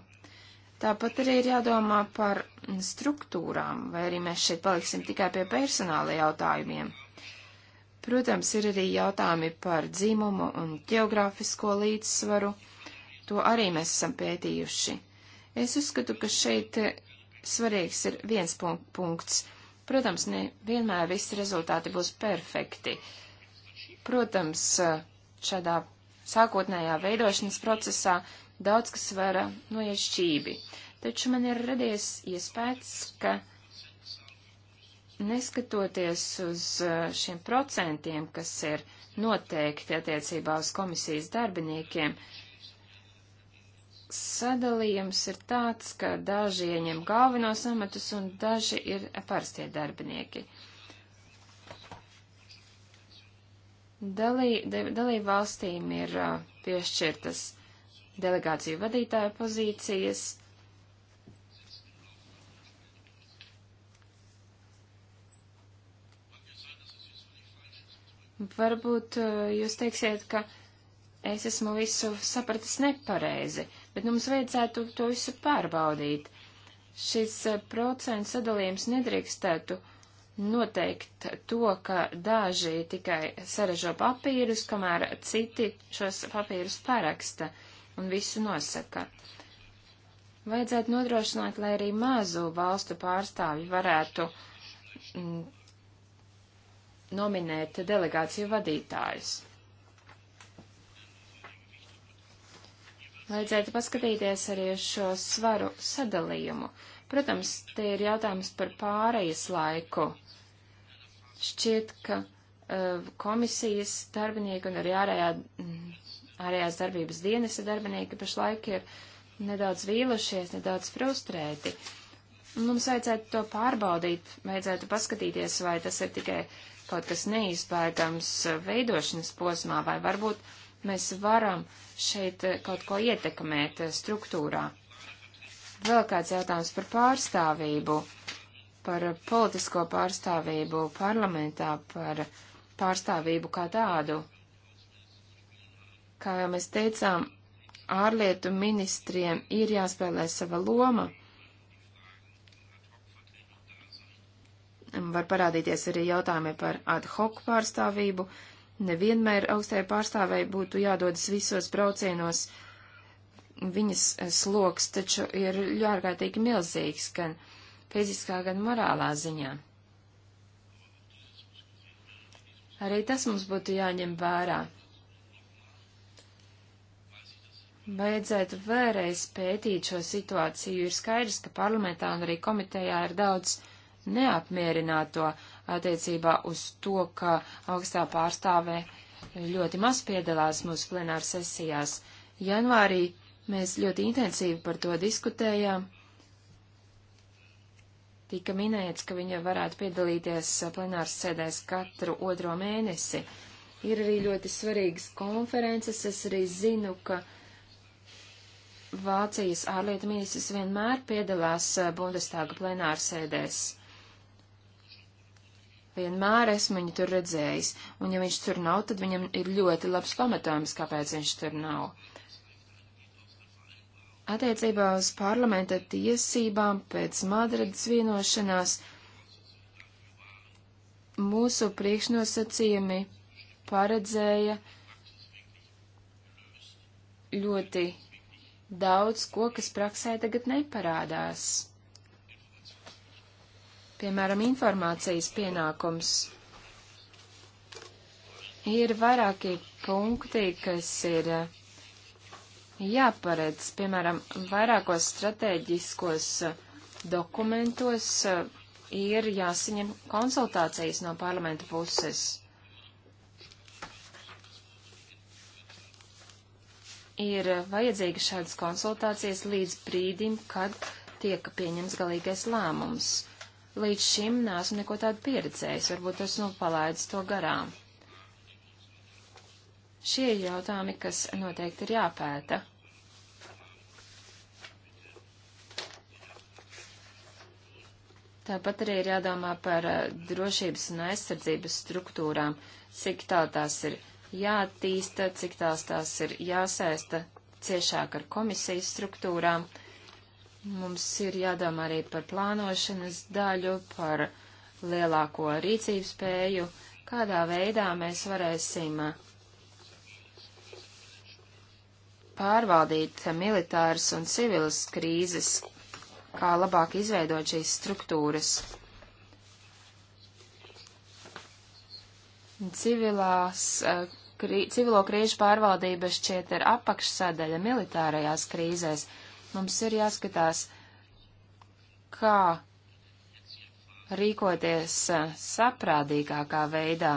Tāpat arī ir jādomā par struktūrām, vai arī mēs šeit paliksim tikai pie personāla jautājumiem. Protams, ir arī jautājumi par dzimumu un geogrāfisko līdzsvaru. To arī mēs esam pētījuši. Es uzskatu, ka šeit eh, svarīgs ir viens punkts. Protams, ne vienmēr visi rezultāti būs perfekti. Protams, eh, šādā sākotnējā veidošanas procesā daudz kas var eh, noiešķībi. Taču man ir radies iespējas, ka Neskatoties uz eh, šiem procentiem, kas ir noteikti attiecībā uz komisijas darbiniekiem, sadalījums ir tāds, ka daži ieņem galvenos amatus un daži ir parastie darbinieki. Dalī, de, dalību valstīm ir eh, piešķirtas delegāciju vadītāja pozīcijas, Varbūt eh, jūs teiksiet, ka es esmu visu sapratis nepareizi, bet nu, mums vajadzētu to visu pārbaudīt. Šis eh, procentu sadalījums nedrīkstētu noteikt to, ka daži tikai saražo papīrus, kamēr citi šos papīrus paraksta un visu nosaka. Vajadzētu nodrošināt, lai arī mazu valstu pārstāvji varētu mm, nominēt delegāciju vadītājus. Vajadzētu paskatīties arī uz šo svaru sadalījumu. Protams, tie ir jautājums par pārejas laiku. Šķiet, ka uh, komisijas darbinieki un arī ārējā, mm, ārējās darbības dienesta darbinieki pašlaik ir nedaudz vīlušies, nedaudz frustrēti. Mums vajadzētu to pārbaudīt, vajadzētu paskatīties, vai tas ir tikai kaut kas neizbēgams veidošanas posmā, vai varbūt mēs varam šeit kaut ko ietekmēt struktūrā. Vēl kāds jautājums par pārstāvību, par politisko pārstāvību parlamentā, par pārstāvību kā tādu. Kā jau mēs teicām, ārlietu ministriem ir jāspēlē sava loma var parādīties arī jautājumi par ad hoc pārstāvību. Nevienmēr augstajai pārstāvēji būtu jādodas visos braucienos. Viņas eh, sloks taču ir ļārkārtīgi milzīgs, gan fiziskā, gan morālā ziņā. Arī tas mums būtu jāņem vērā. Vajadzētu vēlreiz pētīt šo situāciju. Ir skaidrs, ka parlamentā un arī komitejā ir daudz neapmierināto attiecībā uz to, ka augstā pārstāve ļoti maz piedalās mūsu plenāru sesijās. Janvārī mēs ļoti intensīvi par to diskutējām. Tika minēts, ka viņa varētu piedalīties plenāras sēdēs katru otro mēnesi. Ir arī ļoti svarīgas konferences. Es arī zinu, ka Vācijas ārlietu ministrs vienmēr piedalās eh, Bundestāga plenārsēdēs. Vienmēr esmu viņu tur redzējis, un ja viņš tur nav, tad viņam ir ļoti labs pamatojums, kāpēc viņš tur nav. Attiecībā uz parlamenta tiesībām pēc Madrides vienošanās mūsu priekšnosacījumi paredzēja ļoti daudz ko, kas praksē tagad neparādās. Piemēram, informācijas pienākums. Ir vairāki punkti, kas ir eh, jāparedz, piemēram, vairākos stratēģiskos eh, dokumentos eh, ir jāsaņem konsultācijas no parlamenta puses. ir vajadzīga šādas konsultācijas līdz brīdim, kad tiek pieņems galīgais lēmums līdz šim neesmu neko tādu pieredzējis, varbūt es nu palaidu to garām. Šie ir jautājumi, kas noteikti ir jāpēta. Tāpat arī ir jādomā par eh, drošības un aizsardzības struktūrām, cik tālu tās ir jāattīsta, cik tās tās ir jāsaista ciešāk ar komisijas struktūrām. Uh, Mums ir jādomā arī par plānošanas daļu, par lielāko rīcību spēju, kādā veidā mēs varēsim uh, pārvaldīt militāras un civilas krīzes, kā labāk izveidot šīs struktūras. Civilās, uh, krī, civilo krīžu pārvaldība šķiet ir apakšsadaļa militārajās krīzēs, Mums ir jāskatās, kā rīkoties eh, saprādīgākā veidā.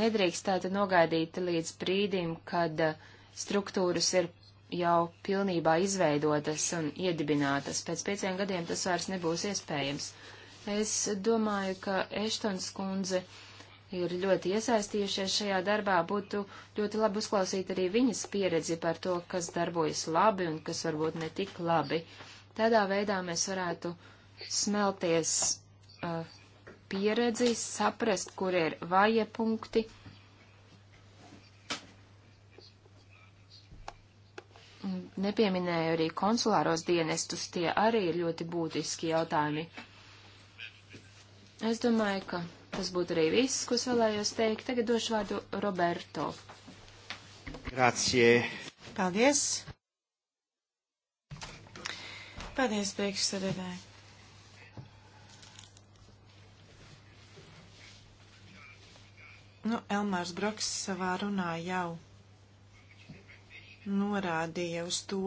Nedrīkst tāda nogaidīt līdz brīdim, kad eh, struktūras ir jau pilnībā izveidotas un iedibinātas. Pēc pieciem gadiem tas vairs nebūs iespējams. Es domāju, ka Eštons kundze uh, ir ļoti iesaistījušies šajā darbā, būtu ļoti labi uzklausīt arī viņas pieredzi par to, kas darbojas labi un kas varbūt ne tik labi. Tādā veidā mēs varētu smelties uh, pieredzi, saprast, kur ir vaja punkti. Nepieminēju arī konsulāros dienestus, tie arī ir ļoti būtiski jautājumi. Es domāju, ka Tas būtu arī viss, ko es vēlējos teikt. Tagad došu vārdu Roberto. Grazie. Paldies. Paldies, priekšsēdētāji. Nu, Elmārs Broks savā runā jau norādīja uz to,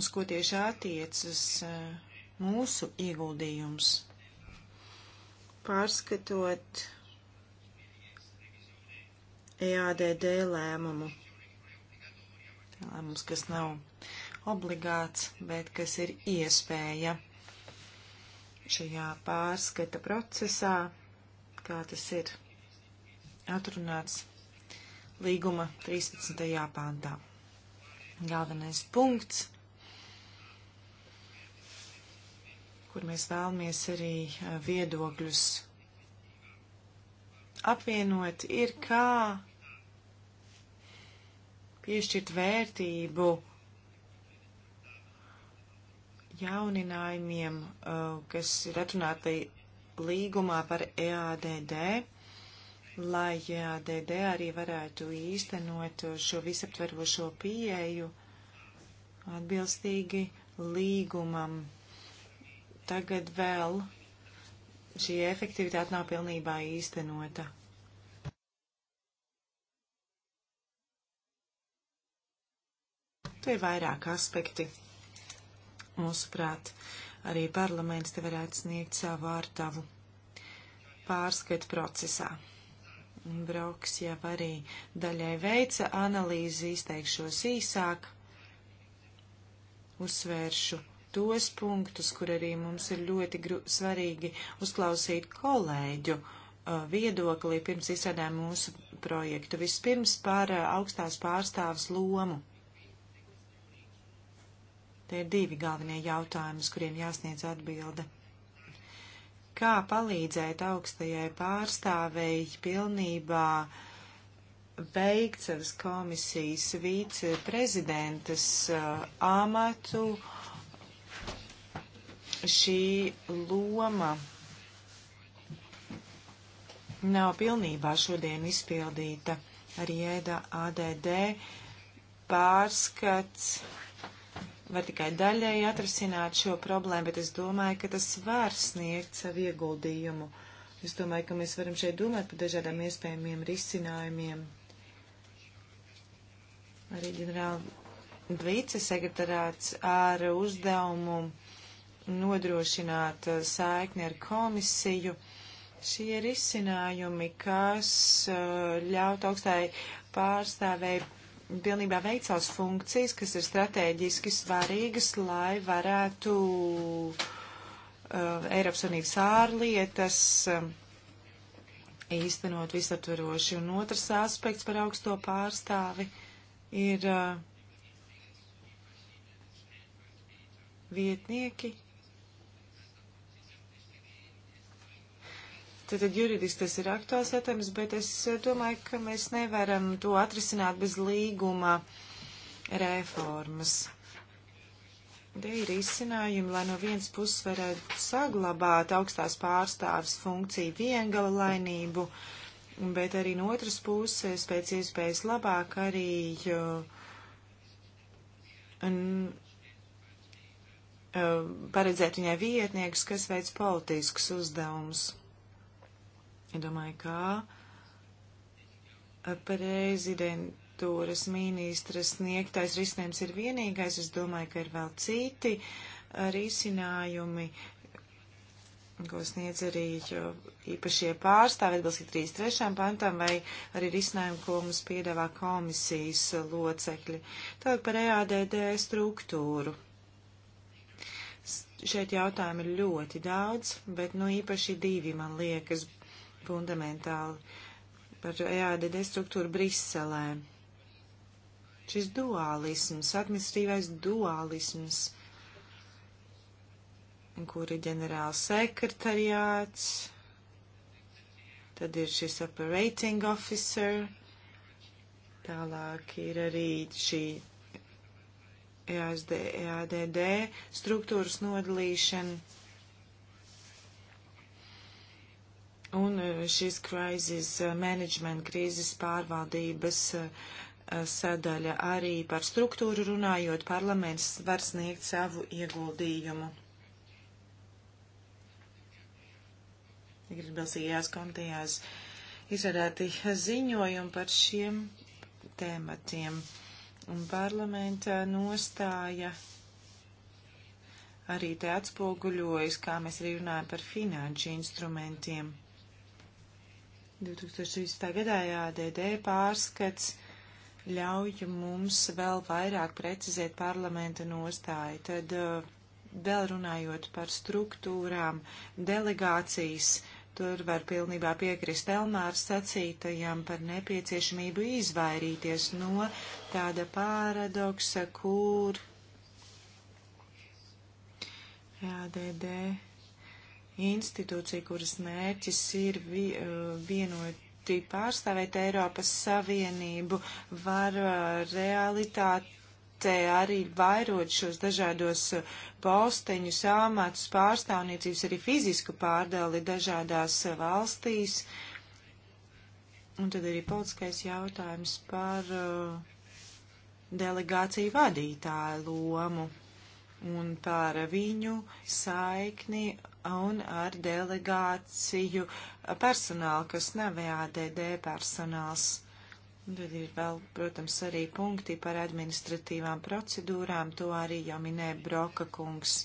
uz ko tieši attiecas eh, mūsu ieguldījums pārskatot EADD lēmumu. Lēmums, kas nav obligāts, bet kas ir iespēja šajā pārskata procesā, kā tas ir atrunāts līguma 13. pāntā. Galvenais punkts kur mēs vēlamies arī viedokļus apvienot, ir kā piešķirt vērtību jauninājumiem, kas ir atrunāti līgumā par EADD, lai EADD arī varētu īstenot šo visaptverošo pieeju atbilstīgi līgumam tagad vēl šī efektivitāte nav pilnībā īstenota. Te ir vairāk aspekti. Mūsuprāt, arī parlaments te varētu sniegt savu ārtavu pārskatu procesā. Brauks jau arī daļai veica analīzi, izteikšos īsāk, uzsvēršu tos punktus, kur arī mums ir ļoti svarīgi uzklausīt kolēģu uh, viedoklī pirms izstrādājam mūsu projektu. Vispirms par uh, augstās pārstāvas lomu. Tie ir divi galvenie jautājumi, uz kuriem jāsniedz atbilde. Kā palīdzēt augstajai pārstāvēji pilnībā veikt savas komisijas viceprezidentas uh, amatu uh, šī loma nav pilnībā šodien izpildīta. Arī ēda ADD pārskats var tikai daļēji atrasināt šo problēmu, bet es domāju, ka tas var sniegt savu ieguldījumu. Es domāju, ka mēs varam šeit domāt par dažādām iespējamiem risinājumiem. Arī ģenerāla vicesekretārāts ar uzdevumu nodrošināt eh, saikni ar komisiju. Šie risinājumi, kas eh, ļaut augstai pārstāvēji pilnībā veikt savas funkcijas, kas ir strateģiski svarīgas, lai varētu uh, Eiropas Unības ārlietas uh, īstenot visaptveroši. Un otrs aspekts par augsto pārstāvi ir uh, vietnieki, Tātad juridiski tas ir aktuāls jautājums, bet es eh, domāju, ka mēs nevaram to atrisināt bez līguma reformas. Te ir izcinājumi, lai no vienas puses varētu saglabāt augstās pārstāvis funkciju viengala lainību, bet arī no otras puses pēc iespējas labāk arī jo, eh, un, eh, paredzēt viņai vietniekus, kas veids politiskus uzdevumus. Ja domāju, kā eh, prezidentūras ministras sniegtais risinājums ir vienīgais, es domāju, ka ir vēl citi eh, risinājumi, ko sniedz arī īpašie pārstāvi, atbilstīgi 33. pantam, vai arī risinājumu, ko mums piedāvā komisijas locekļi. Tālāk par EADD struktūru. Šeit jautājumi ir ļoti daudz, bet, nu, īpaši divi, man liekas, fundamentāli par EADD struktūru Briselē. Šis duālisms, administratīvais duālisms, kur ir ģenerāls sekretariāts, tad ir šis operating officer, tālāk ir arī šī EASD, EADD struktūras nodalīšana. Un eh, šis krīzes eh, management, krīzes pārvaldības eh, sadaļa arī par struktūru runājot, parlaments var sniegt savu ieguldījumu. Gribasījās komitejās izrādāti ziņojumi par šiem tēmatiem. Un parlamenta nostāja arī te atspoguļojas, kā mēs arī runājam par finanšu instrumentiem. 2030. gadā JADD pārskats ļauj mums vēl vairāk precizēt parlamenta nostāju. Tad eh, vēl runājot par struktūrām, delegācijas, tur var pilnībā piekrist Elmārs sacītajam par nepieciešamību izvairīties no tāda paradoksa, kur JADD institūcija, kuras mērķis ir vi, eh, vienoti pārstāvēt Eiropas Savienību, var eh, realitāti te arī vairot šos dažādos eh, posteņus, āmatus, pārstāvniecības, arī fizisku pārdali dažādās valstīs. Un tad arī politiskais jautājums par delegāciju vadītāju lomu un par viņu saikni un ar delegāciju personālu, kas nav e ADD personāls. Tad ir vēl, protams, arī punkti par administratīvām procedūrām, to arī jau minēja Broka kungs.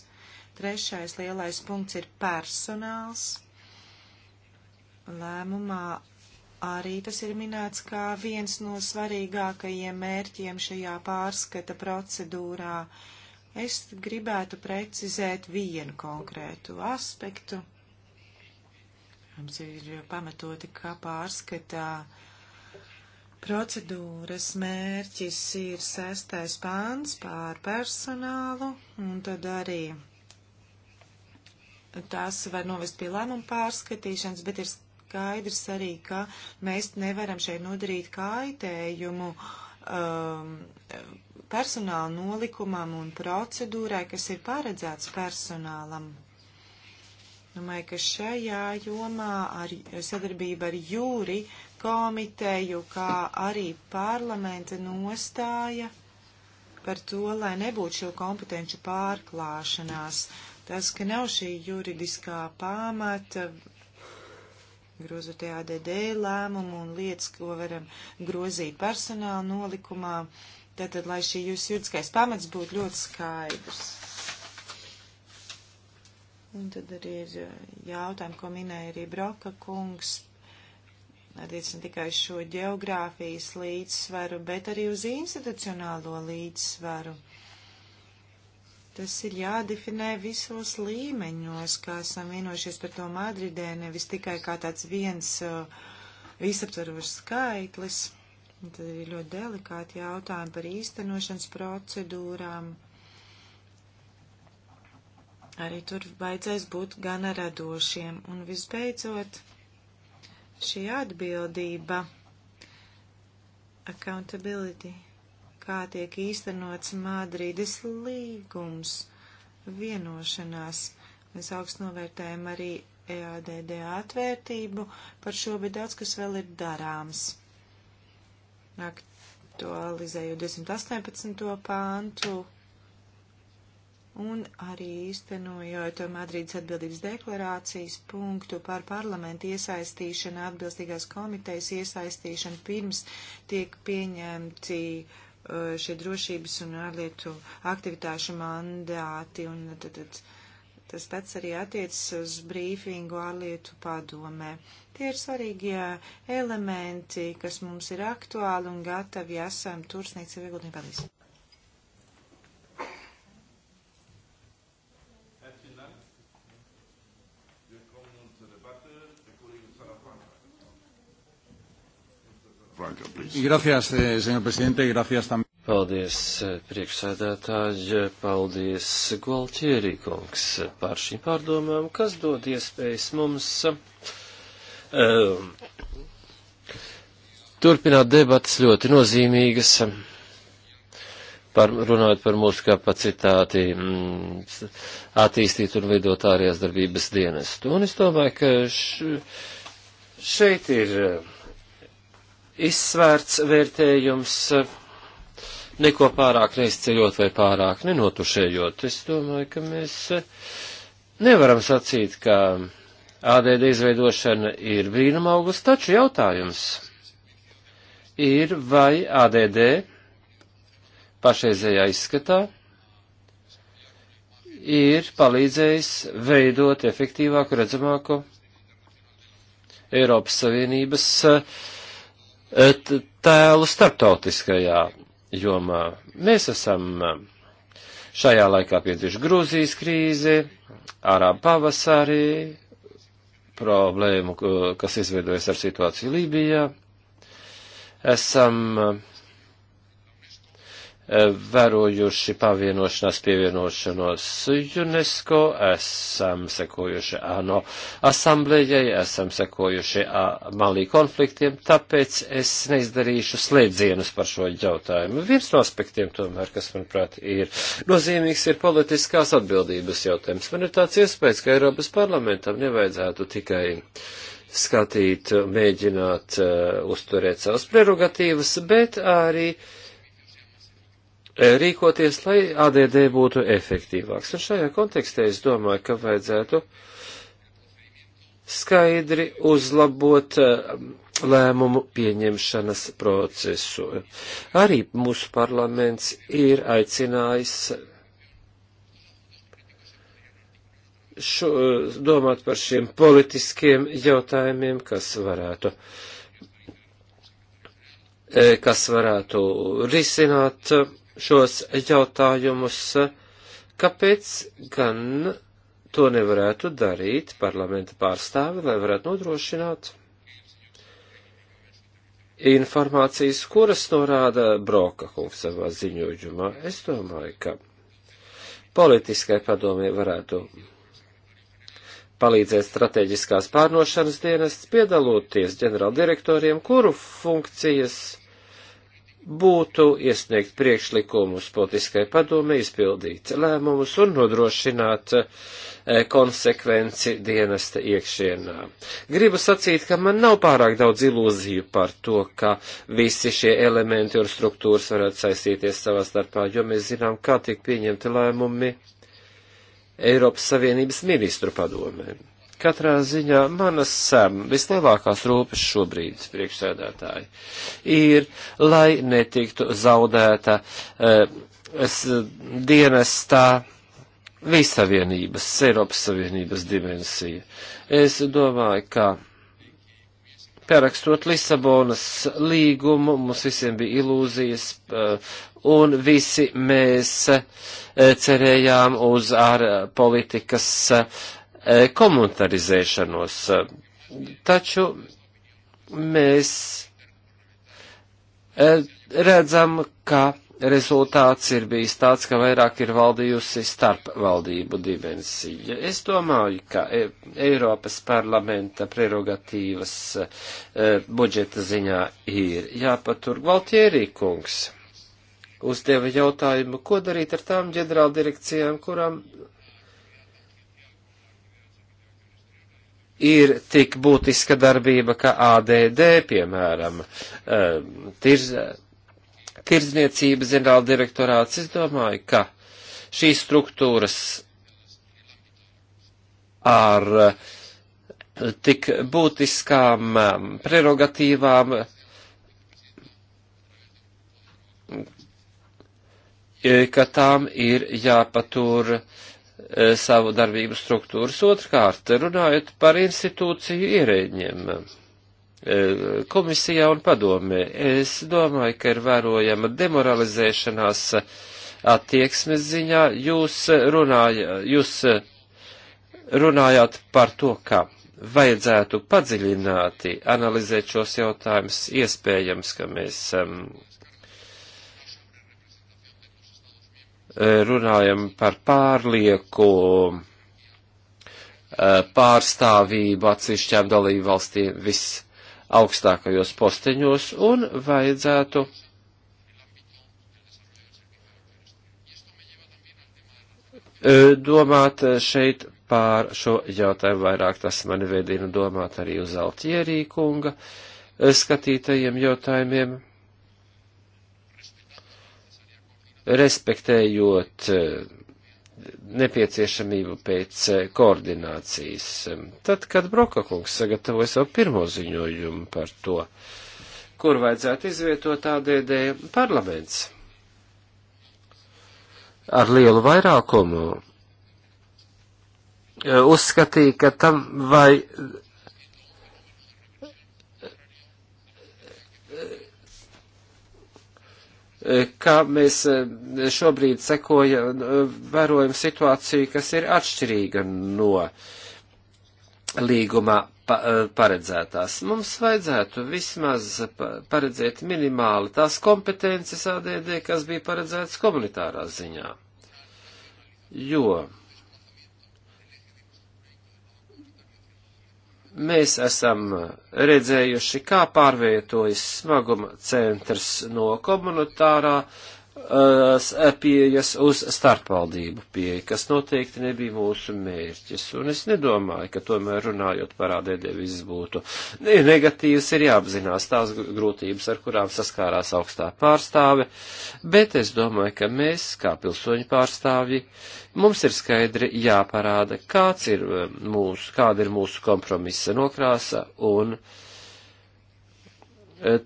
Trešais lielais punkts ir personāls. Lēmumā arī tas ir minēts kā viens no svarīgākajiem mērķiem šajā pārskata procedūrā. Uh, Es gribētu precizēt vienu konkrētu aspektu. Mums ir pamatoti, kā pārskatā procedūras mērķis ir sestais pāns pār personālu, un tad arī tas var novest pie lēmumu pārskatīšanas, bet ir skaidrs arī, ka mēs nevaram šeit nodarīt kaitējumu uh, um, personāla nolikumam un procedūrai, kas ir paredzēts personālam. Domāju, ka šajā jomā ar sadarbība ar jūri komiteju, kā arī parlamenta nostāja par to, lai nebūtu šo kompetenci pārklāšanās. Tas, ka nav šī juridiskā pamata grozot e ADD lēmumu un lietas, ko varam grozīt personāla nolikumā. Tātad, lai šī jūsu juridiskais pamats būtu ļoti skaidrs. Un tad arī ir jautājumi, ko minēja arī Broka kungs, attiec ne tikai uz šo geogrāfijas līdzsvaru, bet arī uz institucionālo līdzsvaru. Uh, Tas ir jādefinē visos līmeņos, kā esam vienojušies par to Madridē, nevis tikai kā tāds viens uh, visaptvarošs skaitlis. Tad ir ļoti delikāti jautājumi par īstenošanas procedūrām. Arī tur vajadzēs būt gana radošiem. Un visbeidzot, šī atbildība, accountability kā tiek īstenots Madrīdes līgums, vienošanās. Mēs augstu novērtējam arī EADD atvērtību par šo, bet daudz kas vēl ir darāms. Aktualizēju 218. pāntu un arī īstenojot Madrīdas atbildības deklarācijas punktu par parlamentu iesaistīšanu, atbilstīgās komitejas iesaistīšanu pirms tiek pieņemti uh, Eh, šie drošības un ārlietu aktivitāšu mandāti. Un, tad, tad, tas pats arī attiecas uz brīfingu ārlietu padomē. Tie ir svarīgie elementi, kas mums ir aktuāli un gatavi esam tur sniegt sevi ieguldījumu. Paldies! Franca, please. Gracias, eh, señor presidente, gracias tam. Paldies, eh, priekšsēdētāji, paldies, Gualtieri kungs, par šīm pārdomām, kas dod iespējas mums um, turpināt debatas ļoti nozīmīgas par, runājot par mūsu kapacitāti mm, attīstīt un veidot ārējās darbības dienestu. Un es domāju, ka š, šeit ir izsvērts vērtējums, neko pārāk neizceļot vai pārāk nenotušējot. Es domāju, ka mēs nevaram sacīt, ka ADD izveidošana ir brīnuma augus, taču jautājums ir, vai ADD pašreizējā izskatā ir palīdzējis veidot efektīvāku, redzamāku Eiropas Savienības uh, tēlu starptautiskajā jomā. Mēs esam eh, šajā laikā piedzīvojuši Grūzijas krīzi, Arābu pavasarī, problēmu, kas izveidojas ar situāciju Lībijā. Esam eh, vērojuši pavienošanās pievienošanos UNESCO, esam sekojuši ANO asamblējai, esam sekojuši malī konfliktiem, tāpēc es neizdarīšu slēdzienus par šo jautājumu. Viens no aspektiem tomēr, kas manuprāt ir nozīmīgs, ir politiskās atbildības jautājums. Man ir tāds iespējas, ka Eiropas parlamentam nevajadzētu tikai skatīt, mēģināt uh, uzturēt savas prerogatīvas, bet arī uh, E, rīkoties, lai ADD būtu efektīvāks. Un šajā kontekstē es domāju, ka vajadzētu skaidri uzlabot e, lēmumu pieņemšanas procesu. Arī mūsu parlaments ir aicinājis šo, e, domāt par šiem politiskiem jautājumiem, kas varētu kas varētu risināt šos jautājumus, kāpēc gan to nevarētu darīt parlamenta pārstāvi, lai varētu nodrošināt informācijas, kuras norāda Broka kungs savā ziņojumā. Es domāju, ka politiskai padomē varētu palīdzēt strateģiskās pārnošanas dienests, piedaloties ģenerāldirektoriem, kuru funkcijas būtu iesniegt priekšlikumus politiskai padome, izpildīt lēmumus un nodrošināt eh, konsekvenci dienesta iekšienā. Gribu sacīt, ka man nav pārāk daudz ilūziju par to, ka visi šie elementi un struktūras varētu saistīties savā starpā, jo mēs zinām, kā tiek pieņemti lēmumi Eiropas Savienības ministru padomēm. Katrā ziņā manas um, vislielākās rūpes šobrīd, priekšsēdētāji, ir, lai netiktu zaudēta uh, dienestā visavienības, Eiropas Savienības dimensija. Es domāju, ka pierakstot Lisabonas līgumu, mums visiem bija ilūzijas, eh, un visi mēs eh, cerējām uz ārpolitikas politikas E, komunitarizēšanos. Taču mēs e, redzam, ka rezultāts ir bijis tāds, ka vairāk ir valdījusi starpvaldību dimensija. Es domāju, ka e, Eiropas parlamenta prerogatīvas budžeta ziņā ir jāpatur Gvaltierī kungs. Uzdeva jautājumu, ko darīt ar tām ģenerāldirekcijām, kurām ir tik būtiska darbība kā ADD, piemēram, ehm, tirz, tirdzniecības ģenerāla direktorāts. Es domāju, ka šīs struktūras ar eh, tik būtiskām ehm, prerogatīvām eh, ka tām ir jāpatur uh, E, savu darbību struktūras. Otrkārt, runājot par institūciju ierēģiem e, komisijā un padomē, es domāju, ka ir vērojama demoralizēšanās attieksmes ziņā. Jūs, runāja, jūs runājāt par to, ka vajadzētu padziļināti analizēt šos jautājumus, iespējams, ka mēs Eh, runājam par pārlieku eh, pārstāvību atsevišķām dalību valstīm visaugstākajos posteņos un vajadzētu eh, domāt šeit pār šo jautājumu vairāk. Tas mani vedina domāt arī uz Altierī kunga skatītajiem jautājumiem. respektējot eh, nepieciešamību pēc eh, koordinācijas. Tad, kad Brokakungs sagatavoja savu pirmo ziņojumu par to, kur vajadzētu izvietot ADD parlaments, ar lielu vairākumu eh, uzskatīja, ka tam vai ka mēs eh, šobrīd sekoja, vērojam situāciju, kas ir atšķirīga no līgumā pa, eh, paredzētās. Mums vajadzētu vismaz paredzēt minimāli tās kompetences ADD, kas bija paredzētas komunitārā ziņā. Jo mēs esam redzējuši, kā pārvietojas smaguma centrs no komunitārā uh, pieejas uz starpvaldību pieeja, kas noteikti nebija mūsu mērķis. Un es nedomāju, ka tomēr runājot par ADD viss būtu ne, negatīvs, ir jāapzinās tās grūtības, ar kurām saskārās augstā pārstāve, bet es domāju, ka mēs, kā pilsoņu pārstāvji, mums ir skaidri jāparāda, kāds ir um, mūsu, kāda ir mūsu kompromisa nokrāsa un uh,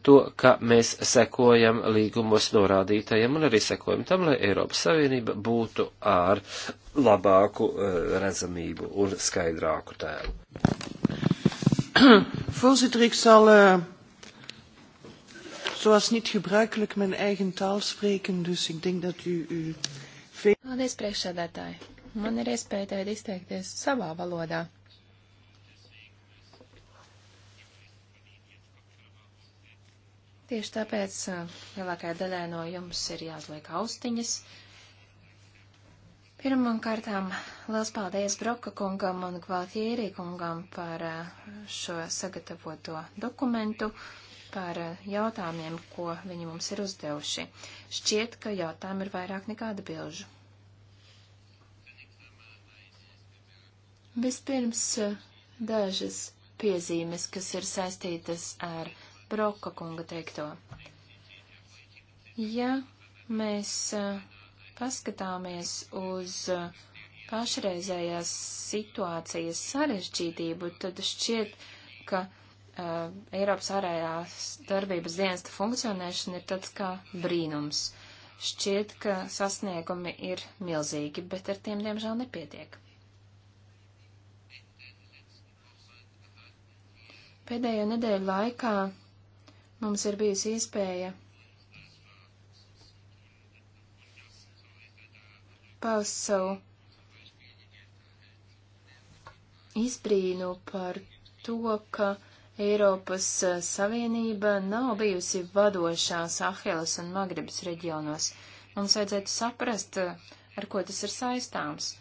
to, ka mēs sekojam līgumos norādītajiem un arī sekojam tam, lai Eiropas Savienība būtu ar labāku eh, redzamību un skaidrāku tēlu. [CLEARS THROAT] Voorzitter, ik zal uh, zoals niet gebruikelijk mijn eigen taal spreken, dus ik denk dat u... u... Paldies, priekšsēdētāji. Man ir iespēja tagad izteikties savā valodā. Tieši tāpēc lielākajai daļai no jums ir jāuzliek austiņas. Pirmam kārtām liels paldies Broka kungam un Gvaltieri kungam par šo sagatavoto dokumentu par jautājumiem, ko viņi mums ir uzdevuši. Šķiet, ka jautājumi ir vairāk nekā atbilžu. Vispirms dažas piezīmes, kas ir saistītas ar Broka kunga teikto. Ja mēs paskatāmies uz pašreizējās situācijas sarežģītību, tad šķiet, ka uh, Eiropas ārējās darbības dienesta funkcionēšana ir tāds kā brīnums. Šķiet, ka sasniegumi ir milzīgi, bet ar tiem diemžēl nepietiek. Pēdējo nedēļu laikā Mums ir bijusi iespēja paust savu izbrīnu par to, ka Eiropas eh, Savienība nav bijusi vadošā Sahelas un Magribas reģionos. Mums vajadzētu saprast, eh, ar ko tas ir saistāms.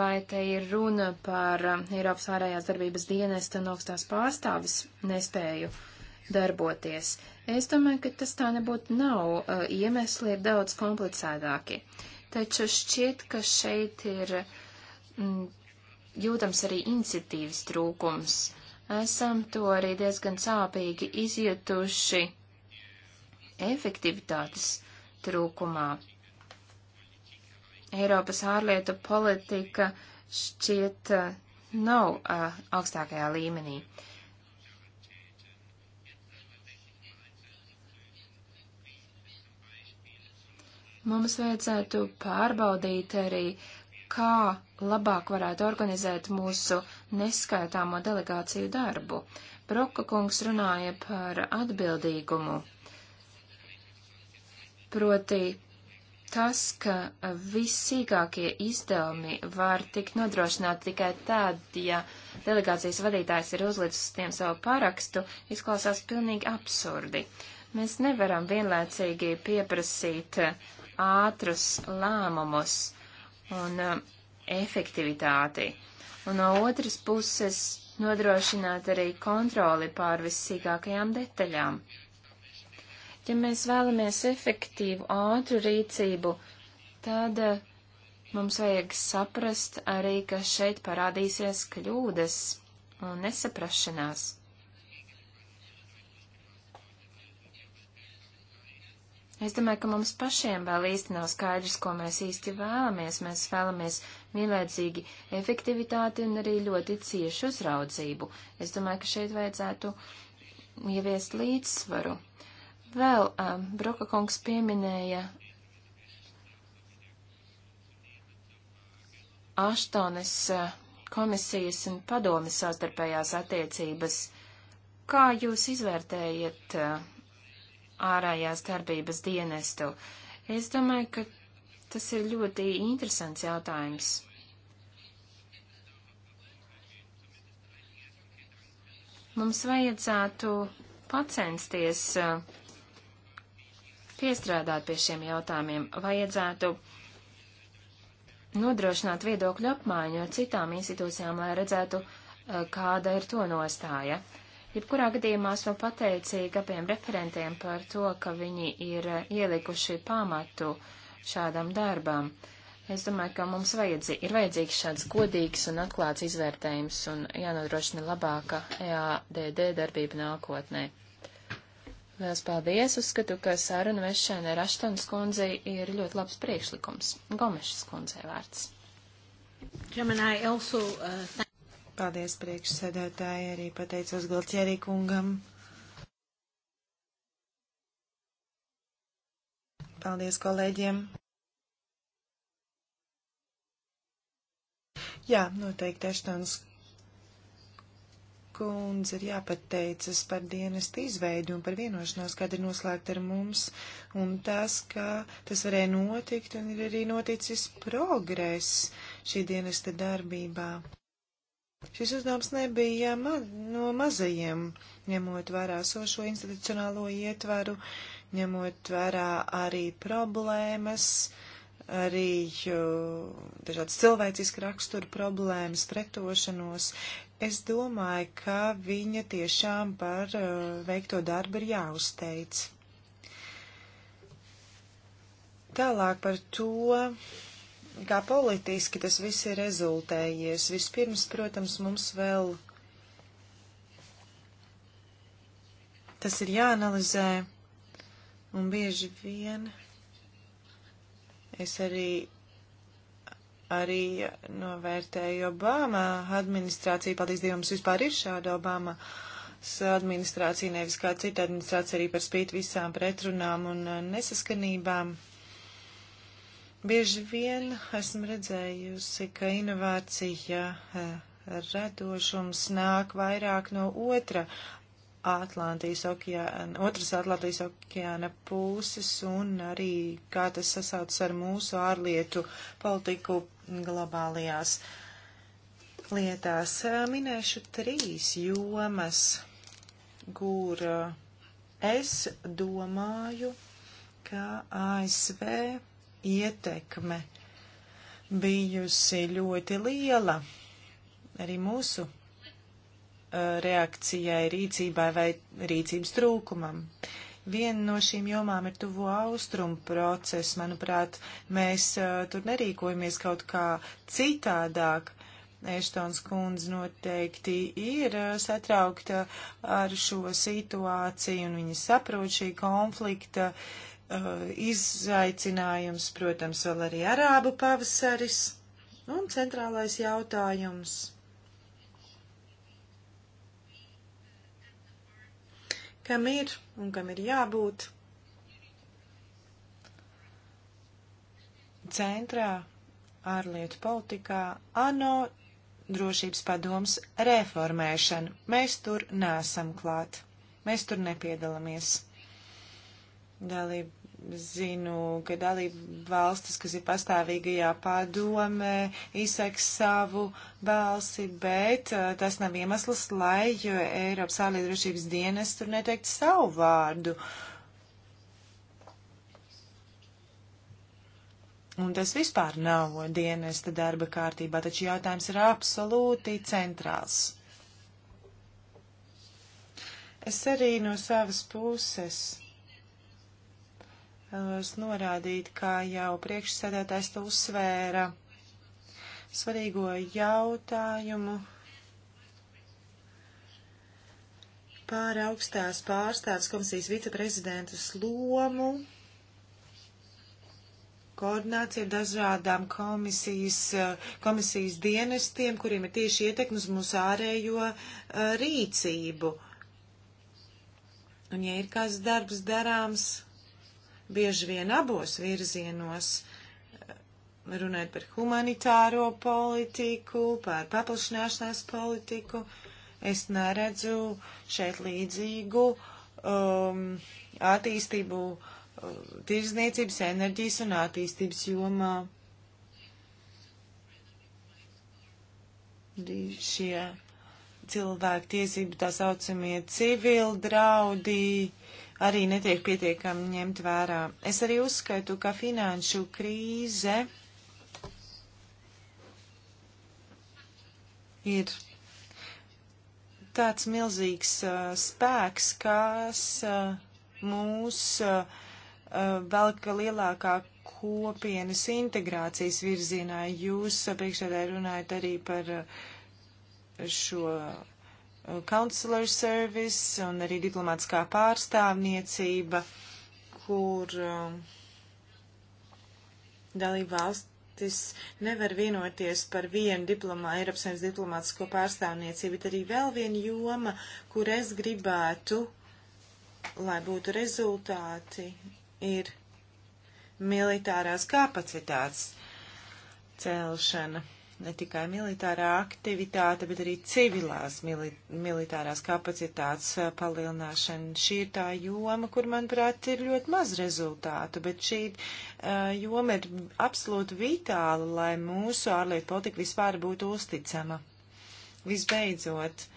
Vai te ir runa par eh, Eiropas ārējās darbības dienesta un augstās pārstāvis nespēju uh, darboties. Es domāju, ka tas tā nebūtu nav. Uh, iemesli ir daudz komplicētāki. Taču šķiet, ka šeit ir m, mm, jūtams arī iniciatīvas trūkums. Esam to arī diezgan sāpīgi izjutuši efektivitātes trūkumā. Eiropas ārlietu politika šķiet uh, nav uh, augstākajā līmenī. Uh, Mums vajadzētu pārbaudīt arī, kā labāk varētu organizēt mūsu neskaitāmo delegāciju darbu. Broka kungs runāja par atbildīgumu. Proti tas, ka vissīkākie izdevumi var tikt nodrošināti tikai tad, ja delegācijas vadītājs ir uzlicis tiem savu parakstu, izklausās pilnīgi absurdi. Mēs nevaram vienlaicīgi pieprasīt uh, ātrus lēmumus un um, efektivitāti. Un no otras puses nodrošināt arī kontroli pār vissīkākajām detaļām. Ja mēs vēlamies efektīvu, ātru rīcību, tad uh, mums vajag saprast arī, ka šeit parādīsies kļūdas un nesaprašanās. Es domāju, ka mums pašiem vēl īsti nav skaidrs, ko mēs īsti vēlamies. Mēs vēlamies vienlaicīgi efektivitāti un arī ļoti ciešu uzraudzību. Es domāju, ka šeit vajadzētu ieviest līdzsvaru. Vēl um, Broka kungs pieminēja Aštones uh, komisijas un padomes sastarpējās attiecības. Kā jūs izvērtējat? Uh, ārējās darbības dienestu. Es domāju, ka tas ir ļoti interesants jautājums. Mums vajadzētu pacensties uh, piestrādāt pie šiem jautājumiem. Vajadzētu nodrošināt viedokļu apmaiņu ar citām institūcijām, lai redzētu, uh, kāda ir to nostāja. Jebkurā gadījumā esmu pateicīga abiem referentiem par to, ka viņi ir ielikuši pamatu šādam darbam. Es domāju, ka mums vajadzī, ir vajadzīgs šāds godīgs un atklāts izvērtējums un jānodrošina labāka EADD darbība nākotnē. Lielas paldies! Uzskatu, ka saruna vešana ar Aštonas kundzei ir ļoti labs priekšlikums. Gomešas kundzei vārds. Gemini also, uh, Paldies priekšsēdētāji, arī pateicos Galtjerī kungam. Paldies kolēģiem. Jā, noteikti Eštons kundze ir jāpateicas par dienestu izveidu un par vienošanos, kāda ir noslēgta ar mums, un tas, ka tas varēja notikt un ir arī noticis progress šī dienesta darbībā. Šis uzdevums nebija ma no mazajiem, ņemot vērā sošo institucionālo ietvaru, ņemot vērā arī problēmas, arī dažādas cilvēcisku raksturu problēmas, pretošanos. Es domāju, ka viņa tiešām par uh, veikto darbu ir jāuzteic. Tālāk par to, kā politiski tas viss ir rezultējies. Vispirms, protams, mums vēl tas ir jāanalizē, un bieži vien es arī, arī novērtēju Obama administrāciju, paldies Dievam, vispār ir šāda Obama administrācija, nevis kā cita administrācija arī par spīti visām pretrunām un uh, nesaskanībām. Uh, Bieži vien esmu redzējusi, ka inovācija eh, radošums nāk vairāk no otra Atlantijas okeāna, otras Atlantijas okeāna puses un arī kā tas sasaucas ar mūsu ārlietu politiku globālajās lietās. Eh, minēšu trīs jomas, kur eh, es domāju, ka ASV ietekme bijusi ļoti liela arī mūsu uh, reakcijai, rīcībai vai rīcības trūkumam. Viena no šīm jomām ir tuvo austrumu process. Manuprāt, mēs uh, tur nerīkojamies kaut kā citādāk. Eštons kundze noteikti ir satraukta ar šo situāciju, un viņa saprot šī konflikta uh, Eh, izaicinājums, protams, vēl arī arābu pavasaris un centrālais jautājums. Kam ir un kam ir jābūt centrā ārlietu politikā ANO drošības padoms reformēšana. Mēs tur nesam klāt. Mēs tur nepiedalāmies dalību. Zinu, ka dalība valstis, kas ir pastāvīgajā padomē, izsaka savu balsi, bet eh, tas nav iemesls, lai eh, Eiropas ārlietdrošības dienas tur neteikt savu vārdu. Un tas vispār nav dienesta darba kārtībā, taču jautājums ir absolūti centrāls. Es arī no savas puses Vēlos norādīt, kā jau priekšsēdētājs to uzsvēra svarīgo jautājumu par augstās pārstāvis komisijas viceprezidentas lomu koordinācija dažādām komisijas, komisijas dienestiem, kuriem ir tieši ietekmi uz mūsu ārējo rīcību. Un ja ir kāds darbs darāms, bieži vien abos virzienos, eh, runājot par humanitāro politiku, par paplašināšanās politiku, es neredzu šeit līdzīgu um, attīstību um, tirzniecības, enerģijas un attīstības jomā. Šie cilvēku tiesību tā saucamie civili draudi arī netiek pietiekami ņemt vērā. Es arī uzskaitu, ka finanšu krīze ir tāds milzīgs uh, spēks, kas uh, mūs uh, uh velka lielākā kopienas integrācijas virzienā. Jūs uh, priekšēdē runājat arī par uh, šo Counselor Service un arī diplomātiskā pārstāvniecība, kur um, dalība valstis nevar vienoties par vienu diplomā, Eiropas Savienības diplomātisko pārstāvniecību, bet arī vēl viena joma, kur es gribētu, lai būtu rezultāti, ir militārās kapacitātes celšana ne tikai militārā aktivitāte, bet arī civilās mili militārās kapacitātes uh, palielināšana. Šī ir tā joma, kur, manuprāt, ir ļoti maz rezultātu, bet šī uh, joma ir absolūti vitāla, lai mūsu ārlietu politika vispār būtu uzticama. Visbeidzot,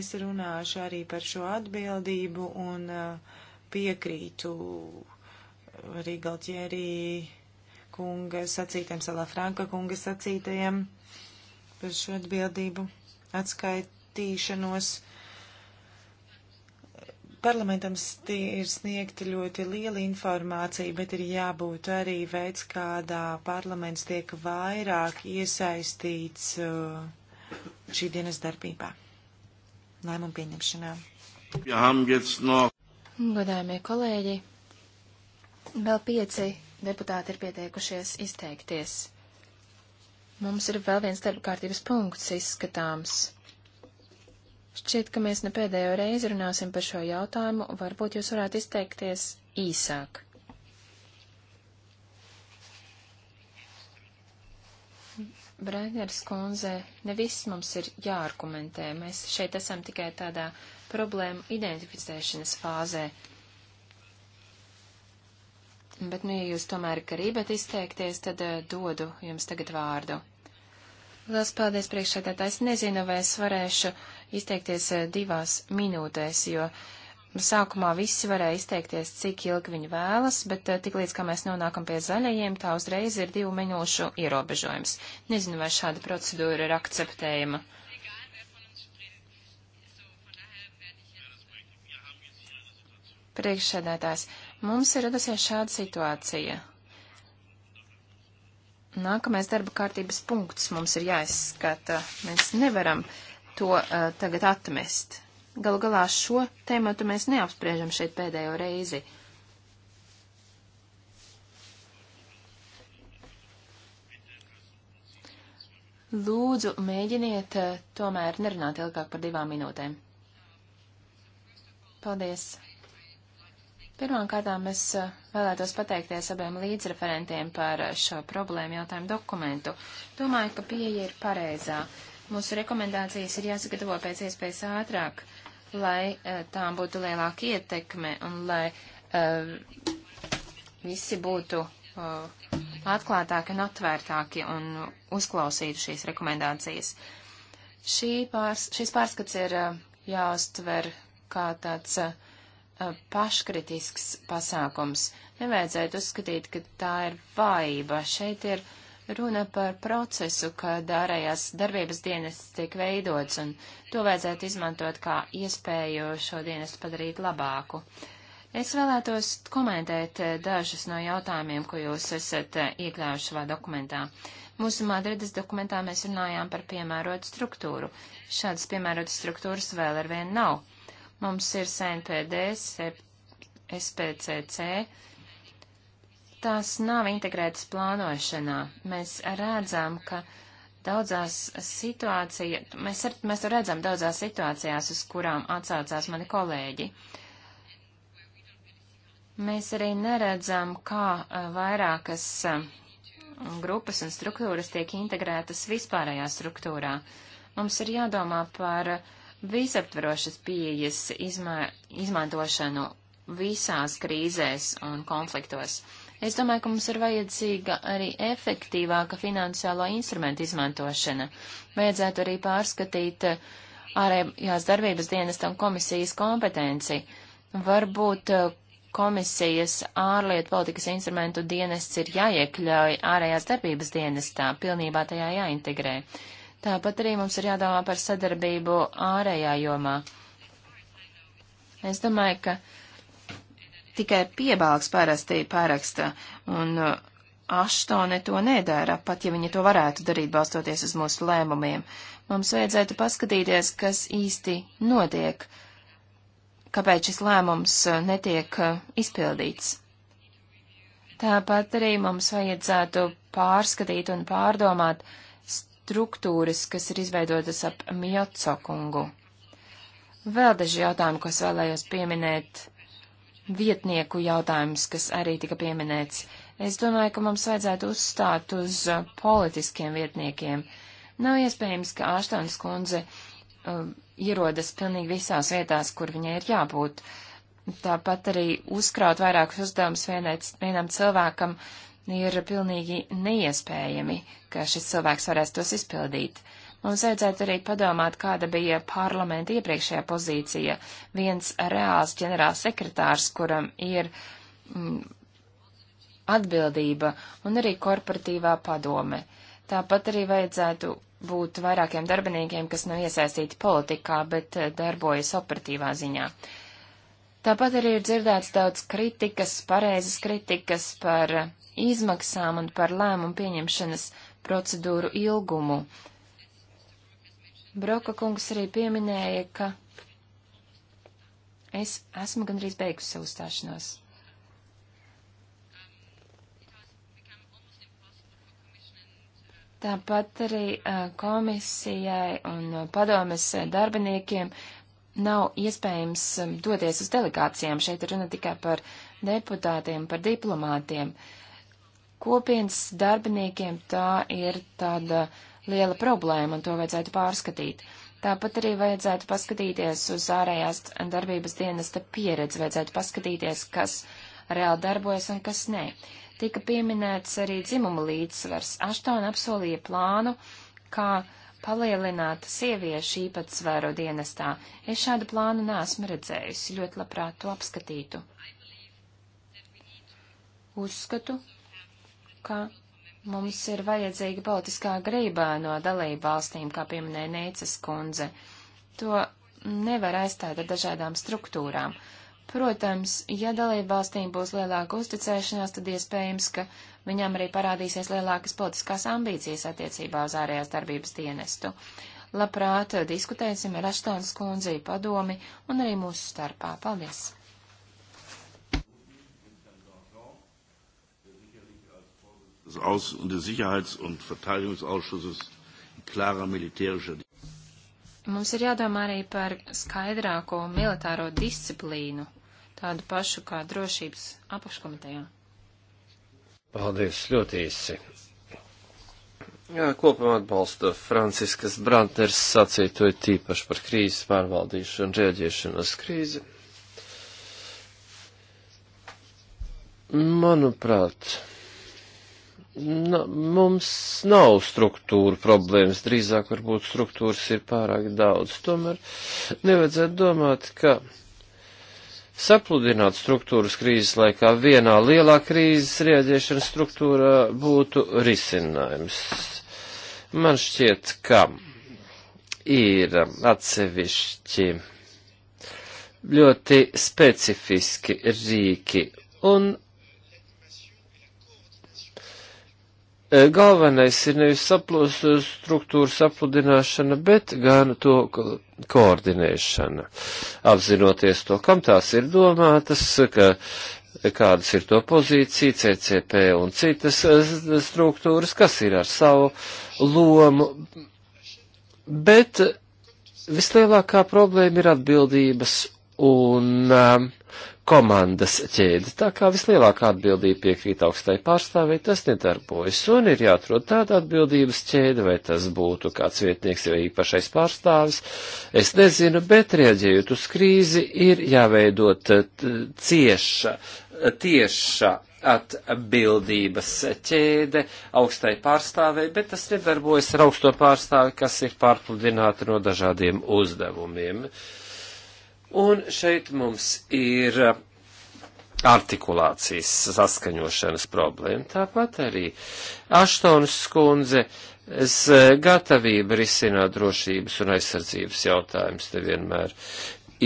es runāšu arī par šo atbildību un uh, piekrītu Rigaltjērī kunga sacītajiem, Salafranka kunga sacītajiem. Uh, par šo atbildību atskaitīšanos. Parlamentam ir sniegta ļoti liela informācija, bet ir jābūt arī veids, kādā parlaments tiek vairāk iesaistīts uh, šī dienas darbībā, lēmumu pieņemšanā. No... Godājumie kolēģi, vēl pieci deputāti ir pieteikušies izteikties. Mums ir vēl viens darba kārtības punkts izskatāms. Šķiet, ka mēs ne pēdējo reizi runāsim par šo jautājumu, varbūt jūs varētu izteikties īsāk. Brainers kundze, ne viss mums ir jāargumentē, mēs šeit esam tikai tādā problēmu identificēšanas fāzē. Bet, nu, ja jūs tomēr gribat izteikties, tad uh, dodu jums tagad vārdu. Lielas paldies priekšsēdētājs. Nezinu, vai es varēšu izteikties eh, divās minūtēs, jo sākumā visi varēja izteikties, cik ilgi viņi vēlas, bet eh, tik līdz, kā mēs nonākam pie zaļajiem, tā uzreiz ir divu minūšu ierobežojums. Nezinu, vai šāda procedūra ir akceptējama. Priekšsēdētājs, mums ir radusies šāda situācija. Nākamais darba kārtības punkts mums ir jāizskata. Mēs nevaram to uh, tagad atmest. Galu galā šo tēmatu mēs neapspriežam šeit pēdējo reizi. Lūdzu, mēģiniet uh, tomēr nerunāt ilgāk par divām minūtēm. Paldies! Pirmkārtām es eh, vēlētos pateikties abiem līdzreferentiem par eh, šo problēmu jautājumu dokumentu. Domāju, ka pieeja ir pareizā. Mūsu rekomendācijas ir jāsagatavo pēc iespējas ātrāk, lai eh, tām būtu lielāka ietekme un lai uh, visi būtu uh, atklātāki un atvērtāki un uzklausītu šīs rekomendācijas. Šī pārs, šis pārskats ir uh, jāuztver kā tāds uh, Eh, paškritisks pasākums. Nevajadzētu uzskatīt, ka tā ir vājība. Šeit ir runa par procesu, kad ārējās darbības dienas tiek veidots, un to vajadzētu izmantot kā iespēju šo dienestu padarīt labāku. Es vēlētos komentēt eh, dažus no jautājumiem, ko jūs esat eh, iekļāvuši savā dokumentā. Mūsu Madrides dokumentā mēs runājām par piemērotu struktūru. Šādas piemērotas struktūras vēl ar vienu nav. Mums ir SNPD, SPCC. E Tās nav integrētas plānošanā. Mēs redzam, ka daudzās situācijās, mēs, ar, mēs to redzam daudzās situācijās, uz kurām atsaucās mani kolēģi. Mēs arī neredzam, kā vairākas grupas un struktūras tiek integrētas vispārējā struktūrā. Mums ir jādomā par uh, visaptverošas pieejas izmā, izmantošanu visās krīzēs un konfliktos. Es domāju, ka mums ir vajadzīga arī efektīvāka finansiālo instrumentu izmantošana. Vajadzētu arī pārskatīt eh, ārējās darbības dienestam komisijas kompetenci. Varbūt eh, komisijas ārlietu politikas instrumentu dienests ir jāiekļauj ārējās darbības dienestā, pilnībā tajā jāintegrē. Tāpat arī mums ir jādomā par sadarbību ārējā jomā. Es domāju, ka tikai piebalgs parasti pāraksta, un uh, Aštone to nedara, pat ja viņi to varētu darīt balstoties uz mūsu lēmumiem. Mums vajadzētu paskatīties, kas īsti notiek, kāpēc šis lēmums uh, netiek uh, izpildīts. Tāpat arī mums vajadzētu pārskatīt un pārdomāt, uh, struktūras, kas ir izveidotas ap Mjoco kungu. Vēl daži jautājumi, ko es vēlējos pieminēt, vietnieku jautājums, kas arī tika pieminēts. Es domāju, ka mums vajadzētu uzstāt uz politiskiem vietniekiem. Nav iespējams, ka Āštons kundze uh, ierodas pilnīgi visās vietās, kur viņai ir jābūt. Tāpat arī uzkraut vairākus uzdevumus vienam cilvēkam ir pilnīgi neiespējami, ka šis cilvēks varēs tos izpildīt. Mums vajadzētu arī padomāt, kāda bija parlamenta iepriekšējā pozīcija. Viens reāls ģenerāls sekretārs, kuram ir mm, atbildība un arī korporatīvā padome. Tāpat arī vajadzētu būt vairākiem darbiniekiem, kas nav iesaistīti politikā, bet eh, darbojas operatīvā ziņā. Uh, Tāpat arī ir dzirdēts daudz kritikas, pareizas kritikas par izmaksām un par lēmumu pieņemšanas procedūru ilgumu. Broka kungs arī pieminēja, ka es esmu gandrīz beigusi savu stāšanos. Tāpat arī komisijai un padomes darbiniekiem nav iespējams um, doties uz delegācijām. Šeit runa tikai par deputātiem, par diplomātiem. Kopienas darbiniekiem tā ir tāda liela problēma, un to vajadzētu pārskatīt. Tāpat arī vajadzētu paskatīties uz ārējās darbības dienesta pieredzi, vajadzētu paskatīties, kas reāli darbojas un kas nē. Tika pieminēts arī dzimuma līdzsvars. Aštona apsolīja plānu, kā uh, palielināt sieviešu īpatsvaru dienestā. Es šādu plānu neesmu redzējusi, ļoti labprāt to apskatītu. Uzskatu, ka mums ir vajadzīga politiskā grība no dalību valstīm, kā pieminēja Neicas kundze. To nevar aizstāt ar dažādām struktūrām. Uh, Protams, ja dalībvalstīm būs lielāka uzticēšanās, tad iespējams, ka viņam arī parādīsies lielākas politiskās ambīcijas attiecībā uz ārējās darbības dienestu. Labprāt, diskutēsim ar Aštānas kundzi padomi un arī mūsu starpā. Paldies! des Außen- und des Sicherheits- und Verteidigungsausschusses klarer militärischer Mums ir jādomā arī par skaidrāko militāro disciplīnu, tādu pašu kā drošības apakškomitejā. Paldies, ļoti īsi. Jā, kopumā atbalstu Franciskas Brantners sacīto ir tīpaši par krīzes pārvaldīšanu, rēģēšanu uz krīzi. Manuprāt, Nu, mums nav struktūra problēmas, drīzāk varbūt struktūras ir pārāk daudz. Tomēr nevajadzētu domāt, ka sapludināt struktūras krīzes laikā vienā lielā krīzes rieģiešanas struktūrā būtu risinājums. Man šķiet, ka ir atsevišķi ļoti specifiski rīki un galvenais ir nevis saplos, struktūra sapludināšana, bet gan to koordinēšana. Apzinoties to, kam tās ir domātas, ka, kādas ir to pozīcija, CCP un citas struktūras, kas ir ar savu lomu. Bet vislielākā problēma ir atbildības un uh, komandas ķēdi. Tā kā vislielākā atbildība piekrīt augstai pārstāvei, tas nedarbojas, un ir jāatrod tāda atbildības ķēde, vai tas būtu kāds vietnieks vai īpašais pārstāvis. Es nezinu, bet rieģējot uz krīzi, ir jāveidot eh, cieša, tieša atbildības ķēde augstai pārstāvei, bet tas nedarbojas ar augsto pārstāvi, kas ir pārpludināti no dažādiem uzdevumiem. Uh, Un šeit mums ir uh, artikulācijas saskaņošanas problēma. Tāpat arī Aštonas skundze es uh, gatavība risināt drošības un aizsardzības jautājums te vienmēr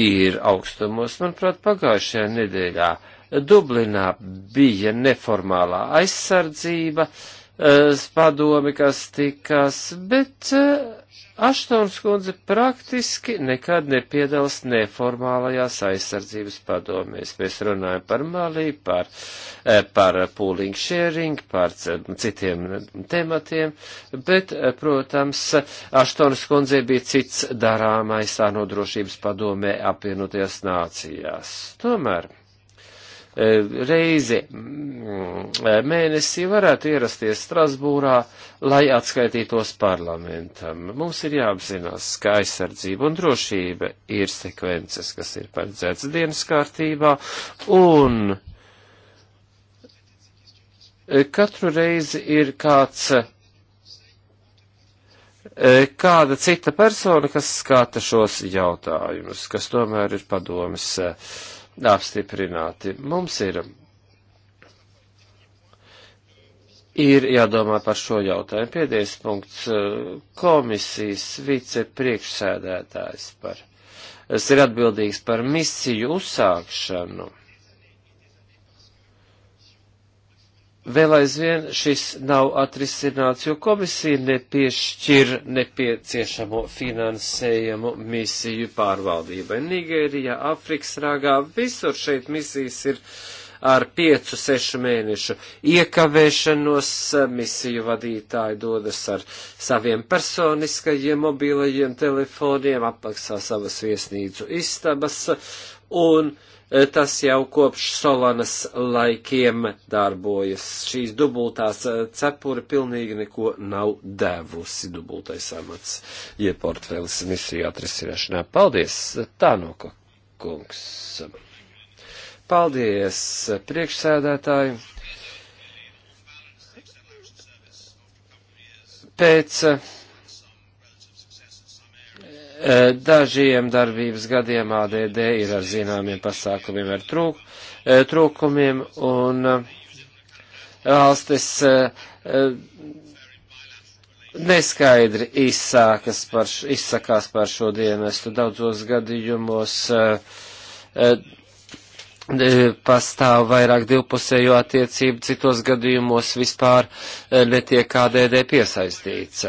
ir augstumos. Manuprāt, pagājušajā nedēļā Dublinā bija neformālā aizsardzība, uh, padomi, kas tikās, bet Aštons kundze praktiski nekad nepiedalās neformālajās aizsardzības padomēs. Mēs runājam par Malī, par, eh, par pooling sharing, par citiem tematiem, bet, eh, protams, Aštons kundze bija cits darāmais ANO drošības padomē apvienotajās nācijās. Tomēr Eh, reizi mm, mēnesī varētu ierasties Strasbūrā, lai atskaitītos parlamentam. Mums ir jāapzinās, ka aizsardzība un drošība ir sekvences, kas ir paredzēts dienas kārtībā, un eh, katru reizi ir kāds eh, kāda cita persona, kas skata šos jautājumus, kas tomēr ir padomas uh, apstiprināti. Mums ir, ir jādomā par šo jautājumu. Pēdējais punkts - komisijas vicepriekšsēdētājs par. Es ir atbildīgs par misiju uzsākšanu Vēl aizvien šis nav atrisināts, jo komisija nepiešķir nepieciešamo finansējumu misiju pārvaldībai. Nigērijā, Afrikas rāgā, visur šeit misijas ir ar 5-6 mēnešu iekavēšanos. Misiju vadītāji dodas ar saviem personiskajiem mobilajiem telefoniem, apmaksā savas viesnīcu istabas un uh, tas jau kopš Solanas laikiem darbojas. Šīs dubultās eh, cepura pilnīgi neko nav devusi dubultais amats, jeb portfelis misiju atrisināšanā. Paldies, Tānoka kungs. Paldies, priekšsēdētāji. Pēc Eh, dažiem darbības gadiem ADD ir ar zināmiem pasākumiem, ar trūk, eh, trūkumiem, un valstis eh, neskaidri izsākas par, izsakās par šo dienestu. Daudzos gadījumos pastāv vairāk divpusējo attiecību, citos gadījumos vispār netiek KDD piesaistīts.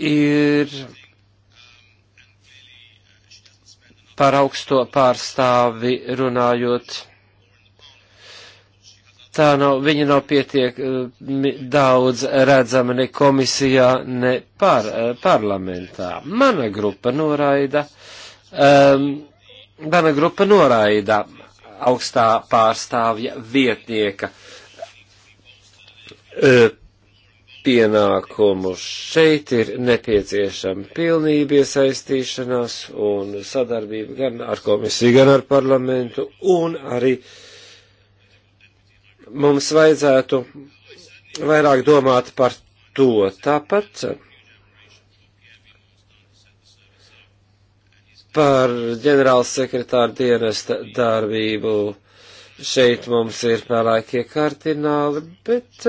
ir par augsto pārstāvi runājot. Tā nav, viņa nav pietiekami eh, daudz redzama ne komisijā, ne par, eh, parlamentā. Mana grupa noraida, um, mana grupa noraida augstā pārstāvja vietnieka uh, pienākumu. Šeit ir nepieciešama pilnība iesaistīšanās un sadarbība gan ar komisiju, gan ar parlamentu, un arī mums vajadzētu vairāk domāt par to. Tāpat par ģenerāla sekretāra dienesta darbību šeit mums ir pelēkie kardināli, bet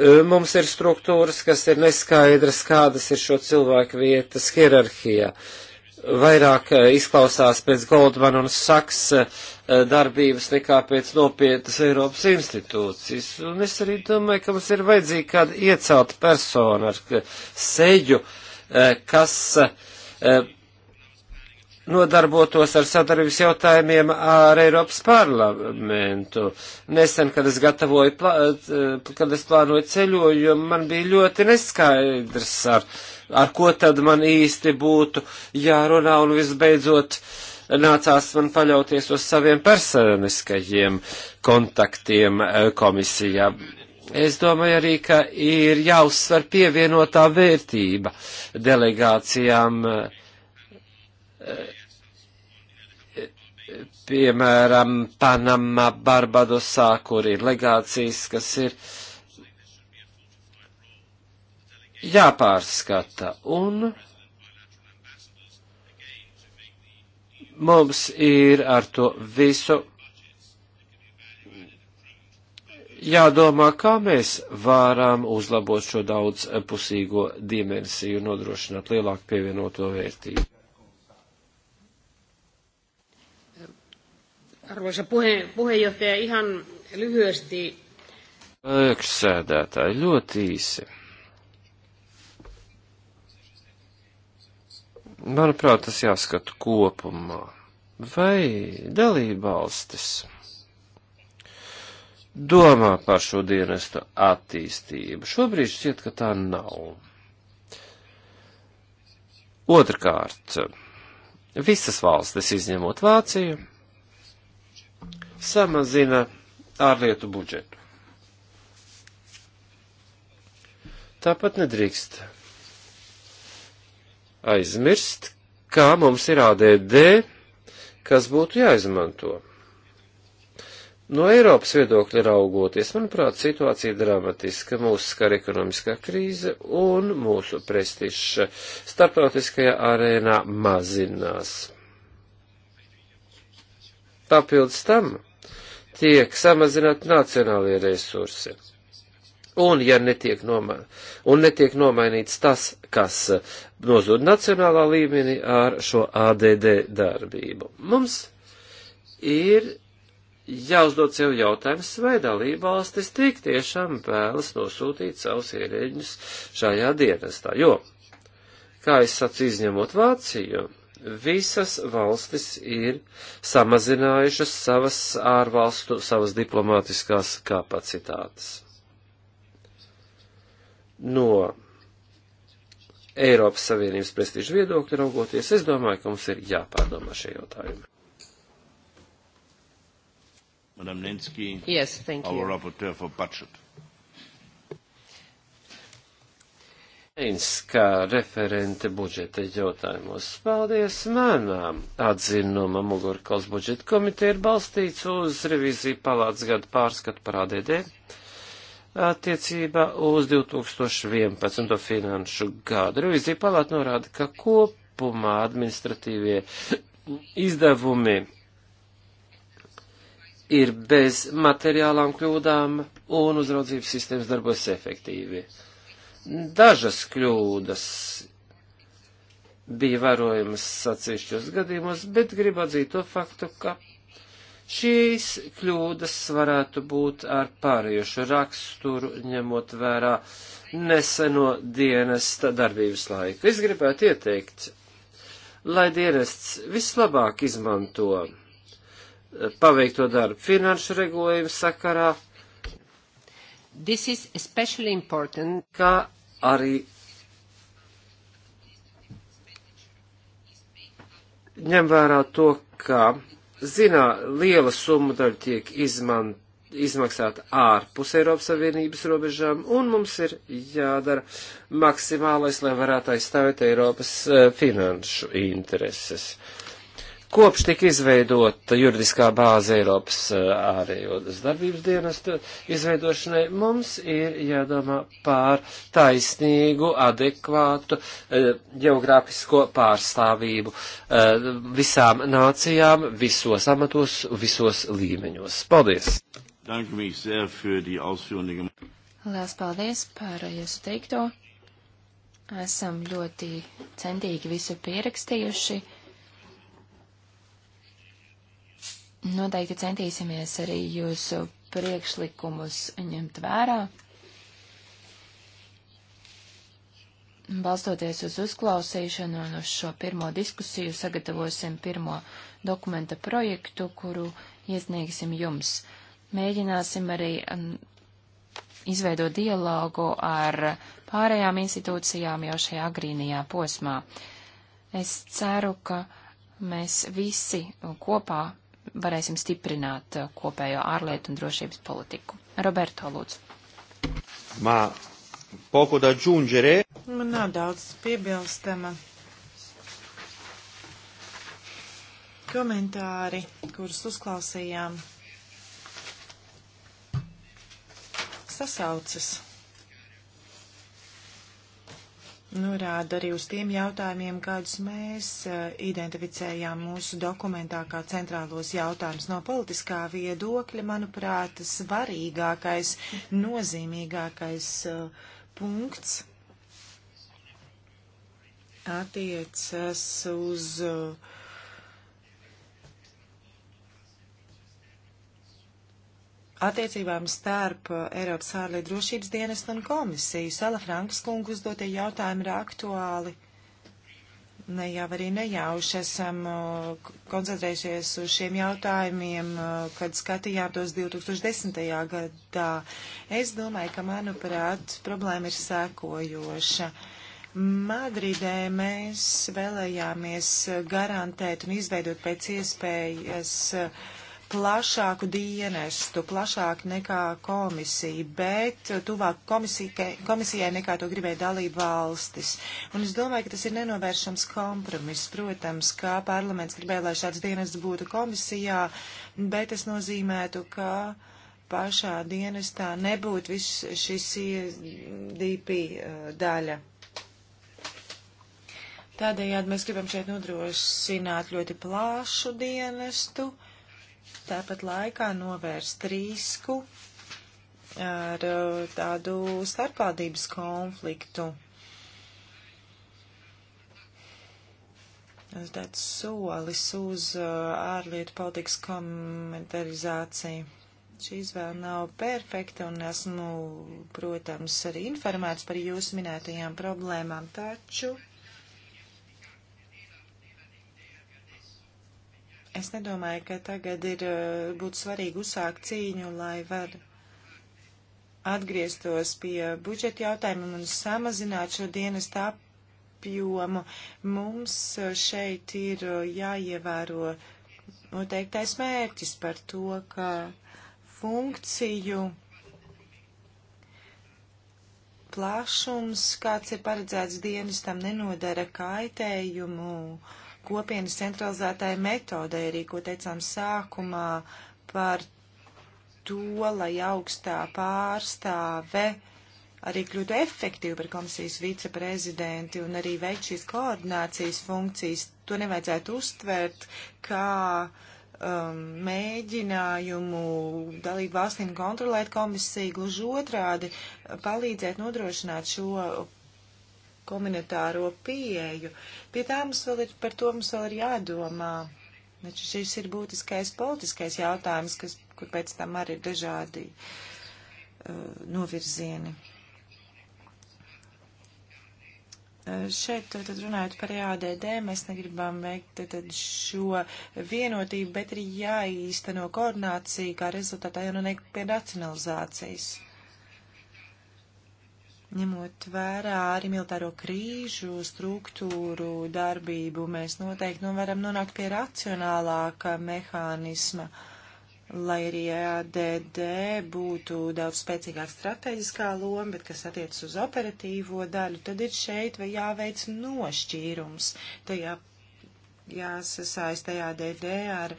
Mums ir struktūras, kas ir neskaidras, kādas ir šo cilvēku vietas hierarhijā. Vairāk eh, izklausās pēc Goldman un Saks eh, darbības nekā pēc nopietnas Eiropas institūcijas. Un es arī domāju, ka mums ir vajadzīga kāda iecelta persona ar eh, seju, kas nodarbotos ar sadarbības jautājumiem ar Eiropas parlamentu. Nesen, kad es gatavoju, plā, eh, kad es plānoju ceļojumu, man bija ļoti neskaidrs, ar, ar ko tad man īsti būtu jārunā un visbeidzot nācās man paļauties uz saviem personiskajiem kontaktiem eh, komisijā. Es domāju arī, ka ir jāuzsver pievienotā vērtība delegācijām eh, piemēram, Panamā, Barbadosā, kur ir legācijas, kas ir jāpārskata. Un mums ir ar to visu jādomā, kā mēs varam uzlabot šo daudzpusīgo dimensiju, nodrošināt lielāku pievienoto vērtību. Arvoisa puhe, puheenjohtaja, ihan lyhyesti. Priekšsēdētāji, ļoti īsi. Manuprāt, tas jāskata kopumā. Vai dalībvalstis domā par šo dienestu attīstību? Šobrīd šķiet, ka tā nav. Otrkārt, visas valstis izņemot Vāciju samazina ārlietu budžetu. Tāpat nedrīkst aizmirst, kā mums ir ADD, kas būtu jāizmanto. No Eiropas viedokļa raugoties, manuprāt, situācija ir dramatiska. Mūsu skar ekonomiskā krīze un mūsu prestižs starptautiskajā arēnā mazinās. Papildus tam tiek samazināti nacionālie resursi. Un, ja netiek, noma, un netiek nomainīts tas, kas eh, nozūd nacionālā līmenī ar šo ADD darbību. Mums ir jāuzdod sev jautājums, vai dalībvalstis tik tiešām vēlas nosūtīt savus ierēģus šajā dienestā. Jo, kā es sacu, izņemot Vāciju, Visas valstis ir samazinājušas savas ārvalstu, savas diplomātiskās kapacitātes. No Eiropas Savienības prestižu viedokļa raugoties, es domāju, ka mums ir jāpārdomā šie jautājumi. Madam Nenski, yes, our rapporteur for budget. Inskā referente budžeta jautājumos. Paldies manām atzinuma Mugurkals budžeta komiteja ir balstīts uz reviziju palātas gada pārskatu par ADD attiecībā uz 2011. finanšu gadu. Revizija palāta norāda, ka kopumā administratīvie izdevumi ir bez materiālām kļūdām un uzraudzības sistēmas darbojas efektīvi. Uh, dažas kļūdas bija vērojamas atsevišķos gadījumos, bet gribu atzīt to faktu, ka šīs kļūdas varētu būt ar pārējošu raksturu, ņemot vērā neseno dienesta darbības laiku. Es gribētu ieteikt, lai dienests vislabāk izmanto eh, paveikto darbu finanšu regulējumu sakarā, kā arī ņem vērā to, ka zinā, liela summa daļa tiek izman, izmaksāta ārpus Eiropas Savienības robežām, un mums ir jādara maksimālais, lai varētu aizstāvēt Eiropas eh, finanšu intereses. Uh, Kopš tika izveidota juridiskā bāze Eiropas eh, ārējos darbības dienesta izveidošanai, mums ir jādomā pār taisnīgu, adekvātu eh, geogrāfisko pārstāvību eh, visām nācijām, visos amatos, visos līmeņos. Paldies! Lielas paldies par jūsu teikto. Esam ļoti centīgi visu pierakstījuši Noteikti centīsimies arī jūsu priekšlikumus ņemt vērā. Balstoties uz uzklausīšanu un uz šo pirmo diskusiju, sagatavosim pirmo dokumenta projektu, kuru iesniegsim jums. Mēģināsim arī um, izveidot dialogu ar pārējām institūcijām jau šajā agrīnajā posmā. Es ceru, ka mēs visi kopā varēsim stiprināt uh, kopējo ārlietu un drošības politiku. Roberto, lūdzu. Mā, poco da džungere. Man nav daudz piebilstama. Komentāri, kurus uzklausījām, sasaucas norāda arī uz tiem jautājumiem, kādus mēs eh, identificējām mūsu dokumentā kā centrālos jautājumus. No politiskā viedokļa, manuprāt, svarīgākais, nozīmīgākais eh, punkts attiecas uz uh, attiecībām starp uh, Eiropas ārlietu drošības dienestu un komisiju. Sala Frankas kungu uzdotie jautājumi ir aktuāli. Ne jau arī nejauši esam uh, koncentrējušies uz šiem jautājumiem, uh, kad skatījām tos 2010. gadā. Es domāju, ka, manuprāt, problēma ir sēkojoša. Madridē mēs vēlējāmies garantēt un izveidot pēc iespējas uh, plašāku dienestu, plašāk nekā komisija, bet tuvāk komisija, komisijai nekā to gribēja dalība valstis. Un es domāju, ka tas ir nenovēršams kompromiss. Protams, kā parlaments gribēja, lai šāds dienests būtu komisijā, bet tas nozīmētu, ka pašā dienestā nebūtu viss šis DP eh, daļa. Tādējādi mēs gribam šeit nodrošināt ļoti plāšu dienestu. Uh, tāpat laikā novērst risku ar uh, tādu starpvaldības konfliktu. Tas tāds solis uz uh, ārlietu politikas komentarizāciju. Šī izvēle nav perfekta un esmu, protams, arī informēts par jūsu minētajām problēmām, taču Es nedomāju, ka tagad ir eh, būtu svarīgi uzsākt cīņu, lai var atgrieztos pie budžeta jautājumiem un samazināt šo dienas apjomu. Mums eh, šeit ir eh, jāievēro noteiktais mērķis par to, ka funkciju plašums, kāds ir paredzēts dienestam, nenodara kaitējumu uh, kopienas centralizētai metodai, arī, ko teicām sākumā par to, lai augstā pārstāve arī kļūtu efektīvi par komisijas viceprezidenti un arī veikt šīs koordinācijas funkcijas. To nevajadzētu uztvert kā um, mēģinājumu dalību valstīm kontrolēt komisiju, gluži otrādi palīdzēt nodrošināt šo komunitāro pieeju. Pie tā mums vēl ir, par to mums vēl ir jādomā. Taču šis ir būtiskais politiskais jautājums, kas, kur pēc tam arī ir dažādi uh, novirzieni. Uh, šeit tad runājot par EADD, mēs negribam veikt tad šo vienotību, bet ir jāīsteno koordinācija, kā rezultātā jau nu ne pie racionalizācijas. Ņemot vērā arī militāro krīžu struktūru darbību, mēs noteikti nu varam nonākt pie racionālāka mehānisma, lai arī ADD būtu daudz spēcīgāk strateģiskā loma, bet kas attiecas uz operatīvo daļu, tad ir šeit vai jāveic nošķīrums. Tajā jāsasaista ADD ar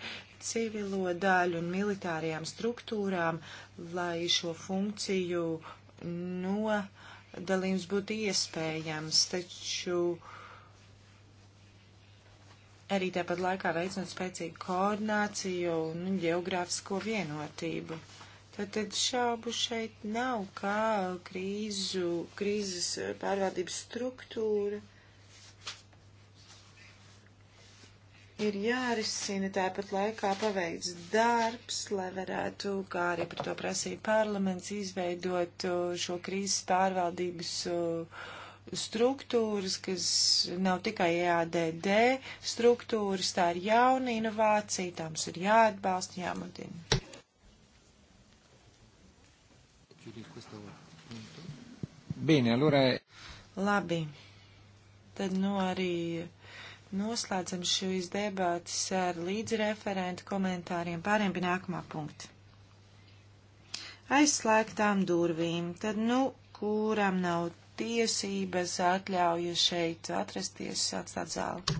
civilo daļu un militārajām struktūrām, lai šo funkciju no dalījums būtu iespējams, taču arī tāpat laikā veicinot spēcīgu koordināciju un nu, geogrāfisko vienotību. Tad, tad šaubu šeit nav, kā krīzu, krīzes pārvaldības struktūra ir jārisina tāpat laikā paveikts darbs, lai varētu, kā arī par to prasīja parlaments, izveidot uh, šo krīzes pārvaldības uh, struktūras, kas nav tikai e ADD struktūras, tā ir jauna inovācija, tām ir jāatbalsta, jāmudina. Bene, allora... Labi, tad nu arī Noslēdzam šīs debātas ar līdzreferentu komentāriem pāriem pie nākamā punkta. Aizslēgtām durvīm, tad nu, kuram nav tiesības atļauju šeit atrasties, atstāt zāli.